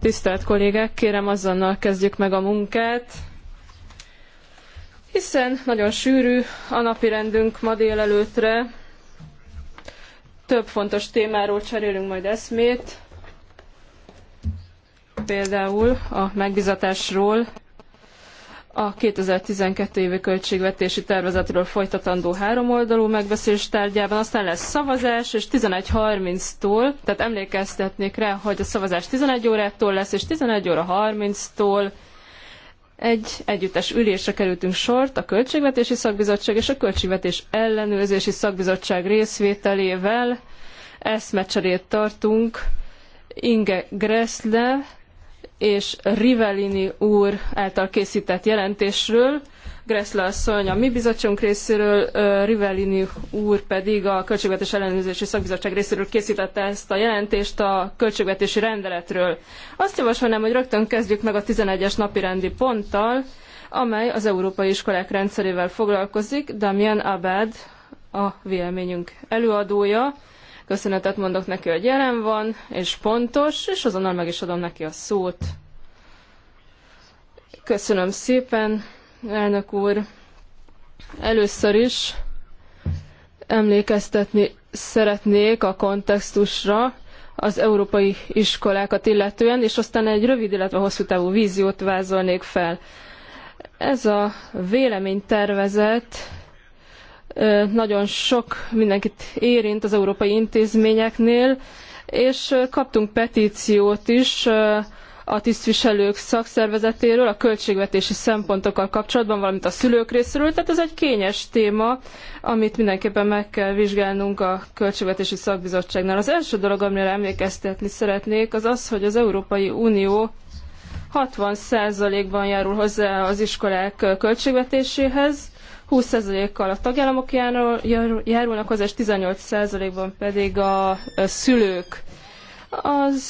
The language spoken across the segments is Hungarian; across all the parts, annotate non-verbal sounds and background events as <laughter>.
Tisztelt kollégák, kérem azonnal kezdjük meg a munkát, hiszen nagyon sűrű a napirendünk ma délelőtre. Több fontos témáról cserélünk majd eszmét, például a megbizatásról, a 2012 évi költségvetési tervezetről folytatandó háromoldalú megbeszélés tárgyában, aztán lesz szavazás, és 11.30-tól, tehát emlékeztetnék rá, hogy a szavazás 11 órától lesz, és 11 óra 30-tól egy együttes ülésre kerültünk sort a Költségvetési Szakbizottság és a Költségvetés Ellenőrzési Szakbizottság részvételével eszmecserét tartunk Inge Gressle, és Rivellini úr által készített jelentésről. Gressler asszony a mi bizottságunk részéről, Rivellini úr pedig a Költségvetés Ellenőrzési Szakbizottság részéről készítette ezt a jelentést a költségvetési rendeletről. Azt javasolnám, hogy rögtön kezdjük meg a 11-es napirendi ponttal, amely az európai iskolák rendszerével foglalkozik. Damien Abad a véleményünk előadója. Köszönetet mondok neki, hogy jelen van, és pontos, és azonnal meg is adom neki a szót. Köszönöm szépen, elnök úr. Először is emlékeztetni szeretnék a kontextusra az európai iskolákat illetően, és aztán egy rövid, illetve hosszú távú víziót vázolnék fel. Ez a véleménytervezet nagyon sok mindenkit érint az európai intézményeknél, és kaptunk petíciót is a tisztviselők szakszervezetéről a költségvetési szempontokkal kapcsolatban, valamint a szülők részéről. Tehát ez egy kényes téma, amit mindenképpen meg kell vizsgálnunk a költségvetési szakbizottságnál. Az első dolog, amire emlékeztetni szeretnék, az az, hogy az Európai Unió 60%-ban járul hozzá az iskolák költségvetéséhez, 20%-kal a tagállamok járulnak hozzá, és 18%-ban pedig a szülők. Az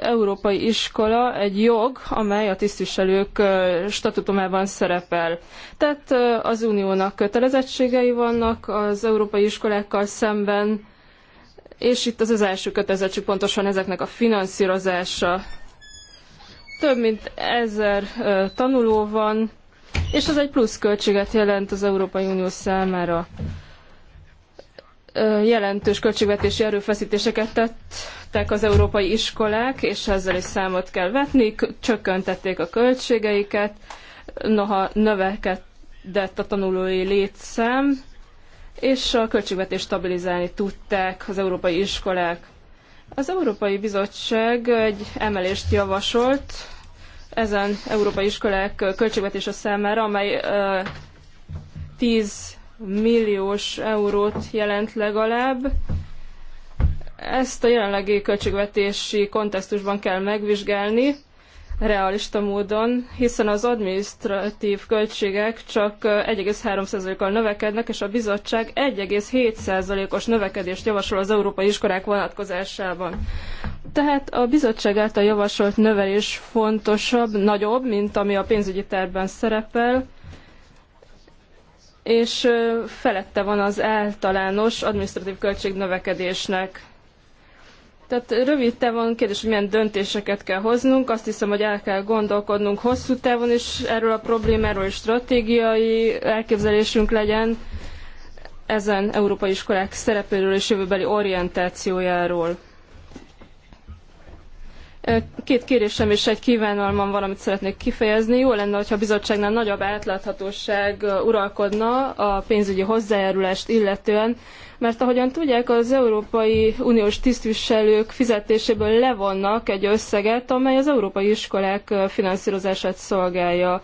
európai iskola egy jog, amely a tisztviselők statutumában szerepel. Tehát az uniónak kötelezettségei vannak az európai iskolákkal szemben, és itt az az első kötelezettség pontosan ezeknek a finanszírozása. Több mint ezer tanuló van, és ez egy plusz költséget jelent az Európai Unió számára. Jelentős költségvetési erőfeszítéseket tettek az európai iskolák, és ezzel is számot kell vetni, csökkentették a költségeiket, noha növekedett a tanulói létszám, és a költségvetést stabilizálni tudták az európai iskolák. Az Európai Bizottság egy emelést javasolt ezen európai iskolák költségvetése számára, amely 10 milliós eurót jelent legalább. Ezt a jelenlegi költségvetési kontextusban kell megvizsgálni, realista módon, hiszen az adminisztratív költségek csak 1,3%-kal növekednek, és a bizottság 1,7%-os növekedést javasol az európai iskolák vonatkozásában. Tehát a bizottság által javasolt növelés fontosabb, nagyobb, mint ami a pénzügyi tervben szerepel, és felette van az általános adminisztratív költség növekedésnek. Tehát rövid távon kérdés, hogy milyen döntéseket kell hoznunk. Azt hiszem, hogy el kell gondolkodnunk hosszú távon is erről a problémáról, és stratégiai elképzelésünk legyen ezen európai iskolák szerepéről és jövőbeli orientációjáról. Két kérésem és egy kívánalmam valamit szeretnék kifejezni. Jó lenne, hogyha a bizottságnál nagyobb átláthatóság uralkodna a pénzügyi hozzájárulást illetően, mert ahogyan tudják, az Európai Uniós tisztviselők fizetéséből levonnak egy összeget, amely az európai iskolák finanszírozását szolgálja.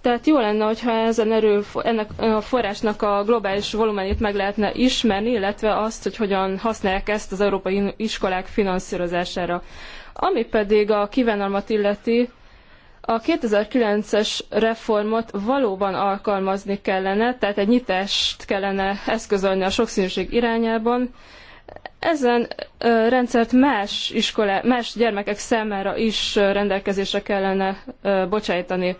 Tehát jó lenne, hogyha ezen erő, ennek a forrásnak a globális volumenét meg lehetne ismerni, illetve azt, hogy hogyan használják ezt az európai iskolák finanszírozására. Ami pedig a kívánalmat illeti, a 2009-es reformot valóban alkalmazni kellene, tehát egy nyitást kellene eszközölni a sokszínűség irányában. Ezen rendszert más, iskolá, más gyermekek számára is rendelkezésre kellene bocsájtani.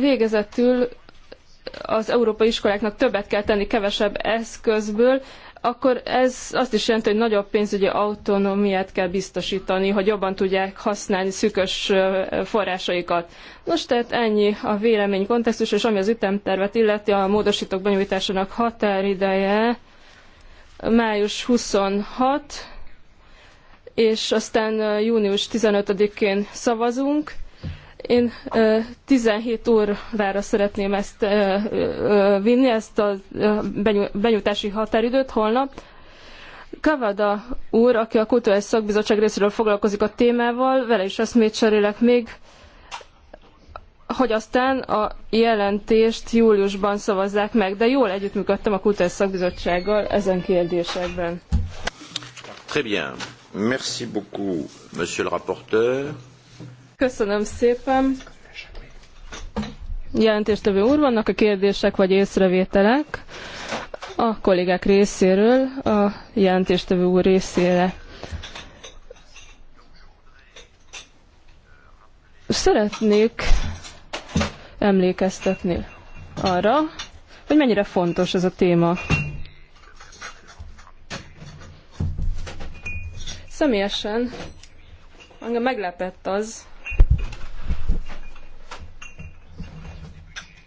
Végezetül az európai iskoláknak többet kell tenni kevesebb eszközből, akkor ez azt is jelenti, hogy nagyobb pénzügyi autonómiát kell biztosítani, hogy jobban tudják használni szűkös forrásaikat. Nos, tehát ennyi a vélemény kontextus, és ami az ütemtervet illeti, a módosítók benyújtásának határideje május 26, és aztán június 15-én szavazunk, én 17 órára szeretném ezt vinni, ezt a benyújtási határidőt holnap. Kavada úr, aki a Kulturális Szakbizottság részéről foglalkozik a témával, vele is eszmét cserélek még, hogy aztán a jelentést júliusban szavazzák meg, de jól együttműködtem a Kulturális Szakbizottsággal ezen kérdésekben. Très bien. Merci beaucoup, monsieur le rapporteur. Köszönöm szépen. Jelentéstevő úr, vannak a kérdések vagy észrevételek a kollégák részéről, a jelentéstevő úr részére. Szeretnék emlékeztetni arra, hogy mennyire fontos ez a téma. Személyesen engem meglepett az,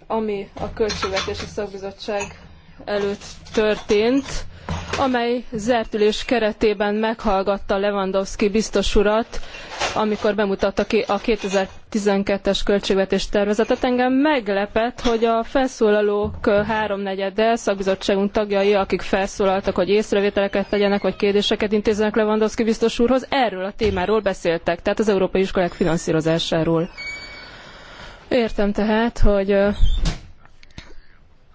ami a Költségvetési Szakbizottság előtt történt, amely zártülés keretében meghallgatta Lewandowski biztos urat, amikor bemutatta ki a 2012-es költségvetés tervezetet. Engem meglepett, hogy a felszólalók háromnegyede szakbizottságunk tagjai, akik felszólaltak, hogy észrevételeket tegyenek, vagy kérdéseket intézzenek Lewandowski biztos úrhoz, erről a témáról beszéltek, tehát az európai iskolák finanszírozásáról. Értem tehát, hogy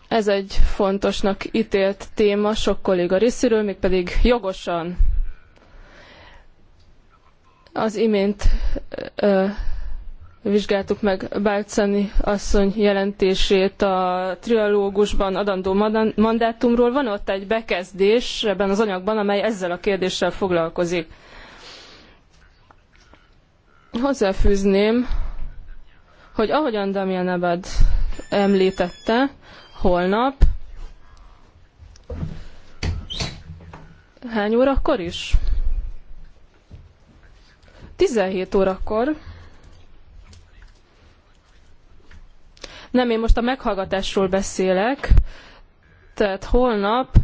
ez egy fontosnak ítélt téma sok kolléga részéről, mégpedig jogosan. Az imént ö, vizsgáltuk meg Bálcani asszony jelentését a trialógusban adandó mandátumról. Van ott egy bekezdés ebben az anyagban, amely ezzel a kérdéssel foglalkozik. Hozzáfűzném, hogy ahogyan Damian Abad említette, holnap hány órakor is? 17 órakor. Nem, én most a meghallgatásról beszélek. Tehát holnap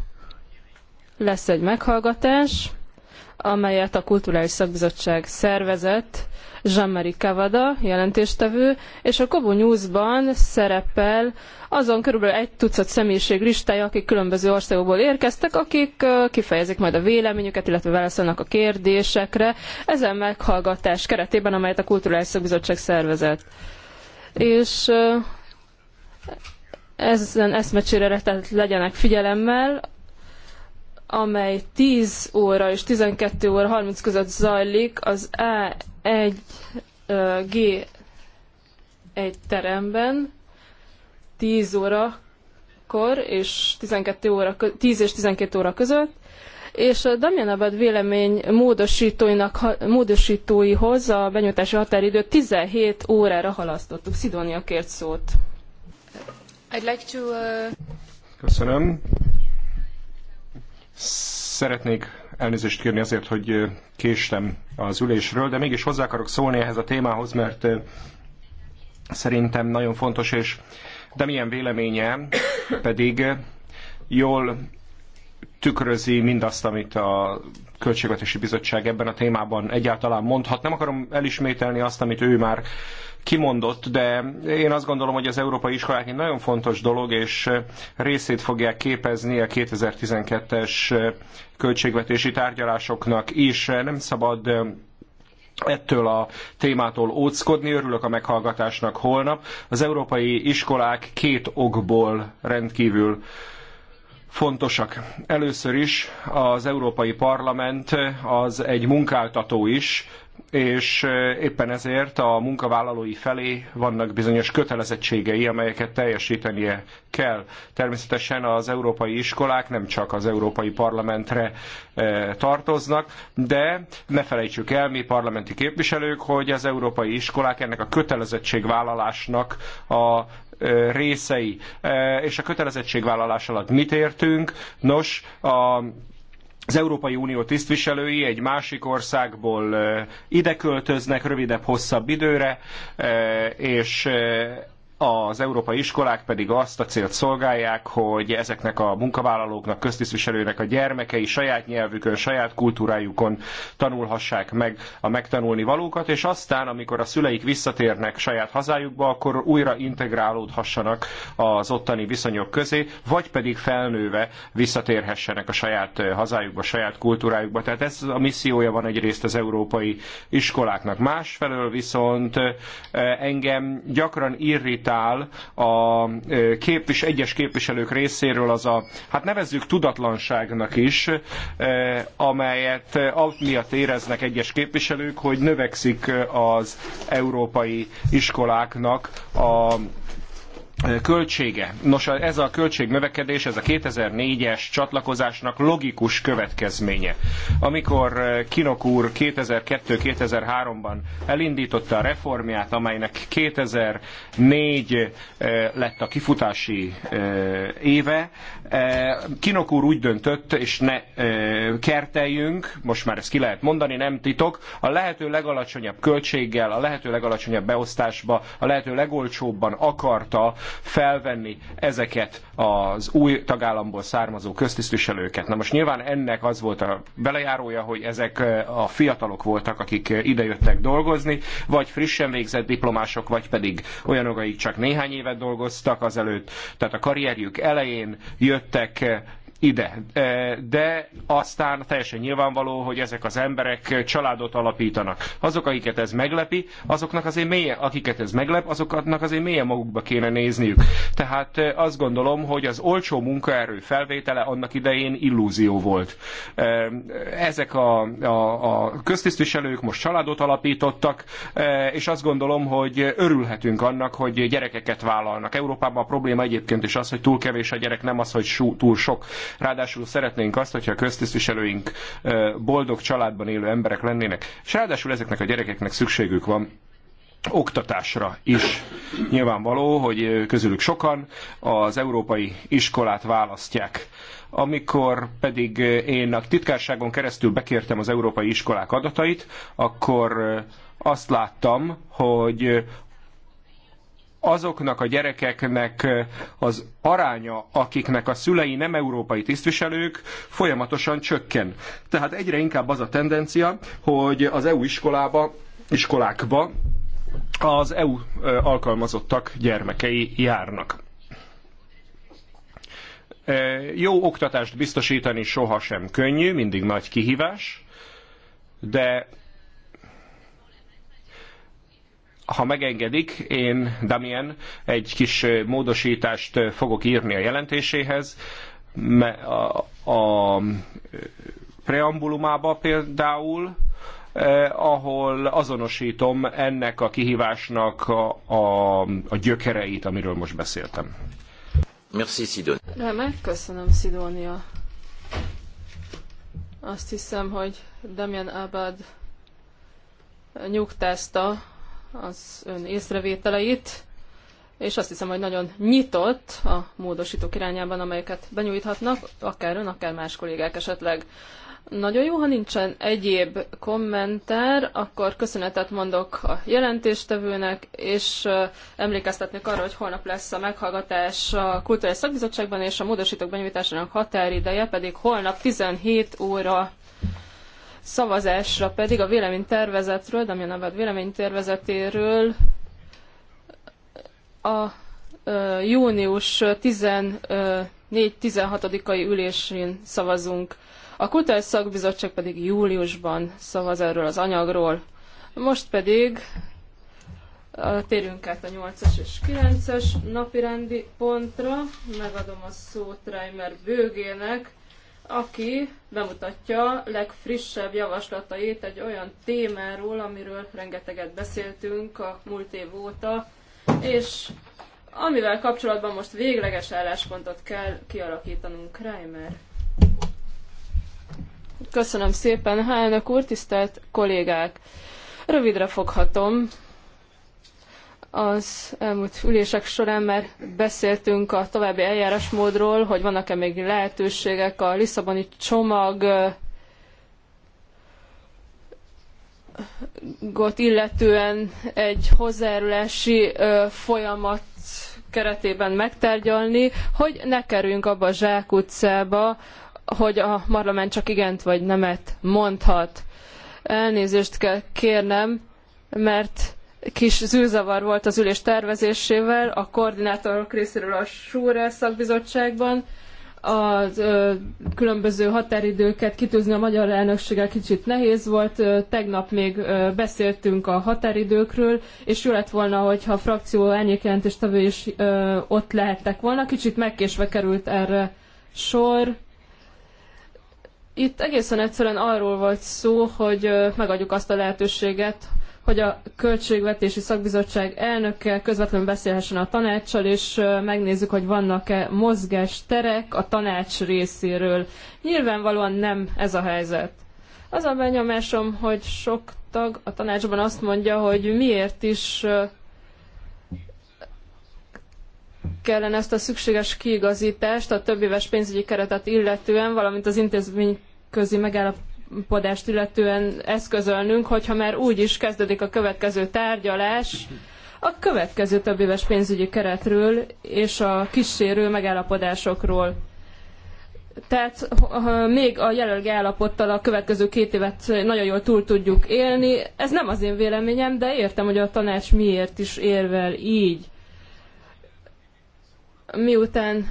lesz egy meghallgatás, amelyet a Kulturális Szakbizottság szervezett, Jean-Marie Cavada, jelentéstevő, és a Kobo News-ban szerepel azon körülbelül egy tucat személyiség listája, akik különböző országokból érkeztek, akik kifejezik majd a véleményüket, illetve válaszolnak a kérdésekre ezen meghallgatás keretében, amelyet a Kulturális Szakbizottság szervezett. És ezen eszmecsére tehát legyenek figyelemmel, amely 10 óra és 12 óra 30 között zajlik az A1 g egy teremben 10 órakor és 12 óra, 10 és 12 óra között, és a Damian Abad vélemény módosítóinak, módosítóihoz a benyújtási határidőt 17 órára halasztottuk. Szidónia kért szót. I'd like to, uh... Köszönöm. Szeretnék elnézést kérni azért, hogy késtem az ülésről, de mégis hozzá akarok szólni ehhez a témához, mert szerintem nagyon fontos, és de milyen véleménye pedig jól tükrözi mindazt, amit a Költségvetési Bizottság ebben a témában egyáltalán mondhat. Nem akarom elismételni azt, amit ő már kimondott, de én azt gondolom, hogy az európai iskolák egy nagyon fontos dolog, és részét fogják képezni a 2012-es költségvetési tárgyalásoknak is. Nem szabad ettől a témától óckodni. Örülök a meghallgatásnak holnap. Az európai iskolák két okból rendkívül fontosak. Először is az Európai Parlament az egy munkáltató is, és eh, éppen ezért a munkavállalói felé vannak bizonyos kötelezettségei, amelyeket teljesítenie kell. Természetesen az európai iskolák nem csak az Európai Parlamentre eh, tartoznak, de ne felejtsük el, mi parlamenti képviselők, hogy az európai iskolák ennek a kötelezettségvállalásnak a eh, részei. És a kötelezettségvállalás alatt mit értünk? Nos, a az Európai Unió tisztviselői egy másik országból ide költöznek rövidebb, hosszabb időre, és az európai iskolák pedig azt a célt szolgálják, hogy ezeknek a munkavállalóknak, köztisztviselőnek a gyermekei saját nyelvükön, saját kultúrájukon tanulhassák meg a megtanulni valókat, és aztán, amikor a szüleik visszatérnek saját hazájukba, akkor újra integrálódhassanak az ottani viszonyok közé, vagy pedig felnőve visszatérhessenek a saját hazájukba, saját kultúrájukba. Tehát ez a missziója van egyrészt az európai iskoláknak. Másfelől viszont eh, engem gyakran irrit profitál a képvis, egyes képviselők részéről az a, hát nevezzük tudatlanságnak is, amelyet miatt éreznek egyes képviselők, hogy növekszik az európai iskoláknak a költsége. Nos, ez a költségnövekedés, ez a 2004-es csatlakozásnak logikus következménye. Amikor eh, Kinok úr 2002-2003-ban elindította a reformját, amelynek 2004 eh, lett a kifutási eh, éve, Kinok úr úgy döntött, és ne kerteljünk, most már ezt ki lehet mondani, nem titok, a lehető legalacsonyabb költséggel, a lehető legalacsonyabb beosztásba, a lehető legolcsóbban akarta felvenni ezeket az új tagállamból származó köztisztviselőket. Na most nyilván ennek az volt a belejárója, hogy ezek eh, a fiatalok voltak, akik eh, idejöttek dolgozni, vagy frissen végzett diplomások, vagy pedig olyanok, akik csak néhány évet dolgoztak azelőtt, tehát a karrierjük elején jöttek eh, ide. De aztán teljesen nyilvánvaló, hogy ezek az emberek családot alapítanak. Azok, akiket ez meglepi, azoknak azért mélye, akiket ez meglep, azoknak azért mélyen magukba kéne nézniük. Tehát azt gondolom, hogy az olcsó munkaerő felvétele annak idején illúzió volt. Ezek a, a, a köztisztviselők most családot alapítottak, és azt gondolom, hogy örülhetünk annak, hogy gyerekeket vállalnak. Európában a probléma egyébként is az, hogy túl kevés a gyerek, nem az, hogy túl sok. Ráadásul szeretnénk azt, hogyha a köztisztviselőink boldog családban élő emberek lennének, és ráadásul ezeknek a gyerekeknek szükségük van oktatásra is. Nyilvánvaló, hogy közülük sokan az európai iskolát választják. Amikor pedig én a titkárságon keresztül bekértem az európai iskolák adatait, akkor azt láttam, hogy azoknak a gyerekeknek az aránya, akiknek a szülei nem európai tisztviselők, folyamatosan csökken. Tehát egyre inkább az a tendencia, hogy az EU iskolába, iskolákba az EU alkalmazottak gyermekei járnak jó oktatást biztosítani sohasem könnyű, mindig nagy kihívás, de ha megengedik, én, Damien, egy kis módosítást fogok írni a jelentéséhez. A, a preambulumába például, eh, ahol azonosítom ennek a kihívásnak a, a, a gyökereit, amiről most beszéltem. Merci, Sidonia. Remek, köszönöm, Sidonia. Azt hiszem, hogy Damien Abad nyugtázta az ön észrevételeit, és azt hiszem, hogy nagyon nyitott a módosítók irányában, amelyeket benyújthatnak, akár ön, akár más kollégák esetleg. Nagyon jó, ha nincsen egyéb kommentár, akkor köszönetet mondok a jelentéstevőnek, és emlékeztetnék arra, hogy holnap lesz a meghallgatás a Kulturális Szakbizottságban, és a módosítók benyújtásának határideje pedig holnap 17 óra szavazásra pedig a véleménytervezetről, Damian Abad véleménytervezetéről a június 14-16-ai ülésén szavazunk. A Kultúrás Szakbizottság pedig júliusban szavaz erről az anyagról. Most pedig térjünk át a 8-as és 9-es napirendi pontra. Megadom a szót Reimer Bőgének, aki bemutatja legfrissebb javaslatait egy olyan témáról, amiről rengeteget beszéltünk a múlt év óta, és amivel kapcsolatban most végleges álláspontot kell kialakítanunk. Reimer. Köszönöm szépen, Hálnök úr, tisztelt kollégák! Rövidre foghatom, az elmúlt ülések során már beszéltünk a további eljárásmódról, hogy vannak-e még lehetőségek a Lisszaboni csomag got illetően egy hozzájárulási folyamat keretében megtárgyalni, hogy ne kerüljünk abba a zsákutcába, hogy a parlament csak igent vagy nemet mondhat. Elnézést kell kérnem, mert kis zűrzavar volt az ülés tervezésével a koordinátorok részéről a SURE szakbizottságban. A ö, különböző határidőket kitűzni a magyar elnökséggel kicsit nehéz volt. Ö, tegnap még ö, beszéltünk a határidőkről, és jó lett volna, hogyha a frakció elnyékjelentéstevő is ö, ott lehettek volna. Kicsit megkésve került erre sor. Itt egészen egyszerűen arról volt szó, hogy megadjuk azt a lehetőséget, hogy a Költségvetési Szakbizottság elnöke közvetlenül beszélhessen a tanácssal, és megnézzük, hogy vannak-e mozgásterek a tanács részéről. Nyilvánvalóan nem ez a helyzet. Az a benyomásom, hogy sok tag a tanácsban azt mondja, hogy miért is kellene ezt a szükséges kiigazítást a többéves pénzügyi keretet illetően, valamint az intézmény közi megállapodást megállapodást illetően eszközölnünk, hogyha már úgy is kezdődik a következő tárgyalás a következő többéves pénzügyi keretről és a kísérő megállapodásokról. Tehát még a jelölgi állapottal a következő két évet nagyon jól túl tudjuk élni. Ez nem az én véleményem, de értem, hogy a tanács miért is érvel így miután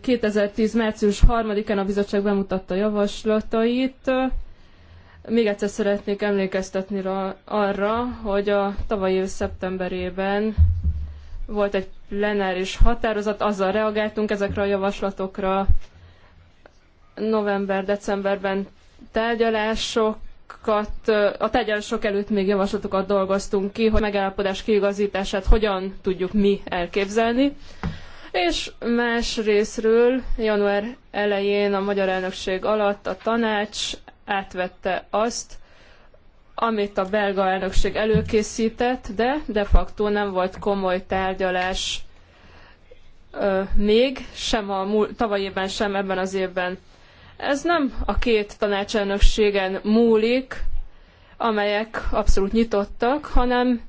2010. március 3-án a bizottság bemutatta javaslatait, még egyszer szeretnék emlékeztetni arra, hogy a tavalyi év szeptemberében volt egy plenáris határozat, azzal reagáltunk ezekre a javaslatokra. November-decemberben tárgyalásokat, a tárgyalások előtt még javaslatokat dolgoztunk ki, hogy megállapodás kiigazítását hogyan tudjuk mi elképzelni és más részről január elején a magyar elnökség alatt a tanács átvette azt, amit a belga elnökség előkészített, de de facto nem volt komoly tárgyalás ö, még, sem a múl, tavaly évben, sem ebben az évben. Ez nem a két tanácselnökségen múlik, amelyek abszolút nyitottak, hanem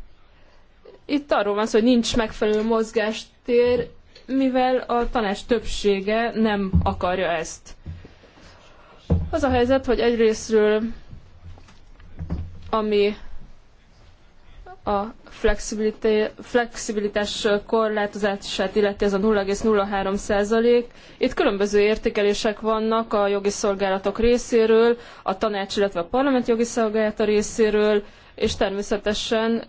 itt arról van szó, hogy nincs megfelelő mozgástér, mivel a tanács többsége nem akarja ezt. Az a helyzet, hogy egyrésztről, ami a flexibilitás korlátozását illeti ez a 0,03 százalék. Itt különböző értékelések vannak a jogi szolgálatok részéről, a tanács, illetve a parlament jogi szolgálata részéről, és természetesen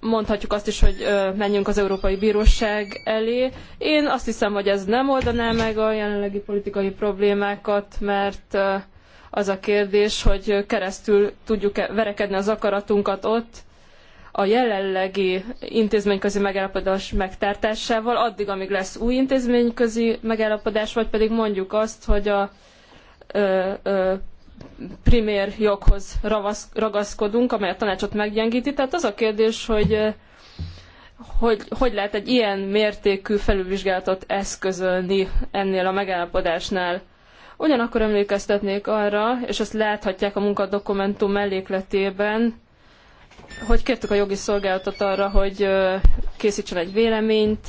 mondhatjuk azt is, hogy menjünk az Európai Bíróság elé. Én azt hiszem, hogy ez nem oldaná meg a jelenlegi politikai problémákat, mert az a kérdés, hogy keresztül tudjuk -e verekedni az akaratunkat ott, a jelenlegi intézményközi megállapodás megtartásával, addig, amíg lesz új intézményközi megállapodás, vagy pedig mondjuk azt, hogy a ö, ö, primér joghoz ragaszkodunk, amely a tanácsot meggyengíti. Tehát az a kérdés, hogy eh, hogy, hogy lehet egy ilyen mértékű felülvizsgálatot eszközölni ennél a megállapodásnál. Ugyanakkor emlékeztetnék arra, és ezt láthatják a munkadokumentum mellékletében, hogy kértük a jogi szolgálatot arra, hogy eh, készítsen egy véleményt,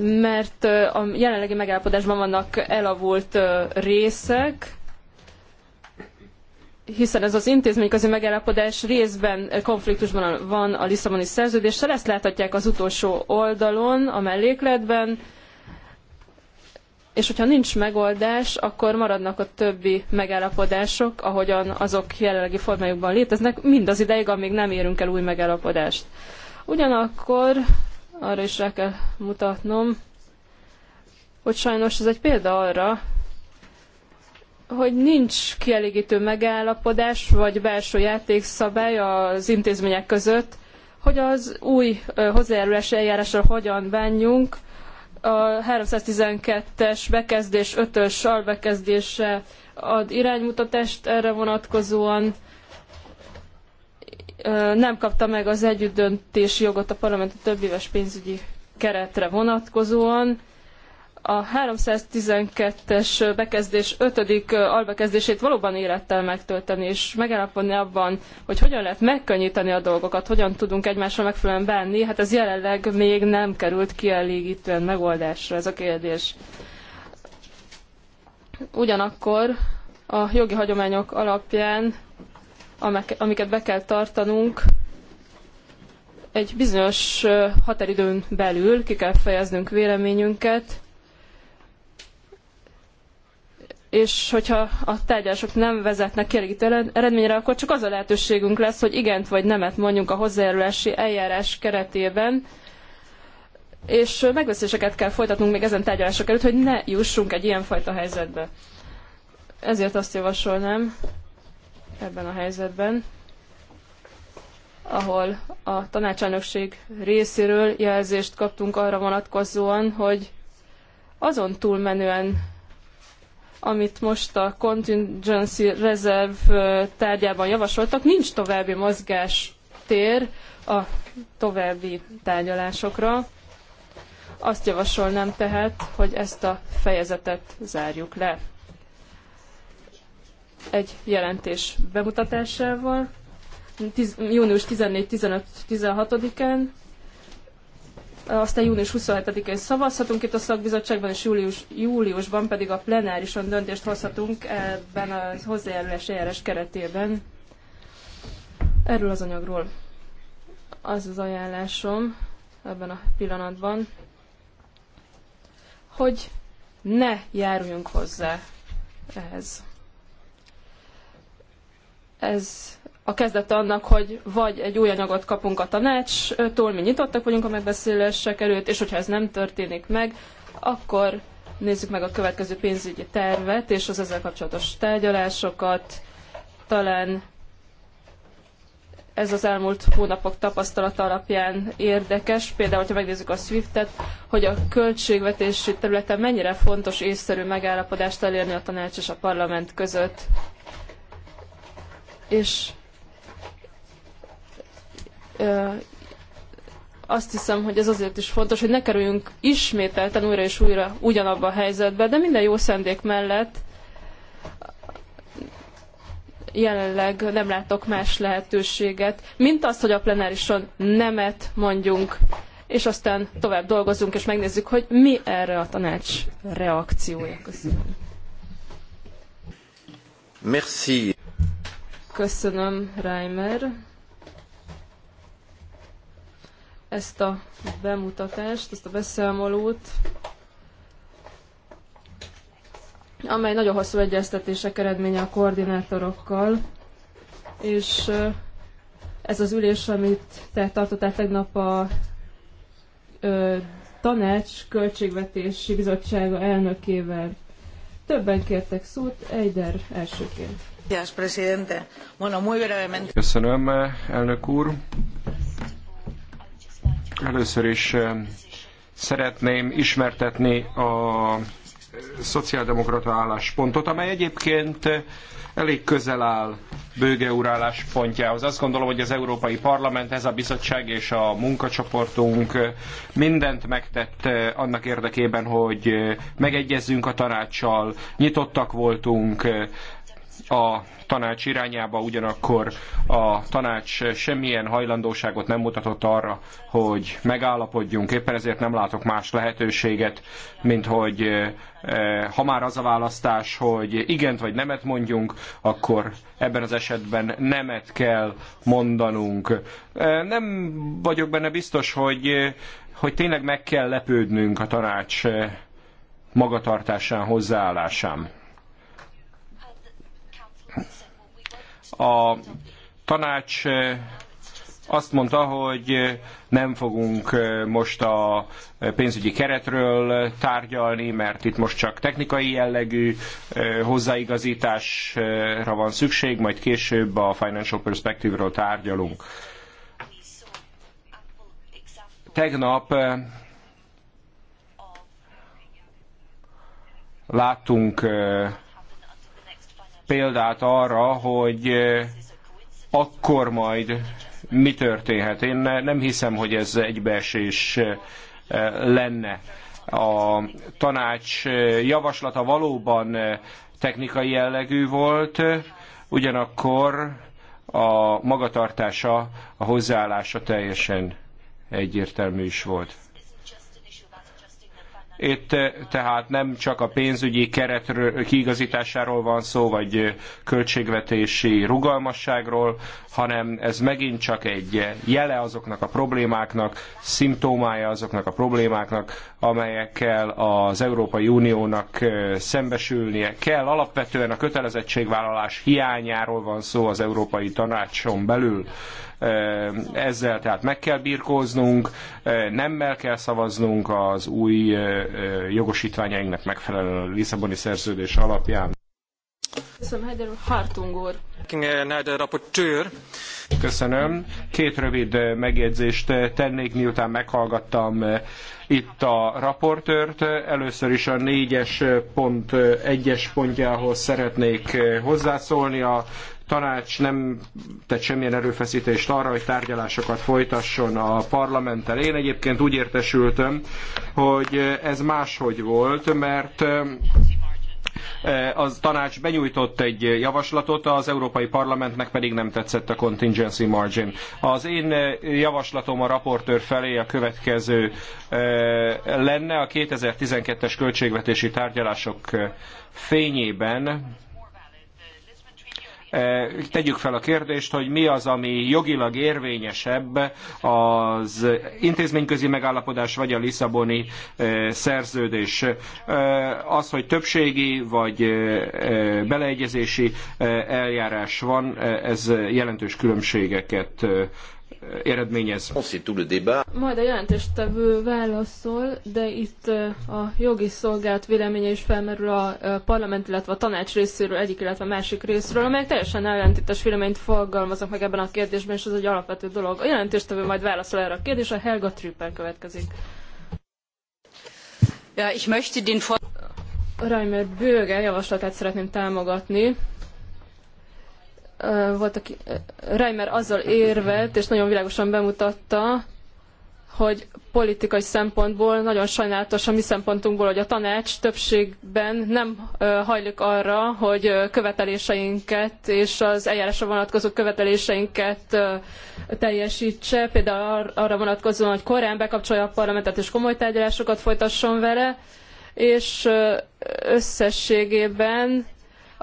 mert a jelenlegi megállapodásban vannak elavult részek, hiszen ez az intézményközi megállapodás részben konfliktusban van a Lisszaboni szerződéssel, ezt láthatják az utolsó oldalon, a mellékletben, és hogyha nincs megoldás, akkor maradnak a többi megállapodások, ahogyan azok jelenlegi formájukban léteznek, mindaz ideig, amíg nem érünk el új megállapodást. Ugyanakkor arra is rá kell mutatnom, hogy sajnos ez egy példa arra, hogy nincs kielégítő megállapodás vagy belső játékszabály az intézmények között, hogy az új hozzájárulási eljárásra hogyan bánjunk. A 312-es bekezdés 5-ös albekezdése ad iránymutatást erre vonatkozóan, nem kapta meg az együttdöntési jogot a parlament a többéves pénzügyi keretre vonatkozóan. A 312-es bekezdés 5. albekezdését valóban élettel megtölteni, és megállapodni abban, hogy hogyan lehet megkönnyíteni a dolgokat, hogyan tudunk egymással megfelelően bánni, hát ez jelenleg még nem került kielégítően megoldásra ez a kérdés. Ugyanakkor a jogi hagyományok alapján amiket be kell tartanunk, egy bizonyos határidőn belül ki kell fejeznünk véleményünket, és hogyha a tárgyalások nem vezetnek kielégítő eredményre, akkor csak az a lehetőségünk lesz, hogy igent vagy nemet mondjunk a hozzájárulási eljárás keretében, és megbeszéléseket kell folytatnunk még ezen tárgyalások előtt, hogy ne jussunk egy ilyenfajta helyzetbe. Ezért azt javasolnám, ebben a helyzetben, ahol a tanácselnökség részéről jelzést kaptunk arra vonatkozóan, hogy azon túlmenően, amit most a contingency reserve tárgyában javasoltak, nincs további mozgás tér a további tárgyalásokra. Azt javasolnám tehát, hogy ezt a fejezetet zárjuk le egy jelentés bemutatásával, június 14-15-16-án, aztán június 27-én szavazhatunk itt a szakbizottságban, és július, júliusban pedig a plenárison döntést hozhatunk ebben a hozzájárulás eljárás keretében. Erről az anyagról az az ajánlásom ebben a pillanatban, hogy ne járuljunk hozzá ehhez ez a kezdete annak, hogy vagy egy új anyagot kapunk a tanácstól, mi nyitottak vagyunk a megbeszélések előtt, és hogyha ez nem történik meg, akkor nézzük meg a következő pénzügyi tervet és az ezzel kapcsolatos tárgyalásokat. Talán ez az elmúlt hónapok tapasztalata alapján érdekes, például, hogyha megnézzük a SWIFT-et, hogy a költségvetési területen mennyire fontos észszerű megállapodást elérni a tanács és a parlament között és ö, azt hiszem, hogy ez azért is fontos, hogy ne kerüljünk ismételten újra és újra ugyanabba a helyzetbe, de minden jó szendék mellett jelenleg nem látok más lehetőséget, mint azt, hogy a plenárison nemet mondjunk, és aztán tovább dolgozunk, és megnézzük, hogy mi erre a tanács reakciója. Köszönöm. Merci. Köszönöm, Reimer, ezt a bemutatást, ezt a beszámolót, amely nagyon hosszú egyeztetések eredménye a koordinátorokkal, és eh, ez az ülés, amit te tartottál tegnap a ö, tanács költségvetési bizottsága elnökével. Többen kértek szót, Eider elsőként. Köszönöm, elnök úr. Először is eh, szeretném ismertetni a szociáldemokrata álláspontot, amely egyébként elég közel áll Bőge úr álláspontjához. Azt gondolom, hogy az Európai Parlament, ez a bizottság és a munkacsoportunk mindent megtett eh, annak érdekében, hogy eh, megegyezzünk a tanácssal, nyitottak voltunk a tanács irányába, ugyanakkor a tanács semmilyen hajlandóságot nem mutatott arra, hogy megállapodjunk. Éppen ezért nem látok más lehetőséget, mint hogy eh, ha már az a választás, hogy igent vagy nemet mondjunk, akkor ebben az esetben nemet kell mondanunk. Eh, nem vagyok benne biztos, hogy, eh, hogy tényleg meg kell lepődnünk a tanács magatartásán, hozzáállásán. A tanács eh, azt mondta, hogy eh, nem fogunk eh, most a pénzügyi keretről tárgyalni, mert itt most csak technikai jellegű hozzáigazításra van szükség, majd később a Financial Perspective-ről tárgyalunk. Tegnap láttunk példát arra, hogy akkor majd mi történhet. Én nem hiszem, hogy ez egybeesés lenne. A tanács javaslata valóban technikai jellegű volt, ugyanakkor a magatartása, a hozzáállása teljesen egyértelmű is volt. Itt eh, tehát nem csak a pénzügyi keret kiigazításáról van szó, vagy eh, költségvetési rugalmasságról, hanem ez megint csak egy eh, jele azoknak a problémáknak, szimptomája azoknak a problémáknak, amelyekkel az Európai Uniónak szembesülnie kell. Alapvetően a kötelezettségvállalás hiányáról van szó az Európai Tanácson belül. Ezzel tehát meg kell birkóznunk, nemmel kell szavaznunk az új jogosítványainknak megfelelő Lisszaboni szerződés alapján. Köszönöm, Köszönöm. Két rövid megjegyzést tennék, miután meghallgattam itt a raportőrt. Először is a négyes pont egyes pontjához szeretnék hozzászólni. A tanács nem tett semmilyen erőfeszítést arra, hogy tárgyalásokat folytasson a parlamenttel. Én egyébként úgy értesültem, hogy ez máshogy volt, mert eh, az tanács benyújtott egy javaslatot, az Európai Parlamentnek pedig nem tetszett a contingency margin. Az én eh, javaslatom a raportőr felé a következő eh, lenne a 2012-es költségvetési tárgyalások fényében Tegyük fel a kérdést, hogy mi az, ami jogilag érvényesebb az intézményközi megállapodás vagy a Lisszaboni szerződés. Az, hogy többségi vagy beleegyezési eljárás van, ez jelentős különbségeket eredményez. Majd a jelentéstevő válaszol, de itt a jogi szolgált véleménye is felmerül a parlament, illetve a tanács részéről, egyik, illetve a másik részről, amelyek teljesen ellentétes véleményt fogalmaznak meg ebben a kérdésben, és ez egy alapvető dolog. A jelentéstevő majd válaszol erre a kérdésre, Helga Trüppel következik. Ja, ich möchte den Reimer Böge javaslatát szeretném támogatni volt, aki Reimer azzal érvelt, és nagyon világosan bemutatta, hogy politikai szempontból nagyon sajnálatos a mi szempontunkból, hogy a tanács többségben nem hajlik arra, hogy követeléseinket és az eljárásra vonatkozó követeléseinket teljesítse, például arra vonatkozóan, hogy korán bekapcsolja a parlamentet és komoly tárgyalásokat folytasson vele, és összességében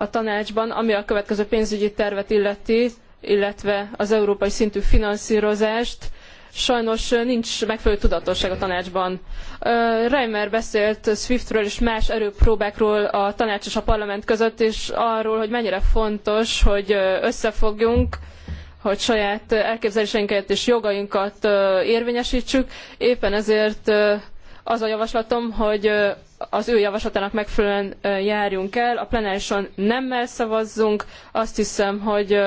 a tanácsban, ami a következő pénzügyi tervet illeti, illetve az európai szintű finanszírozást. Sajnos nincs megfelelő tudatosság a tanácsban. Reimer beszélt Swiftről és más erőpróbákról a tanács és a parlament között, és arról, hogy mennyire fontos, hogy összefogjunk, hogy saját elképzeléseinket és jogainkat érvényesítsük. Éppen ezért az a javaslatom, hogy az ő javaslatának megfelelően járjunk el, a plenárison nemmel szavazzunk. Azt hiszem, hogy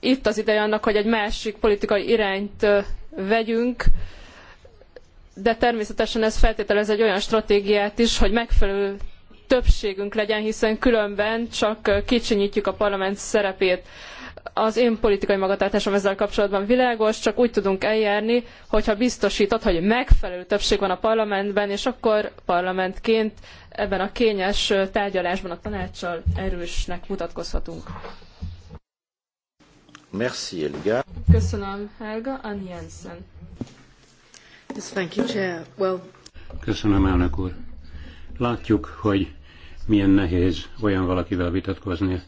itt az ideje annak, hogy egy másik politikai irányt vegyünk, de természetesen ez feltételez egy olyan stratégiát is, hogy megfelelő többségünk legyen, hiszen különben csak kicsinyítjük a parlament szerepét az én politikai magatartásom ezzel kapcsolatban világos, csak úgy tudunk eljárni, hogyha biztosítod, hogy megfelelő többség van a parlamentben, és akkor parlamentként ebben a kényes tárgyalásban a tanácssal erősnek mutatkozhatunk. Merci, Helga. Köszönöm, Helga. Ann Jensen. Yes, thank you, Chair. Well... Köszönöm, elnök úr. Látjuk, hogy milyen nehéz olyan valakivel vitatkozni,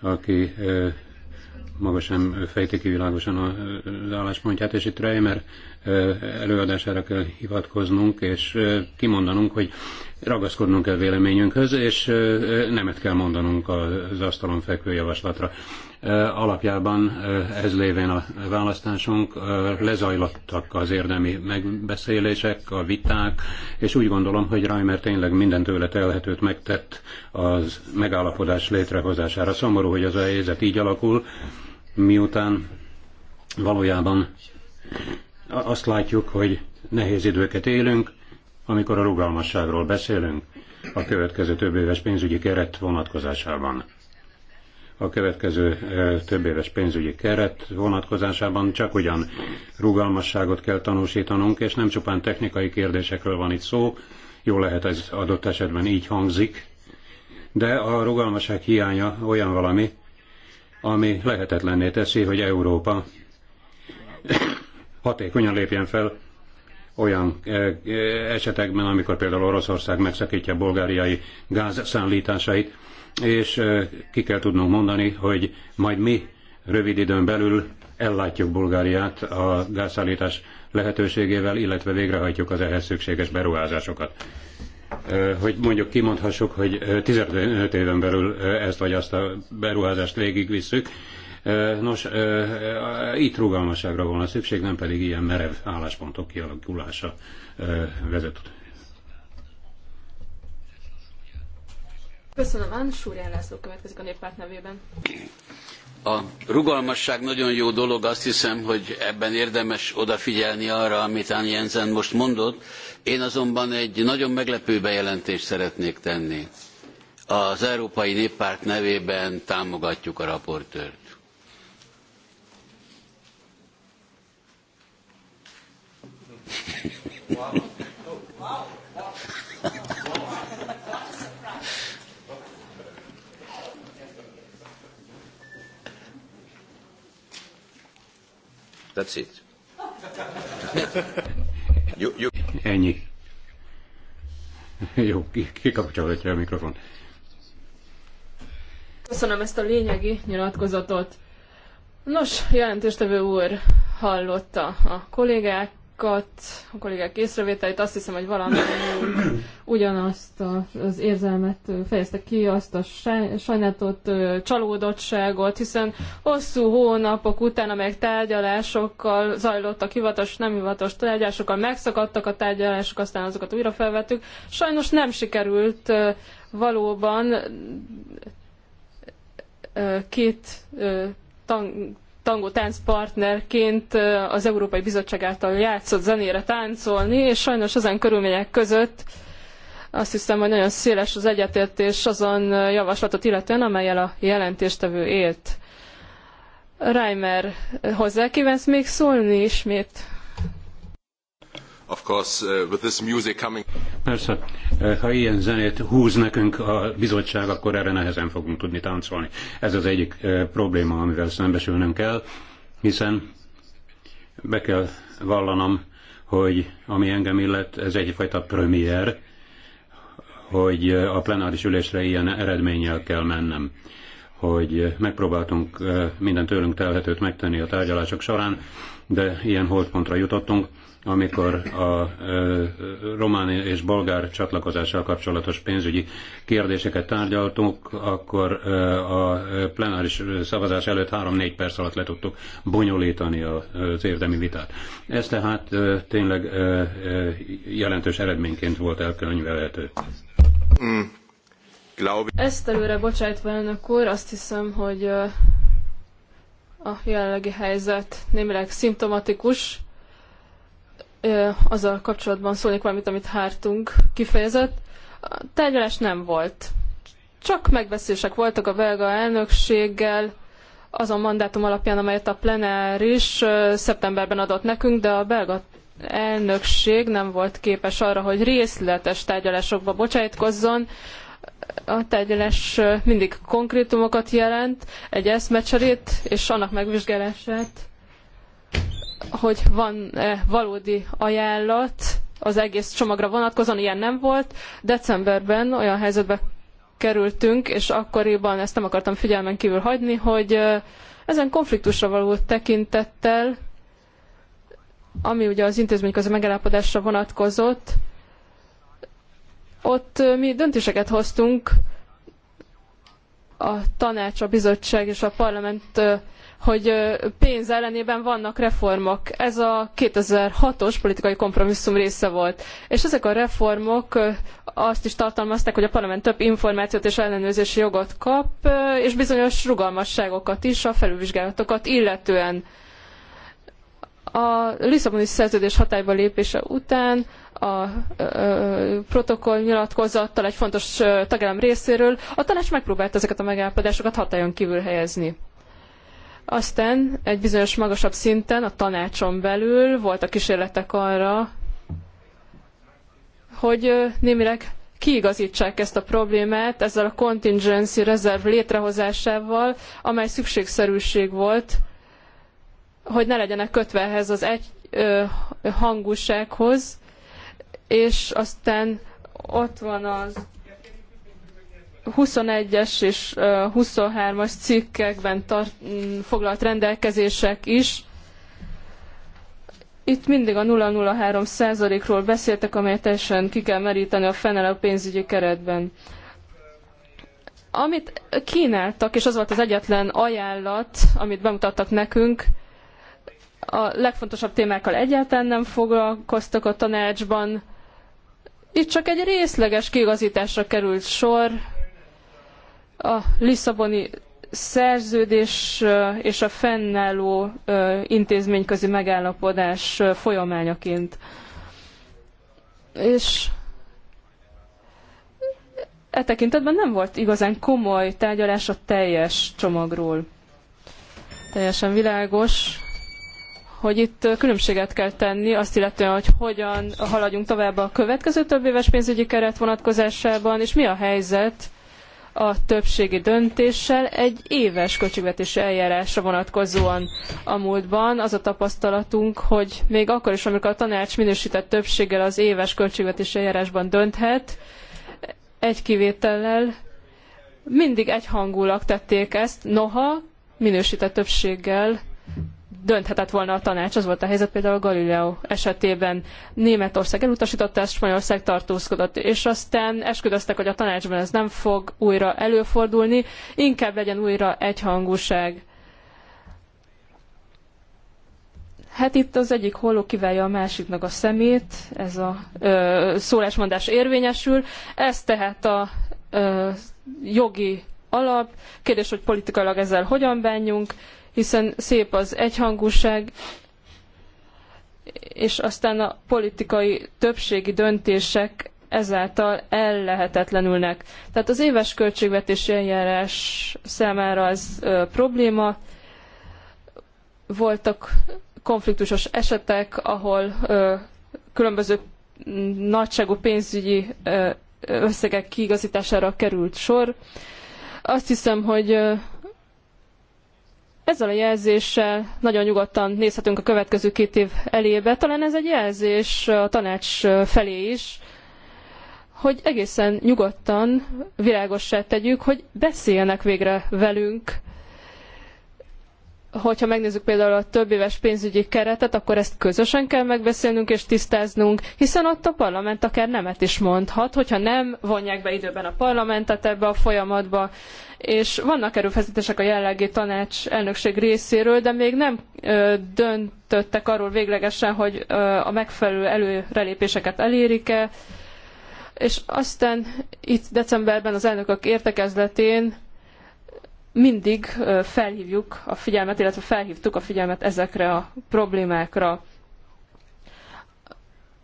aki maga sem fejti ki világosan az álláspontját, és itt Reimer előadására kell hivatkoznunk, és kimondanunk, hogy ragaszkodnunk kell véleményünkhöz, és nemet kell mondanunk az asztalon fekvő javaslatra. Alapjában ez lévén a választásunk lezajlottak az érdemi megbeszélések, a viták, és úgy gondolom, hogy Reimer tényleg minden tőle telhetőt megtett az megállapodás létrehozására. Szomorú, hogy az a helyzet így alakul, miután valójában azt látjuk, hogy nehéz időket élünk, amikor a rugalmasságról beszélünk a következő több éves pénzügyi keret vonatkozásában a következő több éves pénzügyi keret vonatkozásában csak ugyan rugalmasságot kell tanúsítanunk, és nem csupán technikai kérdésekről van itt szó, jó lehet ez adott esetben így hangzik, de a rugalmasság hiánya olyan valami, ami lehetetlenné teszi, hogy Európa <coughs> hatékonyan lépjen fel olyan esetekben, amikor például Oroszország megszakítja a bulgáriai gázszállításait, és ki kell tudnunk mondani, hogy majd mi rövid időn belül ellátjuk Bulgáriát a gázszállítás lehetőségével, illetve végrehajtjuk az ehhez szükséges beruházásokat. Hogy mondjuk kimondhassuk, hogy 15 éven belül ezt vagy azt a beruházást végigvisszük. Nos, itt rugalmasságra volna szükség, nem pedig ilyen merev álláspontok kialakulása vezet Köszönöm, Ann. Súrján László következik a néppárt nevében. A rugalmasság nagyon jó dolog, azt hiszem, hogy ebben érdemes odafigyelni arra, amit Ann Jensen most mondott. Én azonban egy nagyon meglepő bejelentést szeretnék tenni. Az Európai Néppárt nevében támogatjuk a raportőrt. Wow. That's it. you, you... Ennyi. Jó, kikapcsolhatja a mikrofon. Köszönöm ezt a lényegi nyilatkozatot. Nos, jelentéstevő úr hallotta a kollégák kollégákat, a kollégák észrevételeit, azt hiszem, hogy valami <coughs> ugyanazt az érzelmet fejezte ki, azt a sajnálatot, csalódottságot, hiszen hosszú hónapok után, amelyek tárgyalásokkal zajlottak, hivatalos, nem hivatalos tárgyalásokkal, megszakadtak a tárgyalások, aztán azokat újra felvettük. Sajnos nem sikerült valóban két tangó táncpartnerként az Európai Bizottság által játszott zenére táncolni, és sajnos ezen körülmények között azt hiszem, hogy nagyon széles az egyetértés azon javaslatot illetően, amelyel a jelentéstevő élt. Reimer, hozzá kívánsz még szólni ismét? of course, uh, with this music coming... Persze, eh, ha ilyen zenét húz nekünk a bizottság, akkor erre nehezen fogunk tudni táncolni. Ez az egyik eh, probléma, amivel szembesülnünk kell, hiszen be kell vallanom, hogy ami engem illet, ez egyfajta premier, hogy eh, a plenáris ülésre ilyen eredménnyel kell mennem hogy megpróbáltunk minden tőlünk telhetőt megtenni a tárgyalások során, de ilyen holtpontra jutottunk, amikor a román és bolgár csatlakozással kapcsolatos pénzügyi kérdéseket tárgyaltunk, akkor a plenáris szavazás előtt 3-4 perc alatt le tudtuk bonyolítani az érdemi vitát. Ez tehát tényleg jelentős eredményként volt elkönyvelhető. Mm. Ezt előre bocsájtva, elnök úr, azt hiszem, hogy a jelenlegi helyzet némileg szimptomatikus, azzal kapcsolatban szólnék valamit, amit Hártunk kifejezett. A tárgyalás nem volt. Csak megbeszélések voltak a belga elnökséggel, az a mandátum alapján, amelyet a plenár is szeptemberben adott nekünk, de a belga elnökség nem volt képes arra, hogy részletes tárgyalásokba bocsájtkozzon. A tárgyalás mindig konkrétumokat jelent, egy eszmecserét és annak megvizsgálását hogy van -e valódi ajánlat az egész csomagra vonatkozóan, ilyen nem volt. Decemberben olyan helyzetbe kerültünk, és akkoriban ezt nem akartam figyelmen kívül hagyni, hogy eh, ezen konfliktusra való tekintettel, ami ugye az intézményközi megállapodásra vonatkozott, ott eh, mi döntéseket hoztunk a tanács, a bizottság és a parlament hogy pénz ellenében vannak reformok. Ez a 2006-os politikai kompromisszum része volt. És ezek a reformok azt is tartalmazták, hogy a parlament több információt és ellenőrzési jogot kap, és bizonyos rugalmasságokat is a felülvizsgálatokat illetően. A Lisszaboni szerződés hatályba lépése után a protokoll nyilatkozattal egy fontos tagállam részéről a tanács megpróbált ezeket a megállapodásokat hatályon kívül helyezni. Aztán egy bizonyos magasabb szinten, a tanácson belül voltak kísérletek arra, hogy némileg kiigazítsák ezt a problémát ezzel a contingency reserve létrehozásával, amely szükségszerűség volt, hogy ne legyenek kötve ehhez az egy ö, hangúsághoz, és aztán ott van az 21-es és 23-as cikkekben tart, mm, foglalt rendelkezések is. Itt mindig a 003 százalékról beszéltek, amelyet teljesen ki kell meríteni a fennálló pénzügyi keretben. Amit kínáltak, és az volt az egyetlen ajánlat, amit bemutattak nekünk, a legfontosabb témákkal egyáltalán nem foglalkoztak a tanácsban. Itt csak egy részleges kiigazításra került sor, a Lisszaboni szerződés és a fennálló intézményközi megállapodás folyamányaként. És e tekintetben nem volt igazán komoly tárgyalás a teljes csomagról. Teljesen világos, hogy itt különbséget kell tenni, azt illetően, hogy hogyan haladjunk tovább a következő több éves pénzügyi keret vonatkozásában, és mi a helyzet a többségi döntéssel egy éves költségvetési eljárásra vonatkozóan a múltban. Az a tapasztalatunk, hogy még akkor is, amikor a tanács minősített többséggel az éves költségvetési eljárásban dönthet, egy kivétellel mindig egyhangulag tették ezt, noha minősített többséggel dönthetett volna a tanács, az volt a helyzet például Galileo esetében. Németország elutasította ezt, Spanyolország tartózkodott, és aztán esküdöztek, hogy a tanácsban ez nem fog újra előfordulni, inkább legyen újra egyhangúság. Hát itt az egyik holló kiválja a másiknak a szemét, ez a ö, szólásmondás érvényesül. Ez tehát a ö, jogi alap. Kérdés, hogy politikailag ezzel hogyan bánjunk hiszen szép az egyhangúság, és aztán a politikai többségi döntések ezáltal ellehetetlenülnek. Tehát az éves költségvetési eljárás számára ez ö, probléma. Voltak konfliktusos esetek, ahol ö, különböző mm, nagyságú pénzügyi ö, összegek kiigazítására került sor. Azt hiszem, hogy ezzel a jelzéssel nagyon nyugodtan nézhetünk a következő két év elébe. Talán ez egy jelzés a tanács felé is, hogy egészen nyugodtan világossá tegyük, hogy beszéljenek végre velünk hogyha megnézzük például a több éves pénzügyi keretet, akkor ezt közösen kell megbeszélnünk és tisztáznunk, hiszen ott a parlament akár nemet is mondhat, hogyha nem vonják be időben a parlamentet ebbe a folyamatba, és vannak erőfeszítések a jelenlegi tanács elnökség részéről, de még nem ö, döntöttek arról véglegesen, hogy ö, a megfelelő előrelépéseket elérik-e, és aztán itt decemberben az elnökök értekezletén mindig felhívjuk a figyelmet, illetve felhívtuk a figyelmet ezekre a problémákra.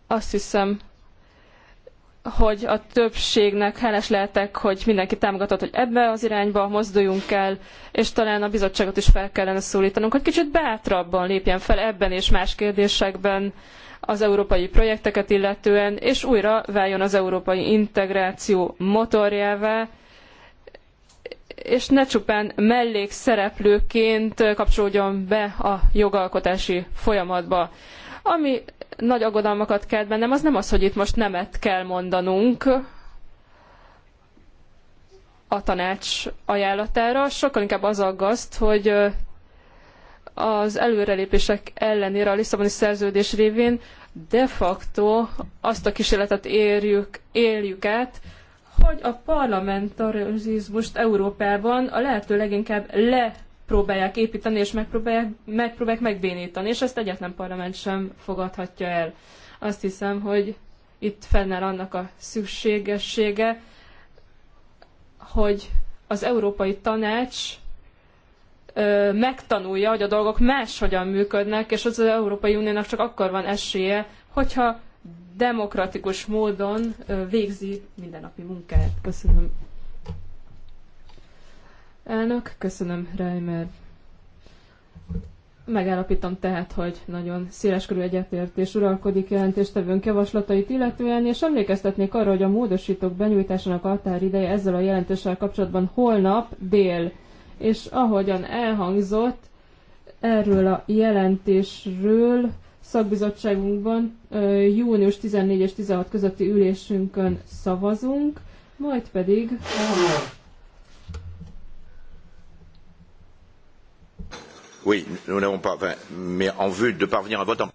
Azt hiszem, hogy a többségnek hálás lehetek, hogy mindenki támogatott, hogy ebbe az irányba mozduljunk el, és talán a bizottságot is fel kellene szólítanunk, hogy kicsit bátrabban lépjen fel ebben és más kérdésekben az európai projekteket illetően, és újra váljon az európai integráció motorjává, és ne csupán mellékszereplőként kapcsolódjon be a jogalkotási folyamatba. Ami nagy aggodalmakat kelt bennem, az nem az, hogy itt most nemet kell mondanunk a tanács ajánlatára, sokkal inkább az aggaszt, hogy az előrelépések ellenére a Lisszaboni szerződés révén de facto azt a kísérletet érjük, éljük át, hogy a parlamentarizmust Európában a lehető leginkább le próbálják építeni, és megpróbálják, megpróbálják megbénítani, és ezt egyetlen parlament sem fogadhatja el. Azt hiszem, hogy itt fennáll annak a szükségessége, hogy az Európai Tanács ö, megtanulja, hogy a dolgok máshogyan működnek, és az, az Európai Uniónak csak akkor van esélye, hogyha demokratikus módon végzi mindennapi munkáját. Köszönöm. Elnök, köszönöm Reimer. Megállapítom tehát, hogy nagyon széleskörű egyetértés uralkodik jelentéstevőnk javaslatait illetően, és emlékeztetnék arra, hogy a módosítók benyújtásának határideje ezzel a jelentéssel kapcsolatban holnap dél. És ahogyan elhangzott, erről a jelentésről szakbizottságunkban június 14 és 16 közötti ülésünkön szavazunk, majd pedig Oui, nous n'avons pas, mais en vue de parvenir à vote en...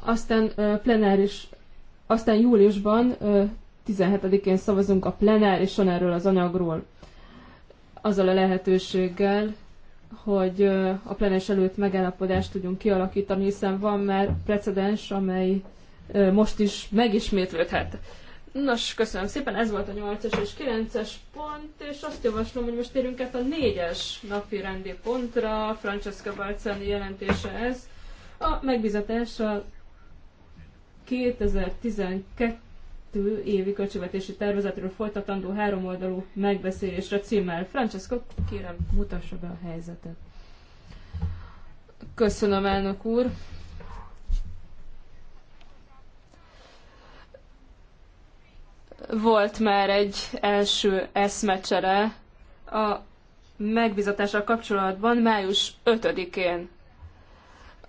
Aztán uh, plenáris, aztán júliusban uh, 17-én szavazunk a plenárison erről az anyagról. Azzal a lehetőséggel, hogy a plenes előtt megállapodást tudjunk kialakítani, hiszen van már precedens, amely most is megismétlődhet. Nos, köszönöm szépen, ez volt a 8 és 9-es pont, és azt javaslom, hogy most térünk át a 4-es napi rendi pontra, Francesca Balcani jelentése ez. A megbizatás a 2012 kettő évi költségvetési tervezetről folytatandó háromoldalú megbeszélésre címmel. Francesco, kérem, mutassa be a helyzetet. Köszönöm, elnök úr. Volt már egy első eszmecsere a megbizatással kapcsolatban május 5-én.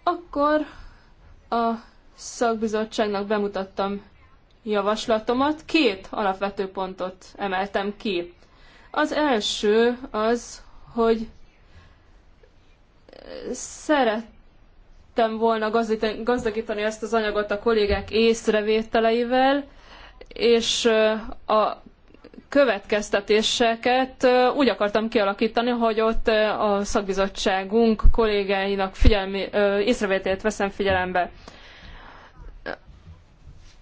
Akkor a szakbizottságnak bemutattam javaslatomat, két alapvető pontot emeltem ki. Az első az, hogy eh, szerettem volna gazdagítani ezt az anyagot a kollégák észrevételeivel, és eh, a következtetéseket eh, úgy akartam kialakítani, hogy ott a szakbizottságunk kollégáinak figyelmi, észrevételét veszem figyelembe.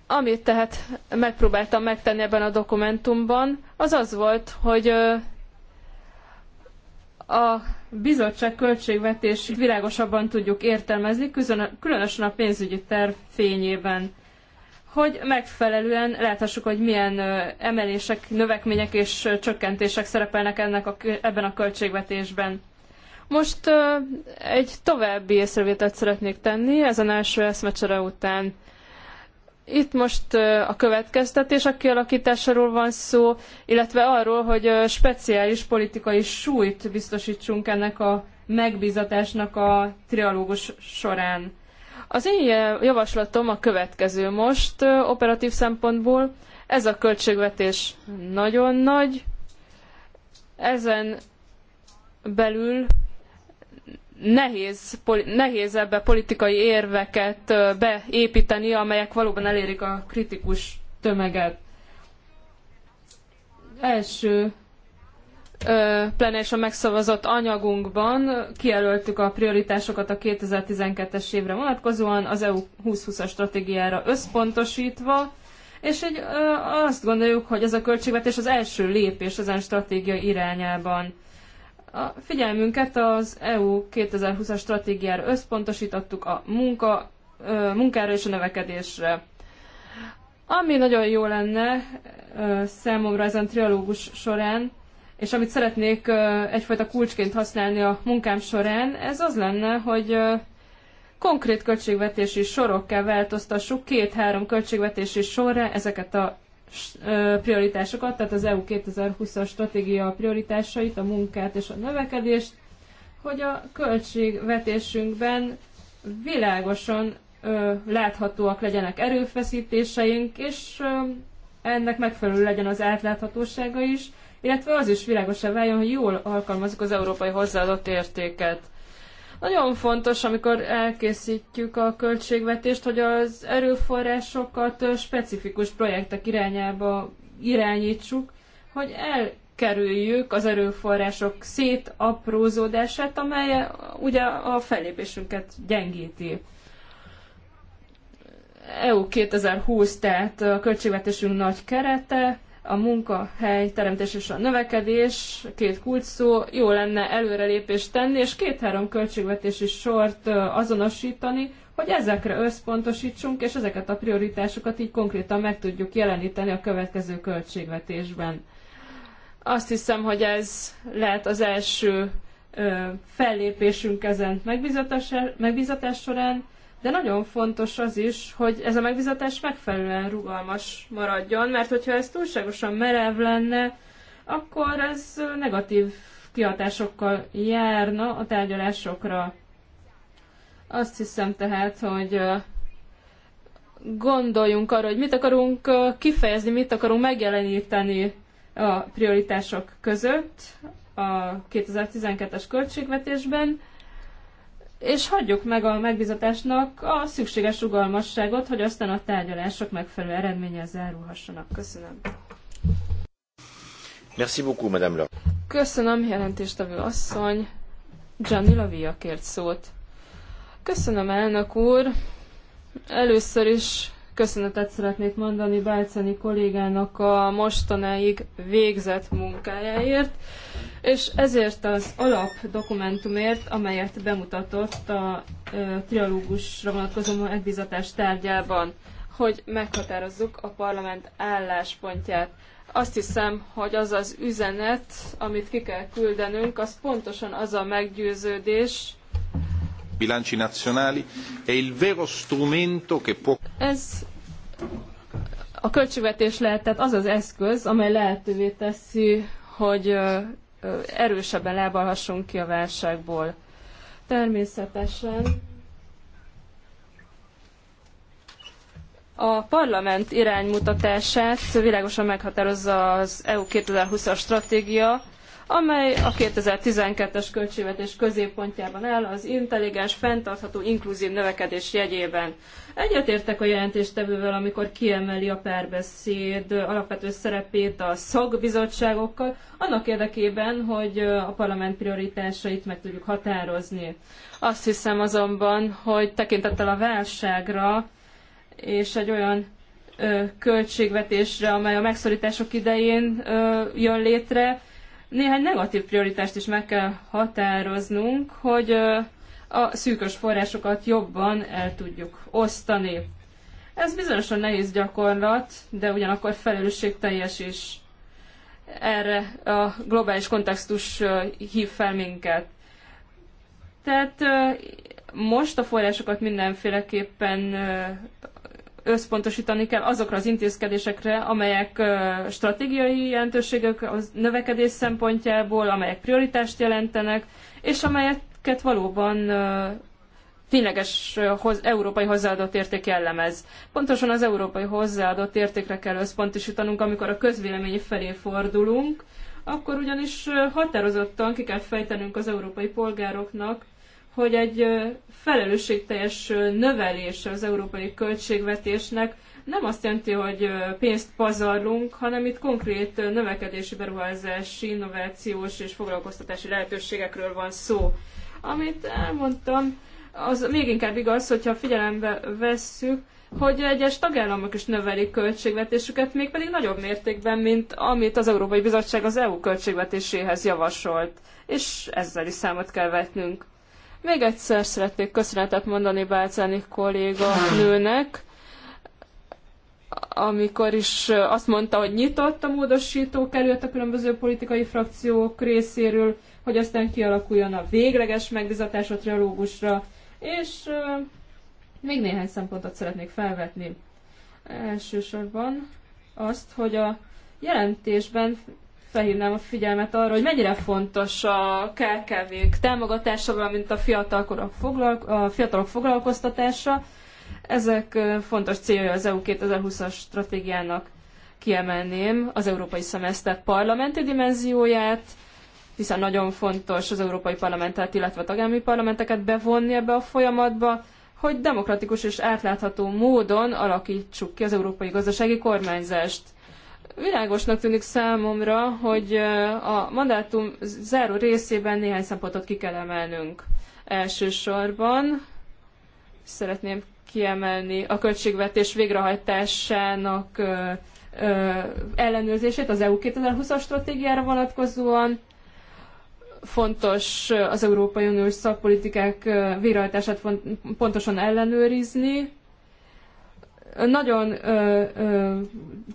Amit tehát megpróbáltam megtenni ebben a dokumentumban, az az volt, hogy a bizottság költségvetését világosabban tudjuk értelmezni, különösen a pénzügyi terv fényében hogy megfelelően láthassuk, hogy milyen emelések, növekmények és csökkentések szerepelnek ennek a, ebben a költségvetésben. Most egy további észrevételt szeretnék tenni ezen első eszmecsere után. Itt most a következtetések kialakításáról van szó, illetve arról, hogy speciális politikai súlyt biztosítsunk ennek a megbízatásnak a trialógus során. Az én javaslatom a következő most operatív szempontból. Ez a költségvetés nagyon nagy, ezen belül nehéz, nehéz ebbe politikai érveket beépíteni, amelyek valóban elérik a kritikus tömeget. Első plenárisan megszavazott anyagunkban kijelöltük a prioritásokat a 2012-es évre vonatkozóan, az EU 2020-as stratégiára összpontosítva, és egy, ö, azt gondoljuk, hogy ez a költségvetés az első lépés ezen stratégia irányában. A figyelmünket az EU 2020-as stratégiára összpontosítottuk a munka, munkára és a növekedésre. Ami nagyon jó lenne számomra ezen trialógus során, és amit szeretnék egyfajta kulcsként használni a munkám során, ez az lenne, hogy konkrét költségvetési sorokká változtassuk két-három költségvetési sorra ezeket a prioritásokat, tehát az EU 2020-as stratégia prioritásait, a munkát és a növekedést, hogy a költségvetésünkben világosan ö, láthatóak legyenek erőfeszítéseink, és ö, ennek megfelelő legyen az átláthatósága is, illetve az is világosan váljon, hogy jól alkalmazzuk az európai hozzáadott értéket. Nagyon fontos, amikor elkészítjük a költségvetést, hogy az erőforrásokat specifikus projektek irányába irányítsuk, hogy elkerüljük az erőforrások szétaprózódását, amely ugye a fellépésünket gyengíti. EU 2020, tehát a költségvetésünk nagy kerete, a munkahely teremtés és a növekedés, két kulcs szó, jó lenne előrelépést tenni, és két-három költségvetési sort azonosítani, hogy ezekre összpontosítsunk, és ezeket a prioritásokat így konkrétan meg tudjuk jeleníteni a következő költségvetésben. Azt hiszem, hogy ez lehet az első fellépésünk ezen megbízatás során, de nagyon fontos az is, hogy ez a megbizatás megfelelően rugalmas maradjon, mert hogyha ez túlságosan merev lenne, akkor ez negatív kihatásokkal járna a tárgyalásokra. Azt hiszem tehát, hogy gondoljunk arra, hogy mit akarunk kifejezni, mit akarunk megjeleníteni a prioritások között a 2012-es költségvetésben, és hagyjuk meg a megbizatásnak a szükséges rugalmasságot, hogy aztán a tárgyalások megfelelő eredménnyel zárulhassanak. Köszönöm. Merci beaucoup, madame la. Köszönöm, jelentéstevő asszony. Gianni Lavia kért szót. Köszönöm, elnök úr. Először is köszönetet szeretnék mondani Bálceni kollégának a mostanáig végzett munkájáért és ezért az alap dokumentumért, amelyet bemutatott a trialógusra vonatkozó megbízatás tárgyában, hogy meghatározzuk a parlament álláspontját. Azt hiszem, hogy az az üzenet, amit ki kell küldenünk, az pontosan az a meggyőződés, bilanci nazionali è il vero strumento che può... Ez a költségvetés lehet, tehát az az eszköz, amely lehetővé teszi, hogy erősebben lábalhassunk ki a válságból. Természetesen a parlament iránymutatását világosan meghatározza az EU 2020-as stratégia, amely a 2012-es költségvetés középpontjában áll az intelligens, fenntartható, inkluzív növekedés jegyében. Egyetértek a jelentéstevővel, amikor kiemeli a párbeszéd alapvető szerepét a szakbizottságokkal, annak érdekében, hogy a parlament prioritásait meg tudjuk határozni. Azt hiszem azonban, hogy tekintettel a válságra és egy olyan költségvetésre, amely a megszorítások idején jön létre, néhány negatív prioritást is meg kell határoznunk, hogy a szűkös forrásokat jobban el tudjuk osztani. Ez bizonyosan nehéz gyakorlat, de ugyanakkor felelősségteljes is. Erre a globális kontextus hív fel minket. Tehát most a forrásokat mindenféleképpen összpontosítani kell azokra az intézkedésekre, amelyek stratégiai jelentőségek a növekedés szempontjából, amelyek prioritást jelentenek, és amelyeket valóban tényleges hoz, európai hozzáadott érték jellemez. Pontosan az európai hozzáadott értékre kell összpontosítanunk, amikor a közvélemény felé fordulunk, akkor ugyanis határozottan ki kell fejtenünk az európai polgároknak, hogy egy felelősségteljes növelése az európai költségvetésnek nem azt jelenti, hogy pénzt pazarlunk, hanem itt konkrét növekedési beruházási, innovációs és foglalkoztatási lehetőségekről van szó. Amit elmondtam, az még inkább igaz, hogyha figyelembe vesszük, hogy egyes tagállamok is növelik költségvetésüket, mégpedig nagyobb mértékben, mint amit az Európai Bizottság az EU költségvetéséhez javasolt. És ezzel is számot kell vetnünk. Még egyszer szeretnék köszönetet mondani Bálcáni kolléga nőnek, amikor is azt mondta, hogy nyitott a módosító előtt a különböző politikai frakciók részéről, hogy aztán kialakuljon a végleges megbizatás a trilógusra, és még néhány szempontot szeretnék felvetni. Elsősorban azt, hogy a jelentésben felhívnám a figyelmet arra, hogy mennyire fontos a KKV-k támogatása, valamint a, foglalko- a fiatalok foglalkoztatása. Ezek fontos célja az EU 2020-as stratégiának kiemelném az európai szemeszter parlamenti dimenzióját, hiszen nagyon fontos az európai parlamentet, illetve a tagállami parlamenteket bevonni ebbe a folyamatba, hogy demokratikus és átlátható módon alakítsuk ki az európai gazdasági kormányzást világosnak tűnik számomra, hogy a mandátum záró részében néhány szempontot ki kell emelnünk. Elsősorban szeretném kiemelni a költségvetés végrehajtásának ellenőrzését az EU 2020-as stratégiára vonatkozóan. Fontos az Európai Uniós szakpolitikák végrehajtását pontosan ellenőrizni, nagyon ö, ö,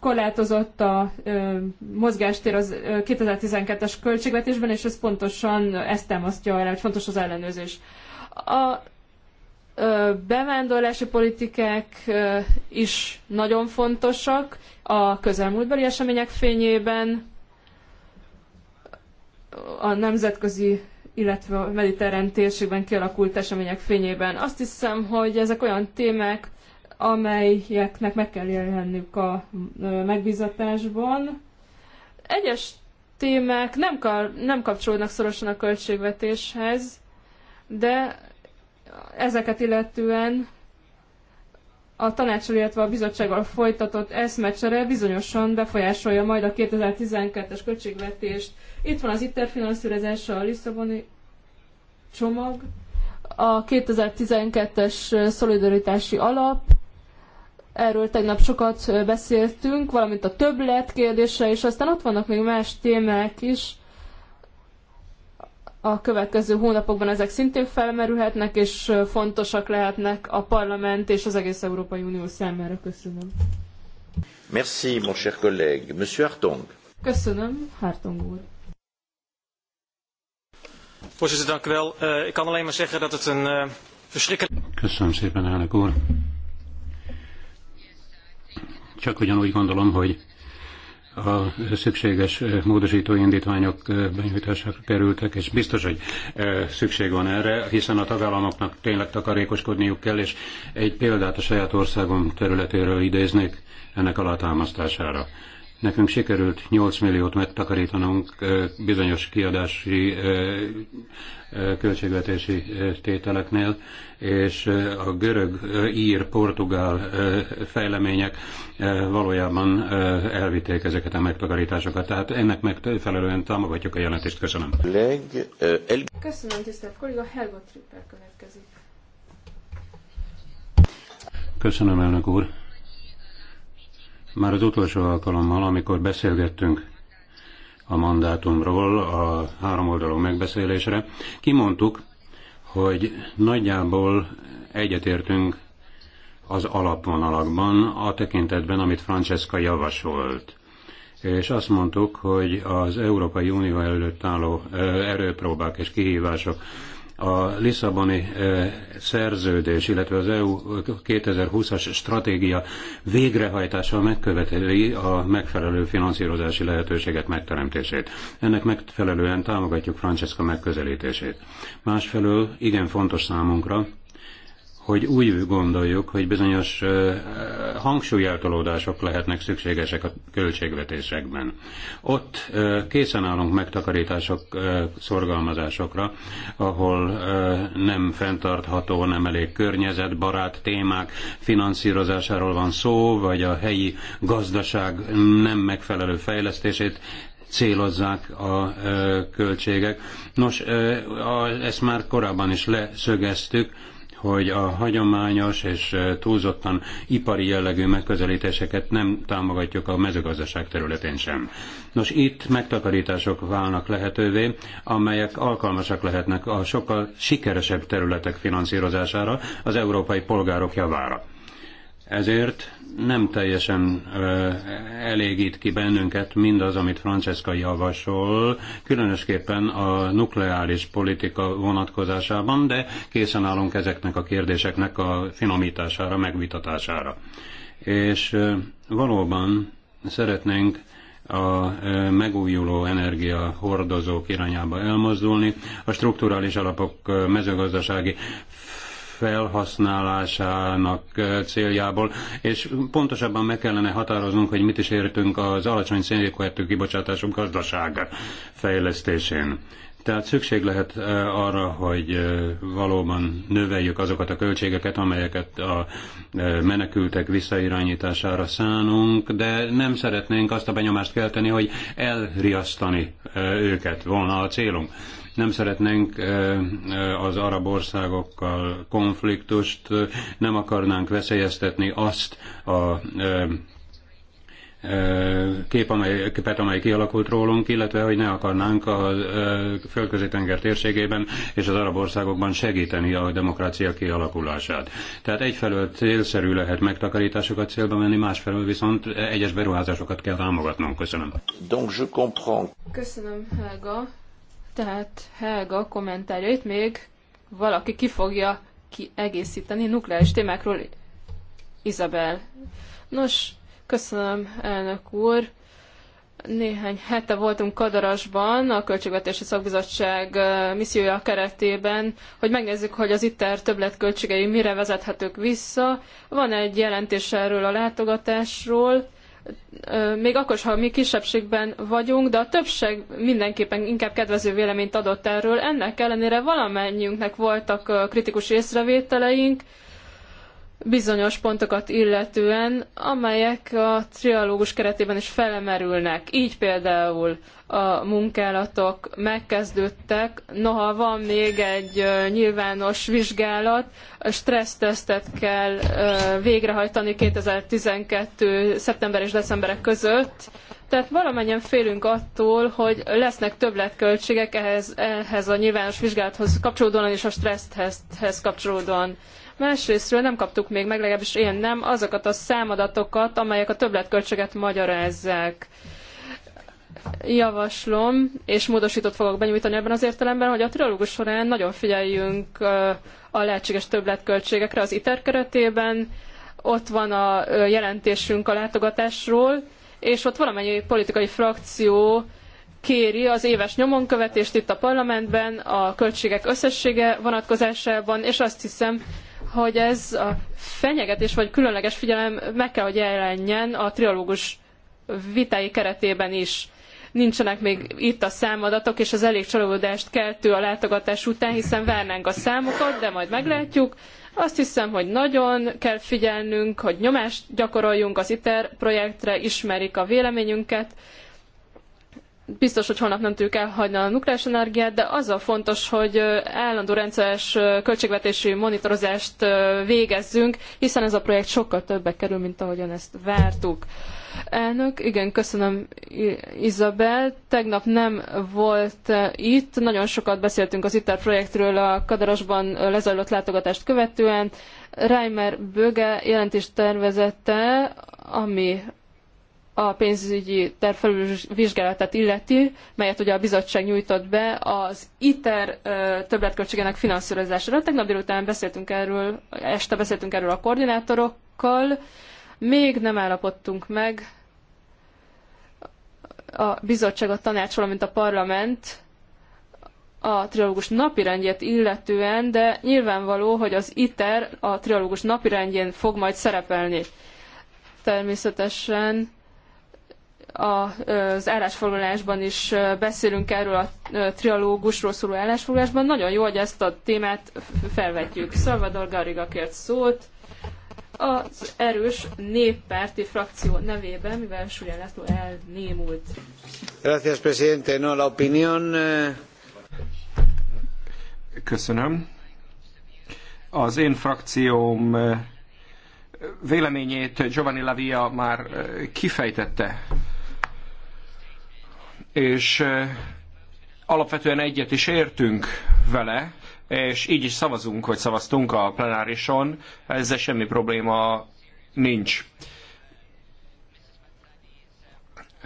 korlátozott a ö, mozgástér az 2012-es költségvetésben, és ez pontosan ezt támasztja arra, hogy fontos az ellenőrzés. A ö, bevándorlási politikák ö, is nagyon fontosak a közelmúltbeli események fényében, a nemzetközi illetve a mediterrán térségben kialakult események fényében. Azt hiszem, hogy ezek olyan témák, amelyeknek meg kell jelenniük a megbízatásban. Egyes témák nem, ka- nem kapcsolódnak szorosan a költségvetéshez, de ezeket illetően a tanácsal, illetve a bizottsággal folytatott eszmecsere bizonyosan befolyásolja majd a 2012-es költségvetést. Itt van az interfinanszírozása, a Lisszaboni csomag, a 2012-es szolidaritási alap, erről tegnap sokat beszéltünk, valamint a többlet kérdése, és aztán ott vannak még más témák is, a következő hónapokban ezek szintén felmerülhetnek, és fontosak lehetnek a parlament és az egész Európai Unió számára. Köszönöm. Merci, mon cher collègue. Monsieur Hartong. Köszönöm, Hartong úr. Eh, eh, Köszönöm szépen, elnök úr csak úgy gondolom, hogy a szükséges módosító indítványok benyújtására kerültek, és biztos, hogy e, szükség van erre, hiszen a tagállamoknak tényleg takarékoskodniuk kell, és egy példát a saját országom területéről idéznék ennek alátámasztására. Nekünk sikerült 8 milliót megtakarítanunk e, bizonyos kiadási e, költségvetési tételeknél, és a görög, ír, portugál fejlemények valójában elvitték ezeket a megtakarításokat. Tehát ennek megfelelően támogatjuk a jelentést. Köszönöm. Köszönöm, tisztelt kolléga. Helga Tripper következik. Köszönöm, elnök úr. Már az utolsó alkalommal, amikor beszélgettünk a mandátumról a három oldalú megbeszélésre. Kimondtuk, hogy nagyjából egyetértünk az alapvonalakban, a tekintetben, amit Francesca javasolt. És azt mondtuk, hogy az Európai Unió előtt álló erőpróbák és kihívások a Lisszaboni szerződés, illetve az EU 2020-as stratégia végrehajtása megköveteli a megfelelő finanszírozási lehetőségek megteremtését. Ennek megfelelően támogatjuk Francesca megközelítését. Másfelől igen fontos számunkra, hogy úgy gondoljuk, hogy bizonyos hangsúlyeltolódások lehetnek szükségesek a költségvetésekben. Ott készen állunk megtakarítások szorgalmazásokra, ahol nem fenntartható, nem elég környezetbarát témák finanszírozásáról van szó, vagy a helyi gazdaság nem megfelelő fejlesztését célozzák a költségek. Nos, ezt már korábban is leszögeztük, hogy a hagyományos és túlzottan ipari jellegű megközelítéseket nem támogatjuk a mezőgazdaság területén sem. Nos, itt megtakarítások válnak lehetővé, amelyek alkalmasak lehetnek a sokkal sikeresebb területek finanszírozására az európai polgárok javára. Ezért nem teljesen ö, elégít ki bennünket mindaz, amit Francesca javasol, különösképpen a nukleáris politika vonatkozásában, de készen állunk ezeknek a kérdéseknek a finomítására, megvitatására. És ö, valóban szeretnénk a megújuló energia hordozók irányába elmozdulni. A strukturális alapok mezőgazdasági felhasználásának céljából, és pontosabban meg kellene határoznunk, hogy mit is értünk az alacsony szénjékohertő kibocsátásunk gazdaság fejlesztésén. Tehát szükség lehet arra, hogy valóban növeljük azokat a költségeket, amelyeket a menekültek visszairányítására szánunk, de nem szeretnénk azt a benyomást kelteni, hogy elriasztani őket volna a célunk nem szeretnénk az arab országokkal konfliktust, nem akarnánk veszélyeztetni azt a kép, amely, képet, amely kialakult rólunk, illetve hogy ne akarnánk a földközi-tenger térségében és az arab országokban segíteni a demokrácia kialakulását. Tehát egyfelől célszerű lehet megtakarításokat célba menni, másfelől viszont egyes beruházásokat kell támogatnunk. Köszönöm. Köszönöm, Helga. Tehát Helga kommentárjait még valaki ki fogja kiegészíteni nukleáris témákról. Izabel. Nos, köszönöm, elnök úr. Néhány hete voltunk Kadarasban, a Költségvetési Szakbizottság missziója keretében, hogy megnézzük, hogy az ITER többletköltségei mire vezethetők vissza. Van egy jelentés erről a látogatásról, még akkor is, ha mi kisebbségben vagyunk, de a többség mindenképpen inkább kedvező véleményt adott erről. Ennek ellenére valamennyiünknek voltak kritikus észrevételeink, bizonyos pontokat illetően, amelyek a trialógus keretében is felemerülnek. Így például a munkálatok megkezdődtek, noha van még egy nyilvános vizsgálat, a stressztesztet kell végrehajtani 2012. szeptember és december között, tehát valamennyien félünk attól, hogy lesznek többletköltségek ehhez, ehhez a nyilvános vizsgálathoz kapcsolódóan és a stresszhez kapcsolódóan. Másrésztről nem kaptuk még meg, legalábbis én nem, azokat a számadatokat, amelyek a többletköltséget magyarázzák javaslom, és módosított fogok benyújtani ebben az értelemben, hogy a trilógus során nagyon figyeljünk a lehetséges többletköltségekre az ITER keretében, ott van a jelentésünk a látogatásról, és ott valamennyi politikai frakció kéri az éves nyomonkövetést itt a parlamentben, a költségek összessége vonatkozásában, és azt hiszem, hogy ez a fenyegetés vagy különleges figyelem meg kell, hogy jelenjen a trialógus vitái keretében is nincsenek még itt a számadatok, és az elég csalódást keltő a látogatás után, hiszen várnánk a számokat, de majd meglátjuk. Azt hiszem, hogy nagyon kell figyelnünk, hogy nyomást gyakoroljunk az ITER projektre, ismerik a véleményünket, biztos, hogy holnap nem tudjuk elhagyni a nukleáris energiát, de az a fontos, hogy állandó rendszeres költségvetési monitorozást végezzünk, hiszen ez a projekt sokkal többe kerül, mint ahogyan ezt vártuk. Elnök, igen, köszönöm Izabel. Tegnap nem volt itt, nagyon sokat beszéltünk az ITER projektről a Kadarasban lezajlott látogatást követően. Reimer Böge jelentés tervezette, ami a pénzügyi vizsgálatát illeti, melyet ugye a bizottság nyújtott be az ITER többletköltségének finanszírozására. Tegnap délután beszéltünk erről, este beszéltünk erről a koordinátorokkal. Még nem állapodtunk meg a bizottság, a tanács, valamint a parlament a trilógus napirendjét illetően, de nyilvánvaló, hogy az ITER a trilógus napirendjén fog majd szerepelni. Természetesen az állásfoglalásban is beszélünk erről a trialógusról szóló állásfoglalásban. Nagyon jó, hogy ezt a témát felvetjük. Salvador Garriga kért szót az erős néppárti frakció nevében, mivel Súlyán László elnémult. Gracias, presidente. No, la opinión... Eh, Köszönöm. Az én frakcióm eh, véleményét Giovanni Lavia már eh, kifejtette és eh, alapvetően egyet is értünk vele, és így is szavazunk, vagy szavaztunk a plenárison, ezzel semmi probléma nincs.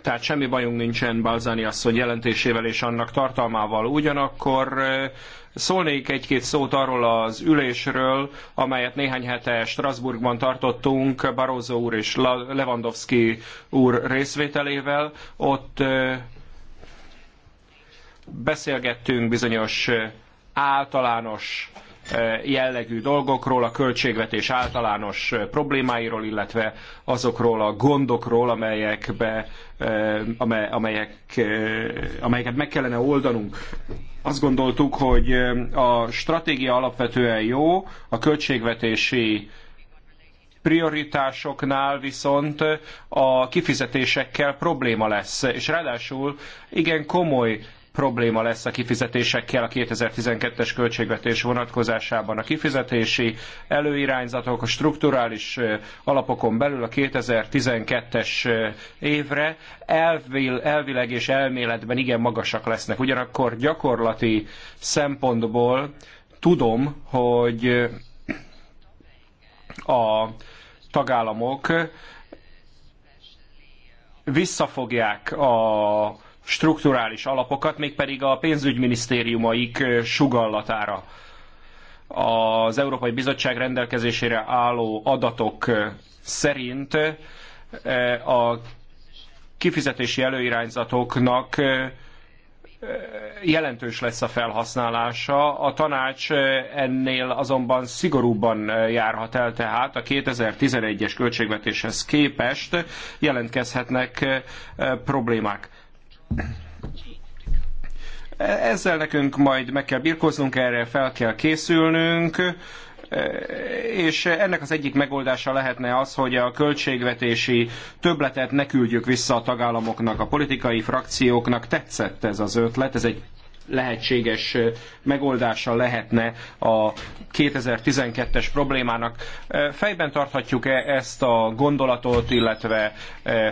Tehát semmi bajunk nincsen Balzani asszony jelentésével és annak tartalmával. Ugyanakkor eh, szólnék egy-két szót arról az ülésről, amelyet néhány hete Strasbourgban tartottunk Barózó úr és Lewandowski úr részvételével. Ott eh, beszélgettünk bizonyos általános jellegű dolgokról, a költségvetés általános problémáiról, illetve azokról a gondokról, amelyekbe, amelyek, amelyeket meg kellene oldanunk. Azt gondoltuk, hogy a stratégia alapvetően jó, a költségvetési prioritásoknál viszont a kifizetésekkel probléma lesz, és ráadásul igen komoly probléma lesz a kifizetésekkel a 2012-es költségvetés vonatkozásában. A kifizetési előirányzatok a strukturális alapokon belül a 2012-es évre elvil, elvileg és elméletben igen magasak lesznek. Ugyanakkor gyakorlati szempontból tudom, hogy a tagállamok visszafogják a strukturális alapokat, mégpedig a pénzügyminisztériumaik sugallatára. Az Európai Bizottság rendelkezésére álló adatok szerint a kifizetési előirányzatoknak jelentős lesz a felhasználása. A tanács ennél azonban szigorúban járhat el, tehát a 2011-es költségvetéshez képest jelentkezhetnek problémák. Ezzel nekünk majd meg kell birkóznunk, erre fel kell készülnünk, és ennek az egyik megoldása lehetne az, hogy a költségvetési többletet ne küldjük vissza a tagállamoknak, a politikai frakcióknak tetszett ez az ötlet, ez egy lehetséges megoldása lehetne a 2012-es problémának. Fejben tarthatjuk-e ezt a gondolatot, illetve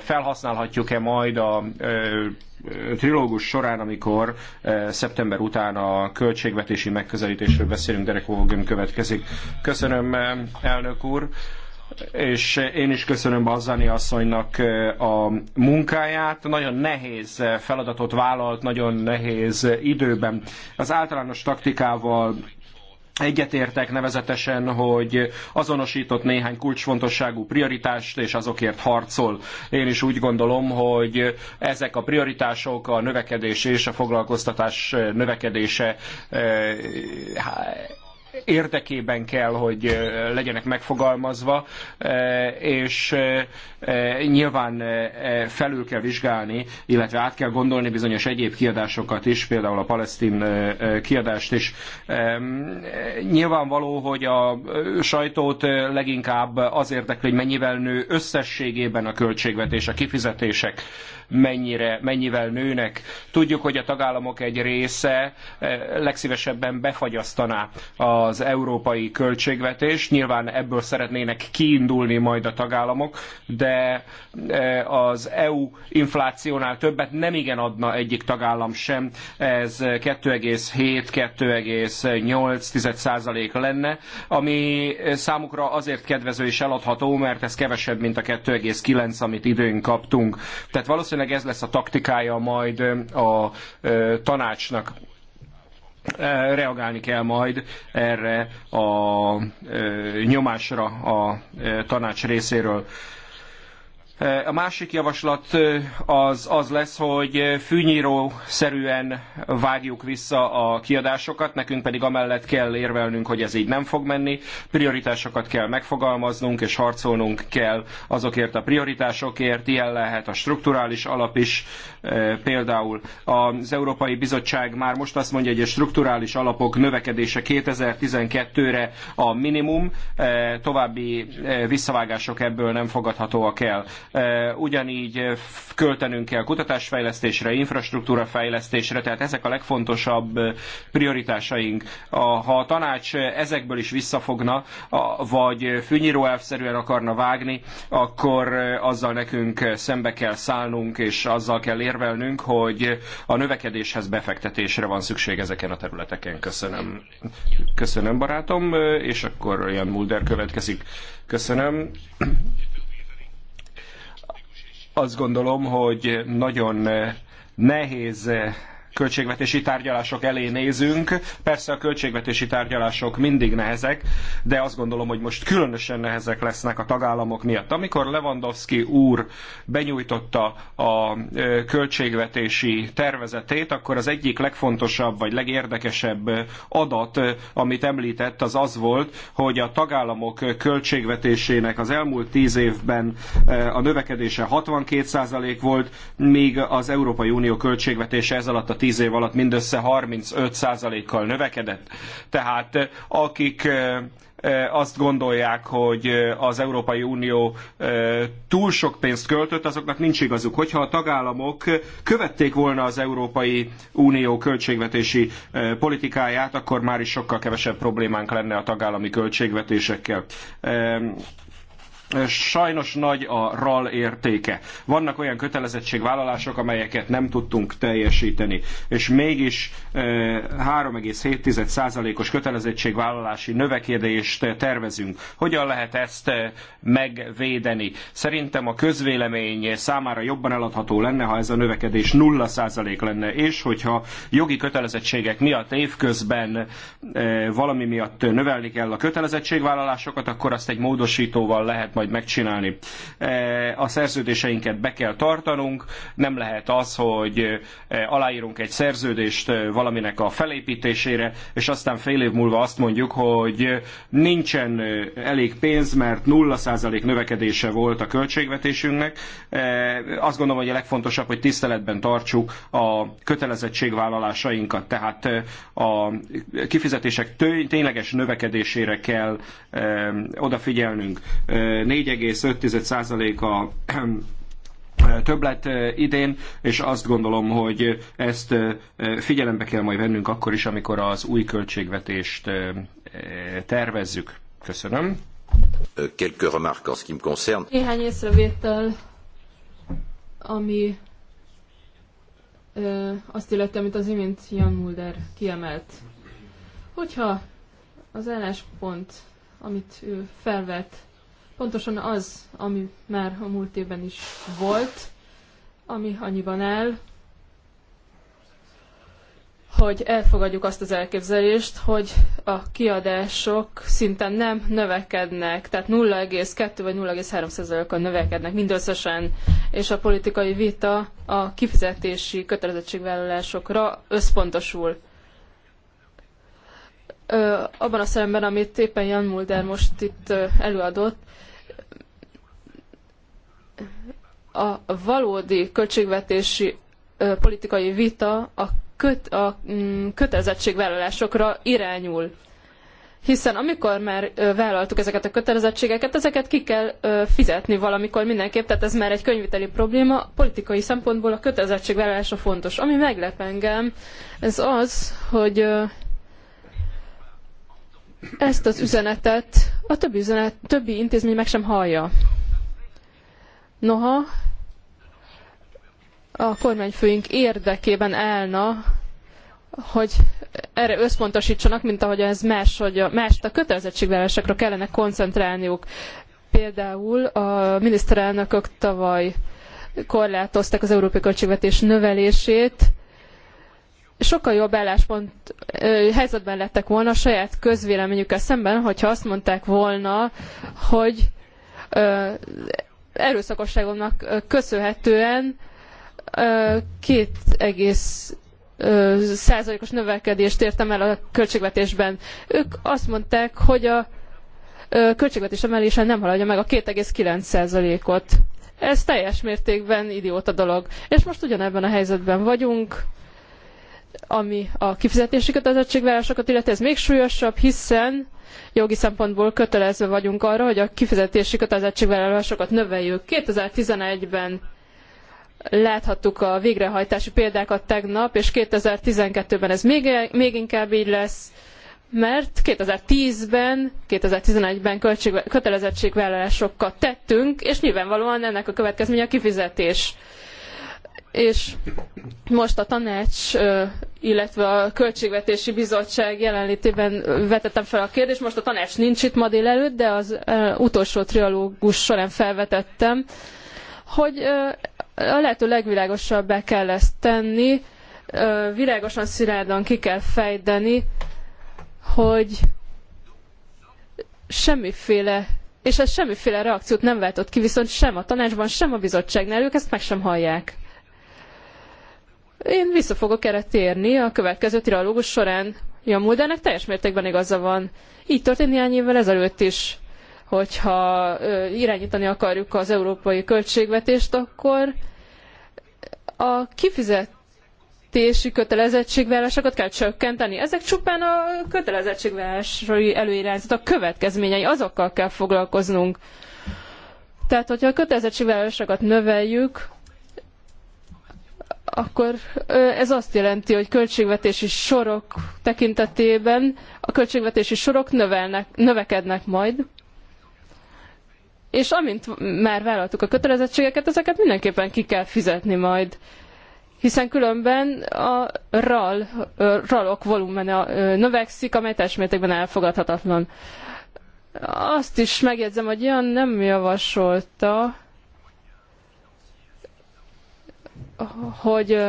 felhasználhatjuk-e majd a trilógus során, amikor szeptember után a költségvetési megközelítésről beszélünk, Derek Wogan következik. Köszönöm, elnök úr és én is köszönöm Bazzani asszonynak eh, a munkáját. Nagyon nehéz eh, feladatot vállalt, nagyon nehéz eh, időben. Az általános taktikával Egyetértek nevezetesen, hogy azonosított néhány kulcsfontosságú prioritást, és azokért harcol. Én is úgy gondolom, hogy ezek a prioritások, a növekedés és a foglalkoztatás növekedése érdekében kell, hogy legyenek megfogalmazva, és nyilván felül kell vizsgálni, illetve át kell gondolni bizonyos egyéb kiadásokat is, például a palesztin kiadást is. Nyilvánvaló, hogy a sajtót leginkább az érdekli, hogy mennyivel nő összességében a költségvetés, a kifizetések mennyire, mennyivel nőnek. Tudjuk, hogy a tagállamok egy része legszívesebben befagyasztaná a az európai költségvetés. Nyilván ebből szeretnének kiindulni majd a tagállamok, de e, az EU inflációnál többet nem igen adna egyik tagállam sem. Ez 2,7-2,8% lenne, ami számukra azért kedvező és eladható, mert ez kevesebb, mint a 2,9, amit időn kaptunk. Tehát valószínűleg ez lesz a taktikája majd a tanácsnak. Eh, reagálni kell majd erre a eh, nyomásra a eh, tanács részéről. Eh, a másik javaslat eh, az, az lesz, hogy eh, fűnyíró vágjuk vissza a kiadásokat, nekünk pedig amellett kell érvelnünk, hogy ez így nem fog menni. Prioritásokat kell megfogalmaznunk, és harcolnunk kell azokért a prioritásokért. Ilyen lehet a strukturális alap is. Például az Európai Bizottság már most azt mondja, hogy a strukturális alapok növekedése 2012-re a minimum, további visszavágások ebből nem fogadhatóak el Eh, ugyanígy költenünk kell kutatásfejlesztésre, infrastruktúrafejlesztésre, tehát ezek a legfontosabb eh, prioritásaink. ha a tanács ezekből is visszafogna, vagy fűnyíró elvszerűen akarna vágni, akkor eh, azzal nekünk szembe kell szállnunk, és azzal kell érvelnünk, hogy a növekedéshez befektetésre van szükség ezeken a területeken. Köszönöm. Köszönöm, barátom, és akkor olyan Mulder következik. Köszönöm. Azt gondolom, hogy nagyon eh, nehéz eh, költségvetési tárgyalások elé nézünk. Persze a költségvetési tárgyalások mindig nehezek, de azt gondolom, hogy most különösen nehezek lesznek a tagállamok miatt. Amikor Lewandowski úr benyújtotta a költségvetési tervezetét, akkor az egyik legfontosabb vagy legérdekesebb adat, amit említett, az az volt, hogy a tagállamok költségvetésének az elmúlt tíz évben a növekedése 62% volt, míg az Európai Unió költségvetése ez alatt a tíz év alatt mindössze 35%-kal növekedett. Tehát eh, akik eh, eh, azt gondolják, hogy az Európai Unió túl sok pénzt költött, azoknak nincs igazuk. Hogyha a tagállamok követték volna az Európai Unió költségvetési politikáját, akkor már is sokkal kevesebb problémánk lenne a tagállami költségvetésekkel sajnos nagy a RAL értéke. Vannak olyan kötelezettségvállalások, amelyeket nem tudtunk teljesíteni, és mégis 3,7%-os kötelezettségvállalási növekedést tervezünk. Hogyan lehet ezt megvédeni? Szerintem a közvélemény számára jobban eladható lenne, ha ez a növekedés 0% lenne, és hogyha jogi kötelezettségek miatt évközben valami miatt növelni kell a kötelezettségvállalásokat, akkor azt egy módosítóval lehet majd megcsinálni. E, a szerződéseinket be kell tartanunk, nem lehet az, hogy e, aláírunk egy szerződést e, valaminek a felépítésére, és aztán fél év múlva azt mondjuk, hogy nincsen elég pénz, mert 0% növekedése volt a költségvetésünknek. Azt gondolom, hogy a legfontosabb, hogy tiszteletben tartsuk a kötelezettségvállalásainkat, tehát a kifizetések tényleges növekedésére kell odafigyelnünk. 4,5% a többlet idén, és azt gondolom, hogy ezt figyelembe kell majd vennünk akkor is, amikor az új költségvetést tervezzük. Köszönöm. Quelques remarques en ce qui me concerne. Néhány észrevétel, ami ö, azt illeti, amit az imént Jan Mulder kiemelt. Hogyha az álláspont, amit ő felvett, pontosan az, ami már a múlt évben is volt, ami annyiban áll, hogy elfogadjuk azt az elképzelést, hogy a kiadások szinten nem növekednek, tehát 0,2 vagy 0,3%-kal növekednek mindösszesen, és a politikai vita a kifizetési kötelezettségvállalásokra összpontosul. Ö, abban a szemben, amit éppen Jan Mulder most itt előadott, a valódi költségvetési politikai vita a, köt, a mm, kötelezettségvállalásokra irányul. Hiszen amikor már vállaltuk ezeket a kötelezettségeket, ezeket ki kell fizetni valamikor mindenképp, tehát ez már egy könyviteli probléma. Politikai szempontból a kötelezettségvállalása fontos. Ami meglep engem, ez az, hogy ezt az üzenetet a többi, üzenet, többi intézmény meg sem hallja. Noha a kormányfőink érdekében állna, hogy erre összpontosítsanak, mint ahogy ez más, hogy más a kötelezettségvállalásokra kellene koncentrálniuk. Például a miniszterelnökök tavaly korlátozták az európai költségvetés növelését, sokkal jobb álláspont helyzetben lettek volna a saját közvéleményükkel szemben, hogyha azt mondták volna, hogy ö, erőszakosságomnak köszönhetően 2, százalékos növekedést értem el a költségvetésben. Ők azt mondták, hogy a költségvetés emelése nem haladja meg a 2,9 százalékot. Ez teljes mértékben idióta dolog. És most ugyanebben a helyzetben vagyunk, ami a kifizetési kötelezettségvárásokat illeti, ez még súlyosabb, hiszen jogi szempontból kötelezve vagyunk arra, hogy a kifizetési kötelezettségvállalásokat növeljük. 2011-ben láthattuk a végrehajtási példákat tegnap, és 2012-ben ez még, még inkább így lesz, mert 2010-ben, 2011-ben kötelezettségvállalásokat tettünk, és nyilvánvalóan ennek a következménye a kifizetés és most a tanács, illetve a Költségvetési Bizottság jelenlétében vetettem fel a kérdést. Most a tanács nincs itt ma délelőtt, de az utolsó trialógus során felvetettem, hogy a lehető legvilágosabbá kell ezt tenni, világosan szilárdan ki kell fejteni, hogy semmiféle és ez semmiféle reakciót nem váltott ki, viszont sem a tanácsban, sem a bizottságnál ők ezt meg sem hallják. Én vissza fogok erre térni a következő tiralógus során. Ja, Muldernek teljes mértékben igaza van. Így történt néhány évvel ezelőtt is, hogyha ö, irányítani akarjuk az európai költségvetést, akkor a kifizetési kötelezettségvállásokat kell csökkenteni. Ezek csupán a előirányzat, a következményei, azokkal kell foglalkoznunk. Tehát, hogyha a kötelezettségvállásokat növeljük, akkor ez azt jelenti, hogy költségvetési sorok tekintetében a költségvetési sorok növelnek, növekednek majd, és amint már vállaltuk a kötelezettségeket, ezeket mindenképpen ki kell fizetni majd. Hiszen különben a RAL, RAL-ok volumene növekszik, amely teljes mértékben elfogadhatatlan. Azt is megjegyzem, hogy Jan nem javasolta, hogy